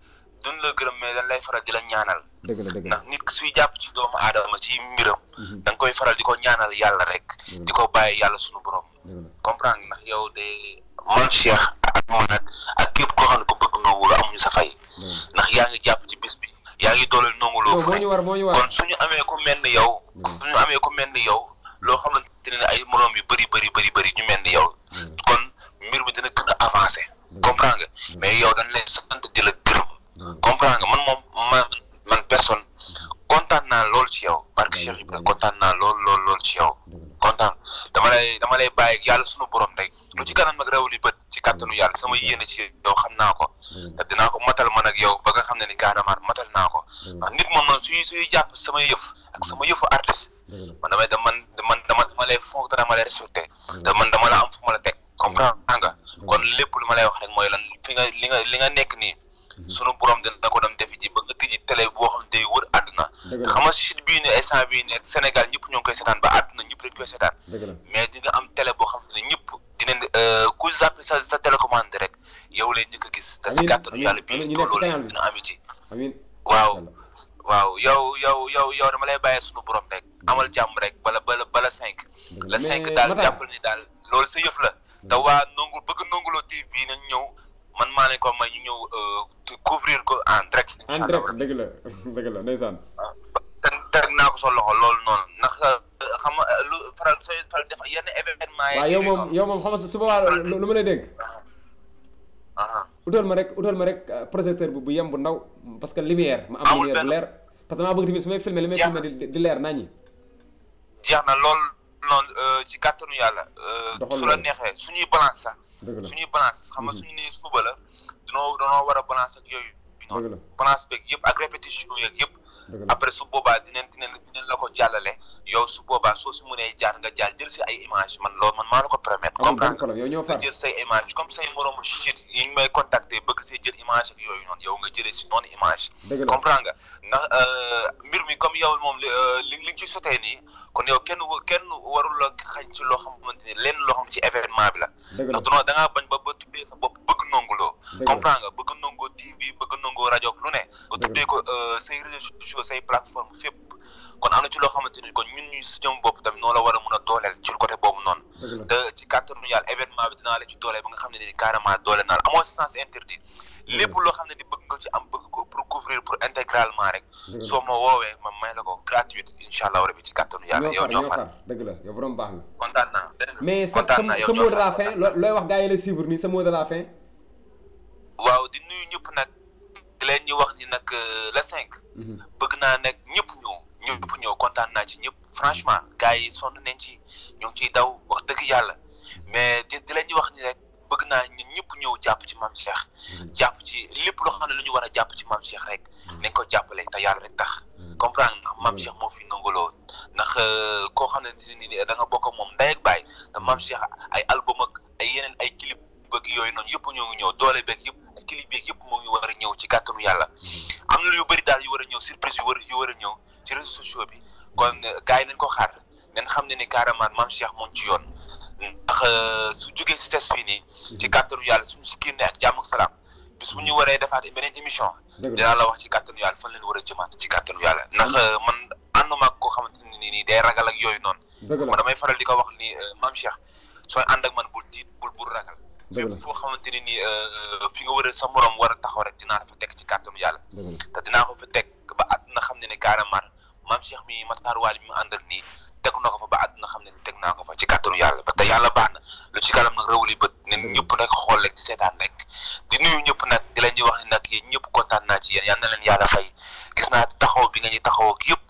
duñ la gërëm mais dan lay faral di la ñaanal. dëgg la dëgg la ndax nit suy jàpp ci doomu aadama ci mbiram. Mhm. da nga koy faral di ko ñaanal yàlla rek. Mhm. di ko bàyyi yàlla suñu borom. comprendre ndax yow de man Cheikh ak man nag ak képp koo xam ne ko bëgg Ndongo Lo sa fay. ndax yaa ngi jàpp ci bis bi yaa ngi dooleel Ndongo Lo fu ne kon suñu amee ko mel ni yow. suñu amee ku mel ni yow loo xamante ne ay moroom yu bëri bëri bëri bëri ñu mel ni yow. kon mbir bi dina gën a avancé. comprendre nga mais yow dañ leen sant di la gërëm. comprends nga man moom man man personne kontaan naa lool ci yow barke Cheikh Ibrahima kontaan naa lool lool lool ci yow kontaan dama lay dama lay bàyyi ak yàlla sunu borom rek lu ci kanam nag réew li bët ci kàttanu yàlla sama yéene ci yow xam naa ko te dinaa ko matal man ak yow ba nga xam ne ni carrément matal naa ko ndax nit moom man suñu suñuy jàpp sama yëf ak sama yëfu artiste man dama man dama dama lay fonk te dama lay respecté te man dama la am fu ma la teg comprendre nga kon lépp lu ma lay wax rek mooy lan li nga li nga nekk nii Mm-hmm. sunu borom dina ko dem defi ji ba nga tëji télé boo xam day wër àdduna xam nga site bii bii ne Sénégal ñëpp ñoo ngi koy seetaan ba àdduna ñëpp dañ koy seetaan mais di nga am télé boo xam ne ñëpp dinañ euh, ku zappé sa sa télécommande rek yow lay njëkk a gis te si kàttanu yàlla bii loolu dina am ci waaw waaw yow yow yow yow sunu borom rek amal jàmm rek bala bala bala cinq la cinq daal jàppal ni daal loolu sa yëf la te waa nangu bëgg nanguloo TV bii nañ ñëw man maa ko may ñu ñëw euh, couvrir ko en direct. en direct la dëgg la ndeysaan. Ah, teg naa ko sa loxo loolu noonu ndax euh, xam nga euh, lu faral sooy faral yenn événement yi. yow moom yow moom xam nga su boobaa lu ma lay dénk. Ah, ah. utal ma rek utal ma rek projecteur bu bu yem bu ndaw parce que lumière. ma am lumière bu leer parce que maa bëgg tamit su may filmer li may filmer di leer naa ñi. jeex na lool noonu ci kàttanu yàlla. su la neexee suñuy balance sax. suñuy balance xam nga suñu nee suba la danoo danoo war a balance ak yooyu noonu balance beeg yëpp ak répétition yeeg yëpp après su boobaa dinañ dinañ dinañ la ko jàllale yow su boobaa soo si mënee jaar nga jaar jël si ay image man loolu man maa la ko permettre comprendre nga jël say image comme say moroomu shit yi ñu may contacter bëgg see jël image ak yooyu noonu yow nga jëlee si noonu image comprendre nga ndax euh, mbir mi comme yow moom euh, li li nga ci sotee nii kon yow kenn kenn warul xañ ci loo xamante ni lenn loo ci événement la. dëgg bañ ba ba tuddee sa bopp bëgg Ndongo bëgg Ndongo TV bëgg Ndongo rajo lu ne. nga ko euh, say réseaux sociaux say plateforme fépp. kon am na ci loo xamante ni kon ñun ñuy suñu bopp tamit noonu a mun a dooleel ci côté boobu noonu. te ci kàttanu yàlla événement bi dinaa la ci dooleel ba nga xam ne nii carrément dooleel naa la amoo sens interdit. lépp loo xam ne di bëgg nga ci am bëgg ko pour couvrir pour intégralement rek. soo ma woowee may la ko gratuite incha allah rabi ci kàttanu yàlla. yow ñoo far dëgg la yow borom baax nga. kontaan naa mais sa sa mot la fin looy wax gars la suivre nii sa mot de la fin. waaw di nuyu ñëpp nag di leen ñu wax ni nag euh, la cinq. Mhm. bëgg naa nag ñëpp ñëw ñëpp ñëw kontaan naa ci ñëpp franchement gars yi sonn nañ ci ñu ci ciy daw wax dëgg yàlla mais di di leen ñu wax ni rek. bëgg naa ñun ñëpp ñëw jàpp ci maam Cheikh mm. jàpp ci lépp loo xam ne lu ñu war a jàpp ci maam Cheikh rek mm. nañ ko jàppale te yàlla rek tax mm. comprendre mam maam Cheikh moo fi nangaloo ndax euh, koo xam ne nii da nga bokk moom ndey ak baay te maam Cheikh ay album ak ay yeneen ay clip yooyu noonu yëpp ñoo ñëw doole beeg yëpp ay clip moo ngi war a ñëw ci kàttanu yàlla am yu bëri daal yu war a ñëw surprise yu war yu war a ñëw ci réseaux sociaux bi kon gars yi nañ ko xaar nañ xam ne ni carrément Cheikh moom ci yoon ndax euh, su jógee si test fii nii ci kàttanu yàlla suñu si génne ak jàmm salaam bis bu ñu waree defaat beneen émission dinaa la wax ci kàttanu yàlla fan leen war a jëmaat ci kàttanu yàlla ndax euh, man ànduma ak koo xamante ni nii de ragal ak yooyu noon man damay faral di ko wax ni euh, maam Cheikh sooy ànd ak man bul tiit bul bul ragal fépp foo xamante ni nii fi nga war a sa morom war a taxaw rek dinaa fa teg ci kàttanu yàlla dinaa ko fa teg ba at na xam ne ne carrément maam Cheikh mi mataar waali mi mu nii tegu na ko fa ba àdduna xam ne ni teg naa ko fa ci kàttanu yàlla ba te yàlla baax na lu ci kanam nag rëwli bët ne mm. ñëpp nag xool rek di seetaan rek di nuyu ñëpp nag di leen di wax ne nag yéen ñëpp kontaan naa ci yéen yal leen yàlla fay gis naa taxaw bi nga ñu taxaw ak yëpp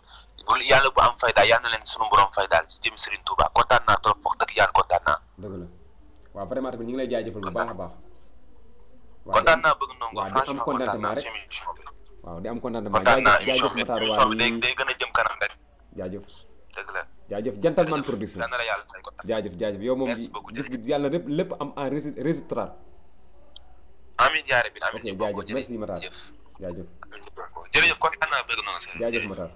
bu yàlla bu fay daal yal na leen sunu borom fay daal ci jëm Serigne Touba kontaan naa wax dëgg yàlla kontaan naa. dëgg la waaw vraiment tamit ñu ngi lay jaajëfal bu baax a baax. kontaan naa bëgg ndongo franchement kontaan naa ci émission bi waaw di am kontaan naa jaajëf jaajëf Matar waa day gën a jëm kanam rek jaajëf gentleman production jaajëf jaajëf yow mom gis gi yalla lépp lepp am en résultat amin jaare bi amin ok jaajëf merci Matar jaajëf jërëjëf kontaan beug bëgg naa jaajëf mata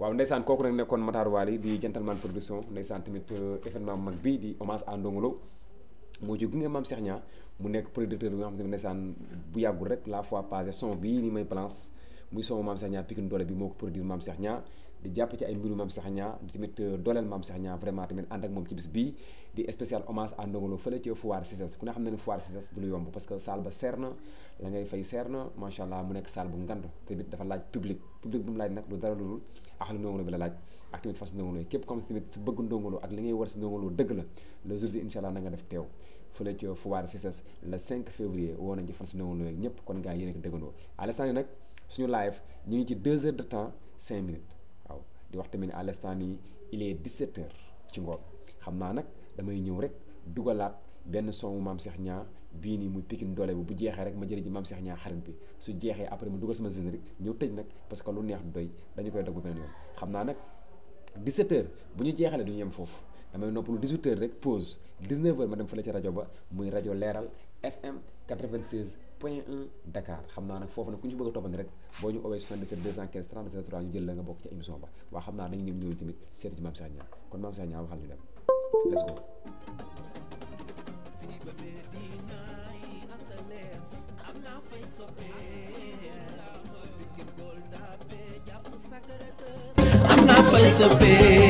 waaw ndaysan kooku nag nekkon Matar Wali di gentleman production ndaysan tamit euh, événement mag bi di hommage à Ndongo Lo moo ci gunge Cheikh Niang mu nek producteur nga xamne ndaysan bu yagul rek la fois passé son bi ni may balance muy son mam Cheikh Niang Pikine dole bi moko ko produire maam Cheikh Niang di japp ci ay mbiru mam Cheikh Niang di tamit euh, dooleel Mame Cheikh vraiment tamit and ak mom ci bis bi di spécial hommage à Ndongo fele ci foire Cissesse ku ne xam ne foire Cissesse du lu yomb parce que salle ba seer la ngay fay serna na macha allah mu nek salle bu ngand tamit dafa laaj public public bu mu laaj nak du dara lu dul axalu bi la laaj ak tamit fas Ndongo Lo képp comme tamit su bëgg Ndongo ak li ngay war ci Ndongo deug la le jour ji allah nga def tew fele ci foire Cissesse le 5 février woo nañ ci fas Ndongo Lo yeeg kon gaa yene a ko nak suñu live ñu ngi ci 2 heures de temps 5 minutes di wax tamit ne yi l'instant nii il ci ngoon xam naa nag damay ñëw rek dugalaat benn songu maam Cheikh ñaa bii nii muy pikin doole bi bu jeexee rek ma jëlee ji maam Cheikh Niang xarit bi su jeexee après ma dugal sama générique ñëw tëj nag parce que lu neex du doy dañu koy dog bu benn yoon xam naa nag 17 bu ñu jeexalee du ñu yem foofu damay noppalu 18 heures rek pause 19 heures ma dem fële ci rajo ba muy rajo Leeral FM 96. point 1 Dakar xam naa nag foofu nag ku ñu bëgg a toppandi rek boo ñu owee 77 215 37 3 ñu jël la nga bokk ci émission ba waaw xam naa dañu dem ñëw tamit seeti ci Mame Saha Niang kon Mame Saha Niang waxal ñu dem let's go am naa fay soppe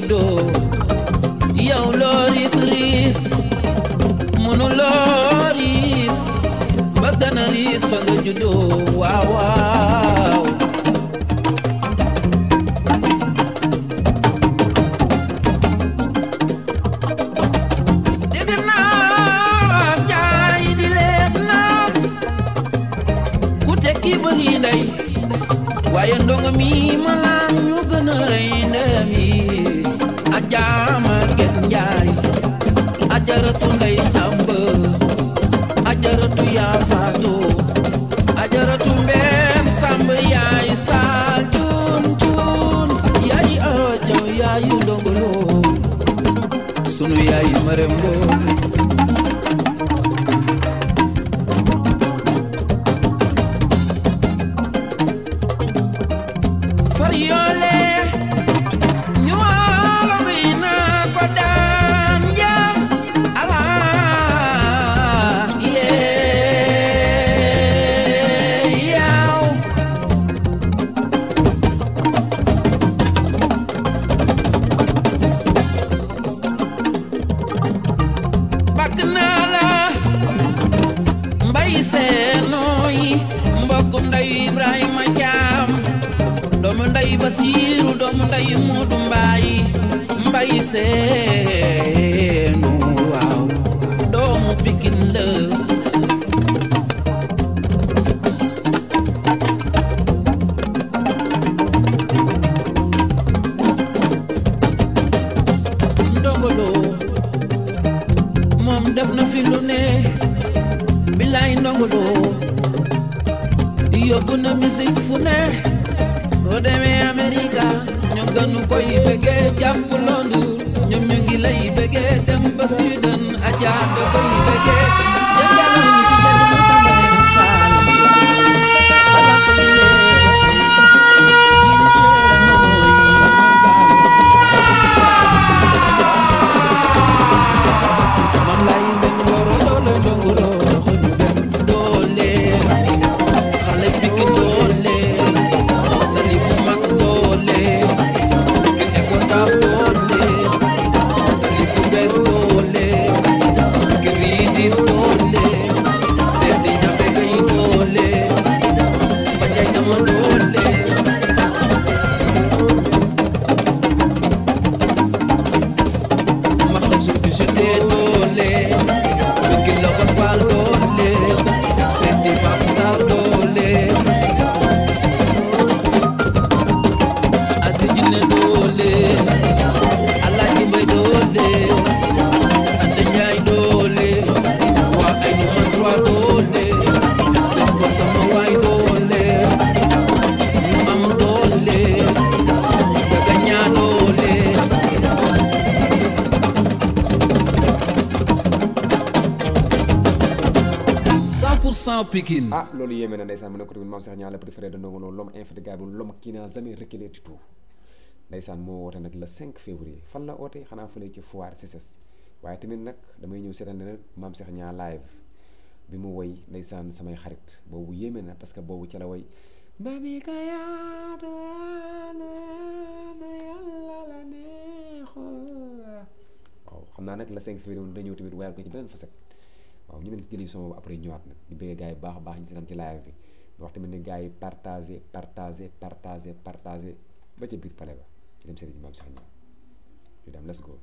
juddoo yow loo riis riis munu loo riis ba gën a riis fa nga juddoo waaw waaw waaye ndongo ayu ndongolo sunu yaay marembo yéeme na ndeysaan mu ne ko tamit Mame Cheikh Niang la préféré de Ndongo Lo l'homme infatigable l'homme qui n'a jamais reculé du tout ndeysaan moo woote nag le 5 février fan la oote xanaa fële ci foire CCS tamit nag damay ñëw seetaan nag Mame Cheikh bi mu woy ndeysaan samay xarit boobu yéeme na parce que boobu ca la woy mami ka yaatu yàlla la neexoo waaw xam naa nag le 5 février dañu ñëw tamit wayal ko ci beneen facette waaw ñu ne jëli son après ñëwaat nag di bëgg gars yi baax a baax ñu seetaan ci live bi wax tamit ne gars yi partagé partagé partagé partagé ba ca biir pale ba ñu dem sëriñ maam sax ñu dem let's go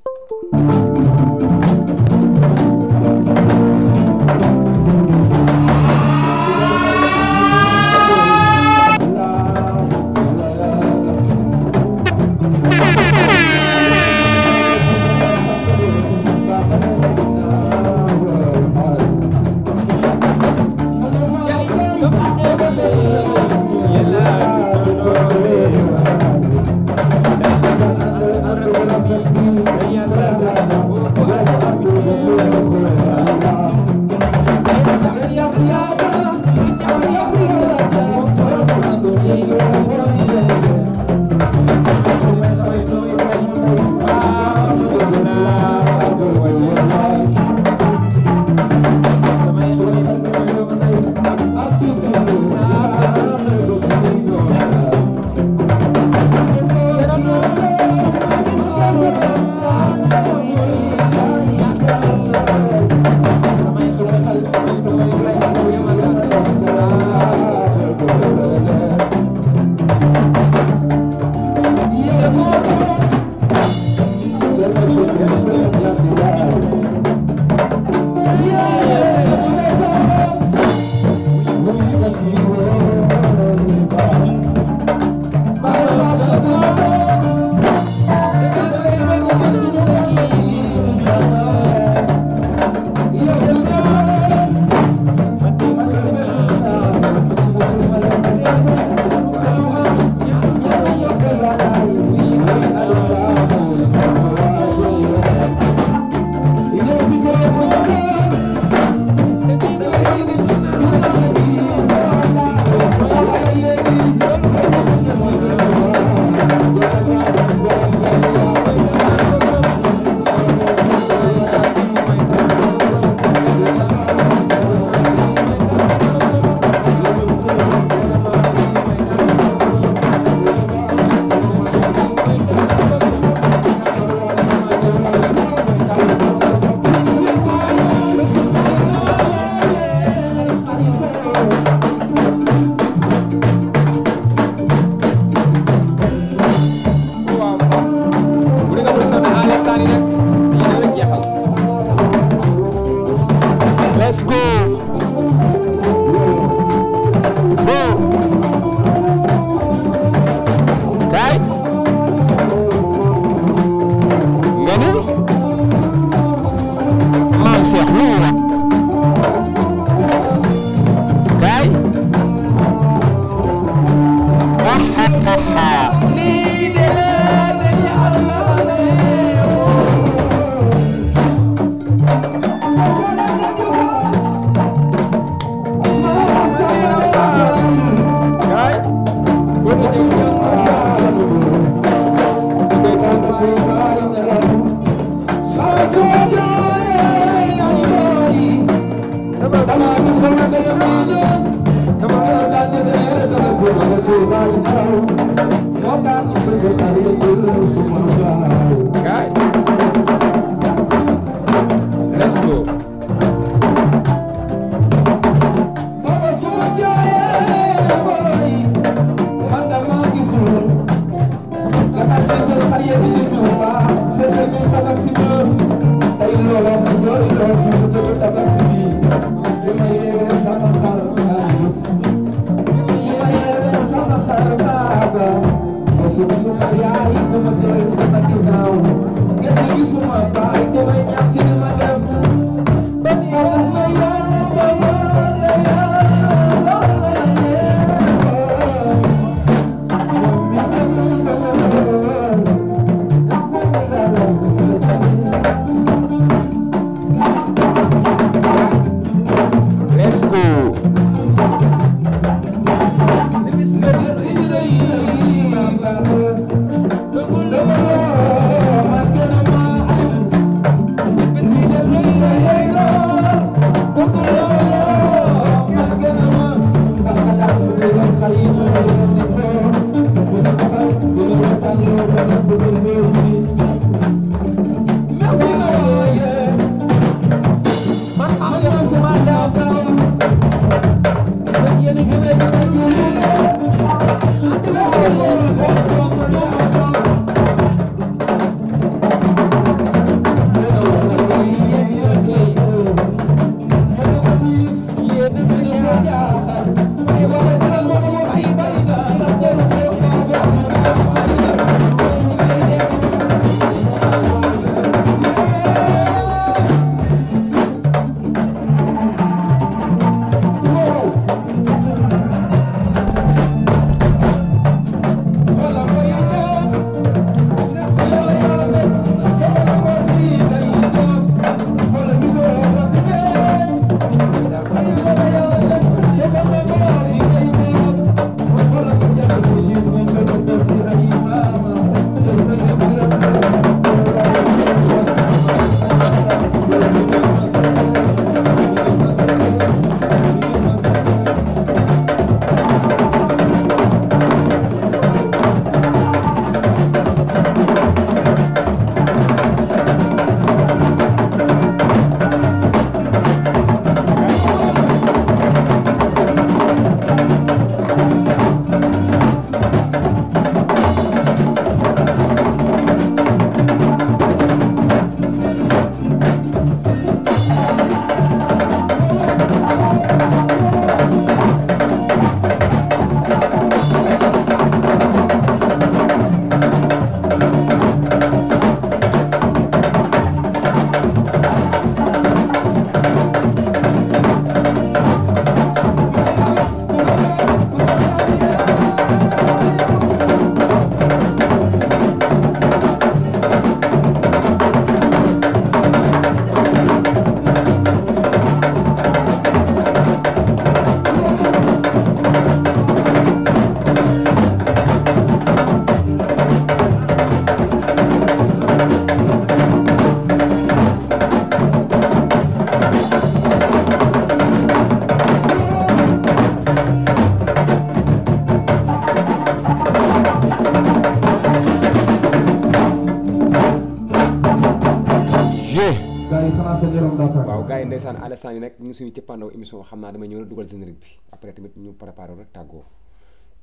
seen yaram waaw gars yi ndeysaan à l'instant yi nag ñu ngi suñu cëppaandaw émission xam naa damay ñëw rek dugal générique bi après tamit ñu préparé rek tàggoo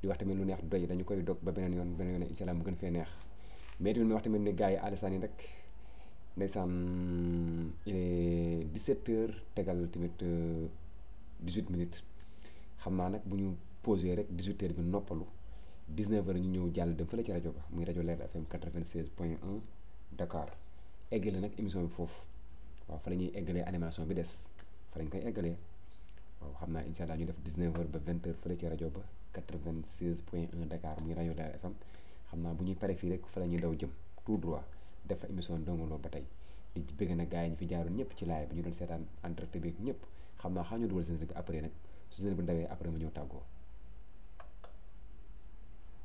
di wax tamit lu neex doy dañu koy dog ba beneen yoon beneen yoon incha allah mu gën fee neex mais tamit mi wax tamit ne gars yi à l'instant yi rek ndeysaan tegal tamit 18 euh, minutes xam naa nag bu ñu posé rek 18 heures bi noppalu 19 heures ñu ñëw jàll dem fële ci rajo ba muy rajo Leer FM 96 point 1 Dakar egg la nag émission bi foofu waaw fa la ñuy eggalee animation bi des fa lañ koy eggalee waaw xam naa incha allah ñu def 19h ba 20h fële ci rajo ba 96 point 1 Dakar muy rajo Leral FM xam naa bu ñuy pare fii rek fa la ñuy daw jëm tout droit def fa émission Ndongo Lo ba tey li bëgg na gars yi ñu fi jaaroon ñëpp ci laay bi ñu doon seetaan entretien bi ñëpp xam naa xam ñu dugal seen bi après nag su seen bi dawee après mu ñëw tàggoo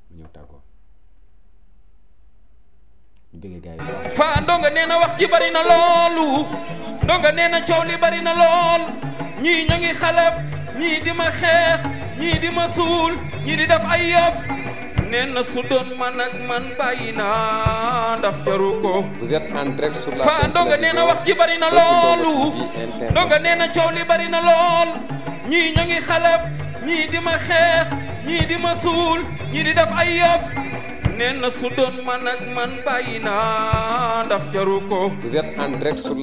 mu ñëw tàggoo. faa ndonga nee na wax ji bari na loolu ndonga nee na coow li bari na lool ñii ña ngi xalab ñii di ma xeex ñii di ma suul ñii di def ay yëf nee na su doon man ak man bàyyi naa ndax jaru ko vous êtes en direct sur la faa ndonga nee na wax ji bari na loolu ndonga nee na coow li bari na lool ñii ña ngi xalab ñii di ma xeex ñii di ma suul ñii di def ay yëf nee na su man la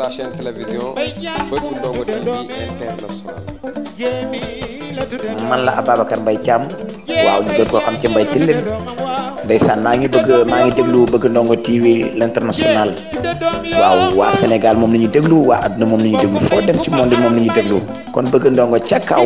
chaîne télévision Beutou Ndongo waaw ñu gën koo xam ci Mbaye Tëllin ndeysaan maa ngi dëgg maa ngi déglu bëgg Ndongo TV l' international waaw waa Sénégal moom la ñuy déglu waa àdduna moom la ñuy déglu foo dem ci monde moom la ñuy déglu kon bëgg Ndongo ca kaw.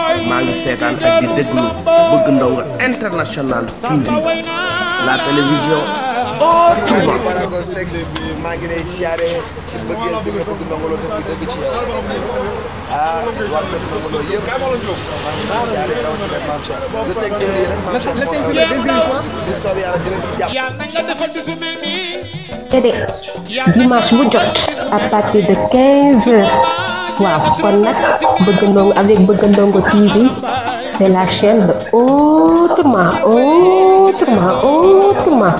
maa ngi seetaan ak di déglu bëgg ndongo international TV la télévision au Touba. Barago Seck bi maa ngi lay siyaare ci bëggeel bi nga bëgg ndongo loo te di dëgg ci yow ah waa kër ndongo loo yëpp maa ngi lay siyaare rawatina maam Cheikh le cinq février rek maam Cheikh le cinq février deuxième fois di soob yàlla di leen ci jàpp. dimanche bu jot à partir de 15 heures. waaw kon nag bëgg ndongo avec bëgg ndongo tv c'est la chaîne de autrement autrement autrement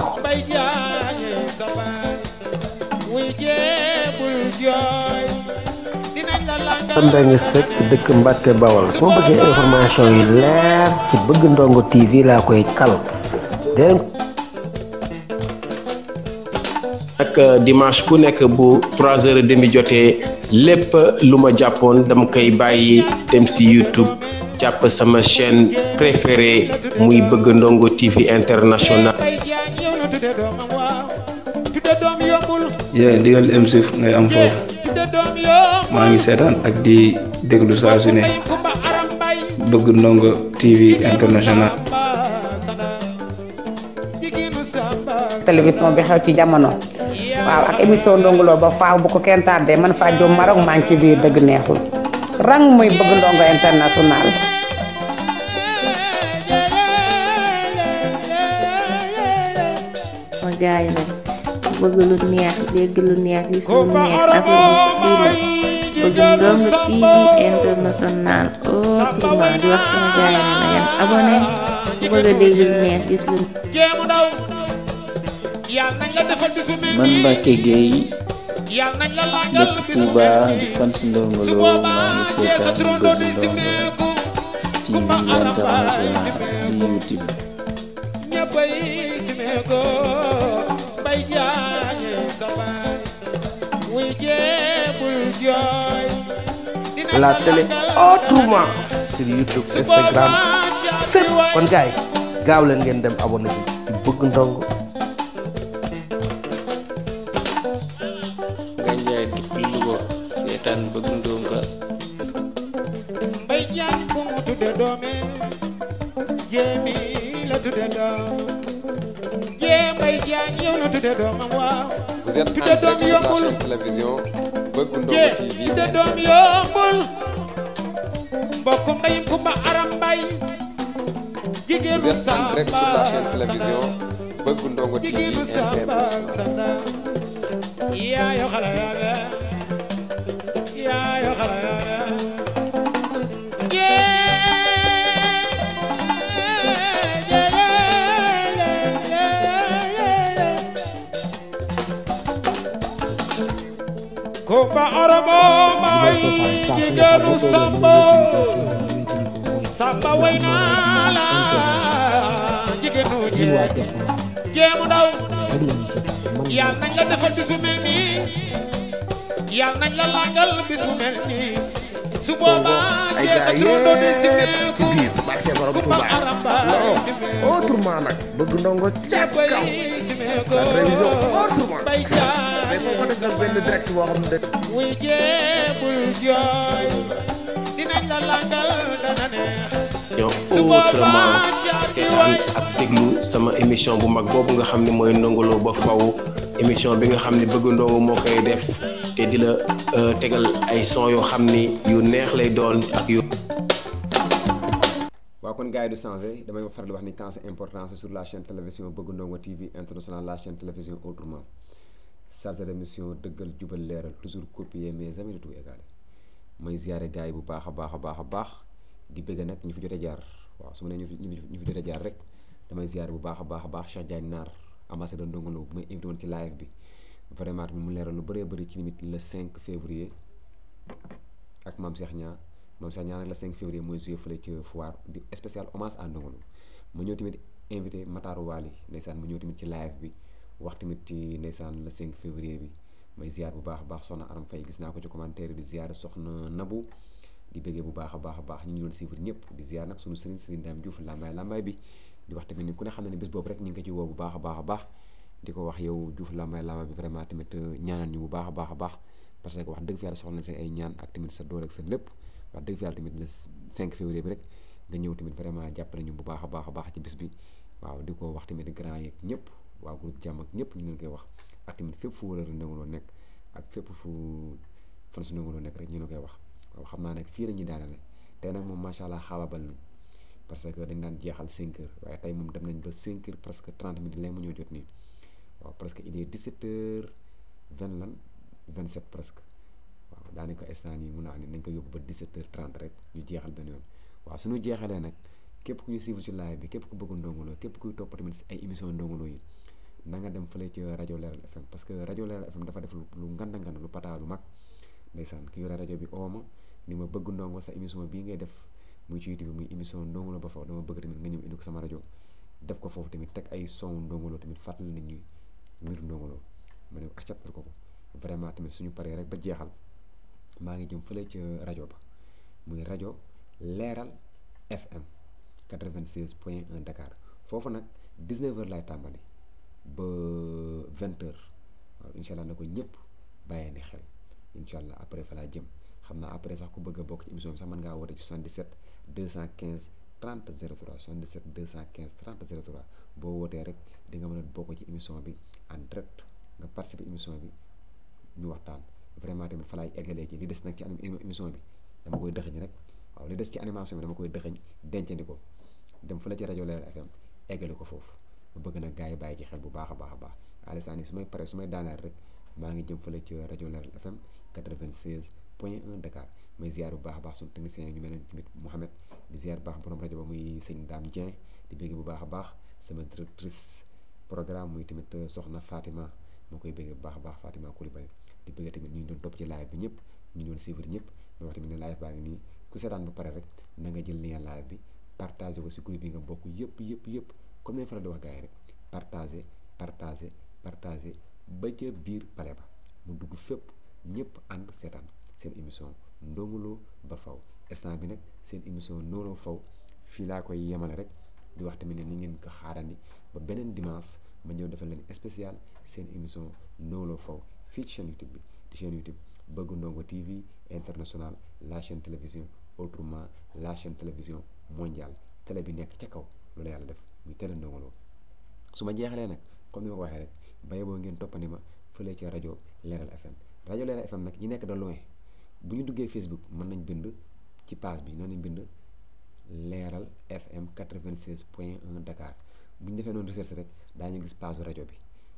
Mbeng Seck dëkk Mbacke Bawal su ma bëggee information yi leer ci bëgg ndongo TV laa koy kal deen ak euh, dimanche bu nekk bu trois heures et demi jotee lépp lu ma jàppoon dama koy bàyyi dem si YouTube jàpp sama chaine préférée muy Bëgg Ndongo TV International. yee digal M6 ngay am foofu maa ngi seetaan ak di déglu saa su Bëgg Ndongo TV International. télévision bi xew ci jamono. waaw ak émission Ndongo Lo ba faaw bu ko kenn tardé man faa jom Maroc maa ngi ci biir dëgg neexul rang muy bëgg ndongo international bëgg lu neex dégg lu neex gis lu neex affaire bi fii la bëgg Ndongo TV international autrement bëgg dégg lu neex gis lu man Mbacke Gueye dëkk Touba di fan si Ndongo Lo seetaan gaaw leen ngeen dem abonné bëgg ndongo set en direct sur la chaîne télévision Bëgg Ndongo TV te doom yombul mbokk ndeyim Kumba Aram Mbay jigéenu Samba vous êtes en direct sur la chaîne télévision Paarabo mai kigeru sabo Saba wainala jigenu je Jemu daw Yal nañ la defal bisu mel ni Yal nañ la langal bisu mel ni Su boba je sa trondo de simeku barke borom Touba autrement nak bëgg ndongo ciap kaw révision autrement dafa ko def benn direct boo xam ne C'est jéebul c'est dinañ la langal dana autrement ak sama émission bu mag boobu nga xam ne émission bi nga xam bëgg moo koy def te di la euh, ay son C'est xam yu neex lay doon ak yu waaw kon gars du changé damay wax ni c'est important sur la chaîne télévision bëgg TV international la chaîne télévision autrement chargé de mission dëggal djubal leral toujours copier mes amis tout égal may ziaré gars bu baax a baax a di bëgg nak ñu fi jotté jaar waaw su ma nee ñu fi ñu fi jot jaar rek damay ziaré bu baax a baax Cheikh Diagne Naar ambassadeur ndongolo bu may invité won ci live bi vraiment mu leral lu bëree bëri ci limit le 5 février ak maam Cheikh nya maam Cheikh nya nak le 5 février moy joué fële ci foire di spécial hommage à ndongolo mu ma ñëw tamit invité Matar Wali ndeysaan mu ñëw timit ci live bi. wax tamit ci ndeysaan le 5 février bi may ziar bu baax a baax soxna Aram Faye gis naa ko ci commentaire di ziar soxna Nabou di bëggee bu baax a baax a baax ñu ngi doon suivre ñëpp di ziar nag sunu sëriñ sëriñ Dame Diouf ni ku ne xam ne ne bis boobu rek ñu ngi ko ci woo bu a baax baax ko wax yow Diouf lambaay lambaay bi vraiment tamit euh, ñaanal ñu bu baax a baax a baax parce que wax dëgg fi yàlla soxna seen ay ñaan ak tamit sa doole ak sa lépp wax dëgg fi bi rek nga ñëw tamit vraiment jàppale ñu bu baax a baax a baax ci bis bi waaw di ko wax tamit grand yeeg ñëpp waa groupe jàmm ak ñëpp ñu ngi leen koy wax ak tamit fépp fu wërër Ndongo Lo nekk ak fépp fu fan su Ndongo Lo nekk rek ñu ngi koy wax waaw xam naa nag fii la ñuy daanale tey nag moom macha allah xaabaabal nañ parce que dañ daan jeexal 5 heures waaye tey moom dem nañ ba 5 heures presque 30 minutes lay mu ñoo jot nii waaw presque il est 17 heures 20 lan 27 presque waaw daanaka instant yi mun naa ne nañ ko yóbbu ba 17 heures 30 rek ñu jeexal benn yoon waaw suñu jeexalee nag képp ku ñu suivre ci live bi képp ku bëgg Ndongo Lo képp kuy topp tamit ay émission Ndongo Lo yi na nga dem fele ci radio leeral fm parce que radio leeral fm dafa def lu ngand ngand lu pata lu mak ndaysan ki yore radio bi ooma ni ma bëgg ndongo sa émission bi ngay def muy ci youtube muy émission ndongo la ba faw dama bëgg tamit nga ñew indi ko sama radio def ko fofu tamit tek ay son ndongo lo tamit fatal nit ñi mbir ndongo lo ma ne ko acceptal ko vraiment tamit suñu paré rek ba jéxal ma ngi jëm fele ci radio ba muy radio leral fm 96.1 dakar fofu nak 19 h lay tambali ba vingt heures waaw incha na ko ñëpp bàyyee ni xel incha allah après falaa jëm xam naa après sax ku bëgg a bokk ci émission bi sax mën ngaa woote ci 77 215 30 03 77 215 30 03 boo wootee rek di nga mën a bokk ci émission bi en direct nga participer émission bi ñu waxtaan vraiment tamit fa laay eggalee ci li des nag ci émission bi dama koy dëxëñ rek waaw li des ci animation bi dama koy dëxëñ dencandi ko dem fa la ci rajo Leral FM eggale ko foofu. bëgg na gaay baay ci xel bu baaxa baaxa baax a baax Alé Sané su may rek maa ngi jëm fële ci radio Leral FM 96.1 Dakar may ziar bu baax baax sun technicien yi ñu mel ne tamit Mouhamed di ziar bu baax borom rajo ba muy sëñ Dame Dieng di bëgg bu baaxa baax sama directrice programme muy tamit euh, soxna Fatima moo koy bëgg bu baax baax Fatima Coulibaly di bëgg tamit ñu doon top ci live bi ñëpp ñu doon suivre ñëpp may wax tamit ne live baa ngi nii ku seetaan ba pare rek na nga jël lien live bi partage ko si groupe yi nga bokk yépp yépp yépp comme frère de di wax rek partager partager partager ba ca biir pale ba mu dugg fépp ñëpp ànd seetaan seen émission Ndongo Lo ba faw instant bi nag seen émission Ndongo Lo faw fii laa koy yemale rek di wax tamit ni ngeen ko xaarandi ba benen dimanche ma ñëw defal leen spécial seen émission Ndongo faw fii ci YouTube bi di chaîne YouTube bëgg Ndongo TV international la chaîne télévision autrement la chaîne télévision mondiale télé bi nekk ca kaw loolu yàlla def muy télé Ndongo Lo su ma jeexalee nag comme ni ma ko waxee rek baye boo ngeen toppandi ma fële ci rajo Leeral FM rajo Leeral FM nag ñi nekk de loin bu ñu duggee Facebook mën nañ bind ci page bi mën nañ bind Leeral FM 96 point 1 Dakar bu ñu defee noonu recherche rek daa ñu gis page rajo bi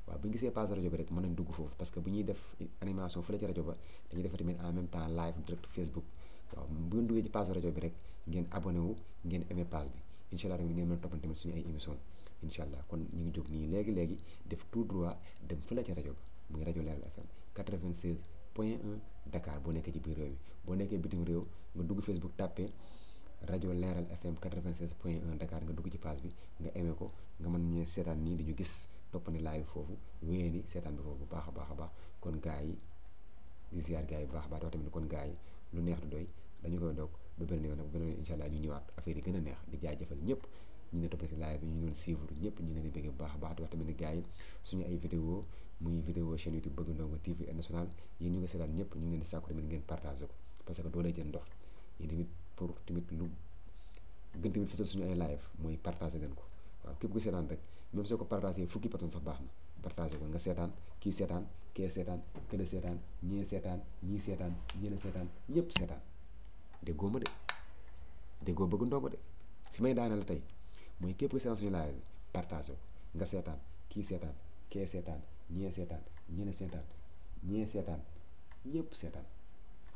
waaw bu ñu gisee page rajo bi rek mën nañ dugg foofu parce que bu ñuy def animation fële ci rajo ba dañuy def tamit en même temps live direct Facebook waaw bu ci page rajo bi rek ngeen abonné wu ngeen aimé bi. incha allah tamit ngeen mën a toppante tamit suñu ay émission incha allah kon ñu ngi jóg nii léegi léegi def tout droit dem fële ca rajo ba muy rajo Leeral FM 96 point 1 Dakar boo nekkee ci biir réew mi boo nekkee bitim réew nga dugg Facebook tàppee rajo Leeral FM 96 point 1 Dakar nga dugg ci page bi nga aimé ko nga mën ñee seetaan nii di ñu gis toppandi live foofu wéyee ni seetaan bi foofu bu baax a baax a baax kon gars yi di ziar gars yi baax a baax di kon gars lu neex du doy dañu koy dog ba benn yoon nag ba ñu ñëwaat affaire yi gën a neex di jaajëfal ñëpp ñu ne toppatoo si live bi ñu doon leen di bëgg bu baax a baax di wax tamit ne gars yi suñu ay vidéo muy vidéo chaîne YouTube Bëgg Ndongo TV International yéen ñu ñëpp ñu ngi leen di sàkku tamit ngeen partagé ko parce que doo lay jël ndox suñu ay live mooy partagé leen ko waaw képp ku seetaan rek même soo ko partagé fukki personne sax baax na partagé ko nga seetaan kii seetaan kee seetaan kële seetaan ñee seetaan ñii seetaan ñële ñëpp seetaan déggoo ma de déggoo bëgg ndogu de fi may daane la tey mooy képp ku seetaan suñu live bi partage ko nga seetaan kii seetaan kee seetaan ñee seetaan ñene seetaan ñee seetaan ñëpp seetaan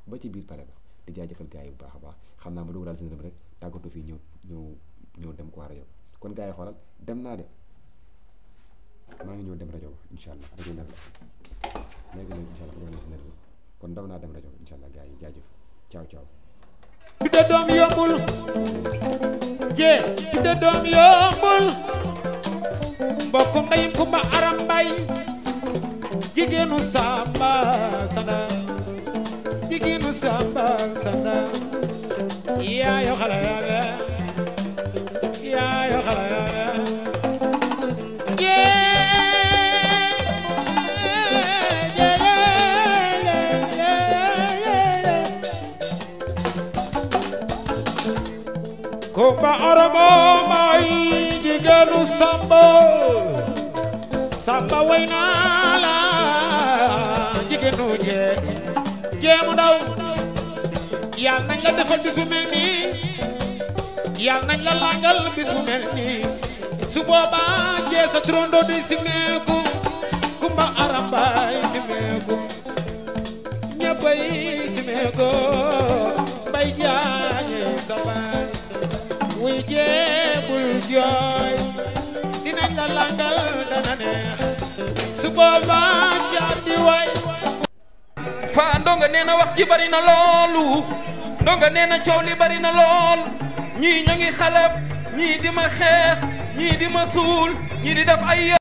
ba ci biir pale ba di jaajëfal gars yi bu baax a baax xam naa ma dugg daal seen rek tàggatu fii ñëw ñëw ñëw dem ko rajo kon gars xoolal dem naa de maa ngi ñëw dem rajo ba incha allah rajo ner la kon daw naa dem rajo incha allah gars jaajëf ciao tudde doom yombul jee tudde doom yombul mbokkum ndeyum kumba aram mbay jigéenu samba sana jigéenu samba sana yaayo xala yaayo xala yaaga kumba arama may jigéenu samba samba way naa la jigéenu jeeg ndaw yal nañ defal bis bu mel nii yal nañ la langal bis bu sa trondo simeeku kumba arambay simeeku ñëppay simeeku bay jaañe sa wuy jeebul jooy dinañ la langal dana neex su boobaa nee na wax ji bari na loolu ndonga nee na coow li bari na lool ñii ña ngi xalab ñii di ma xeex ñii di ma suul ñii di def ay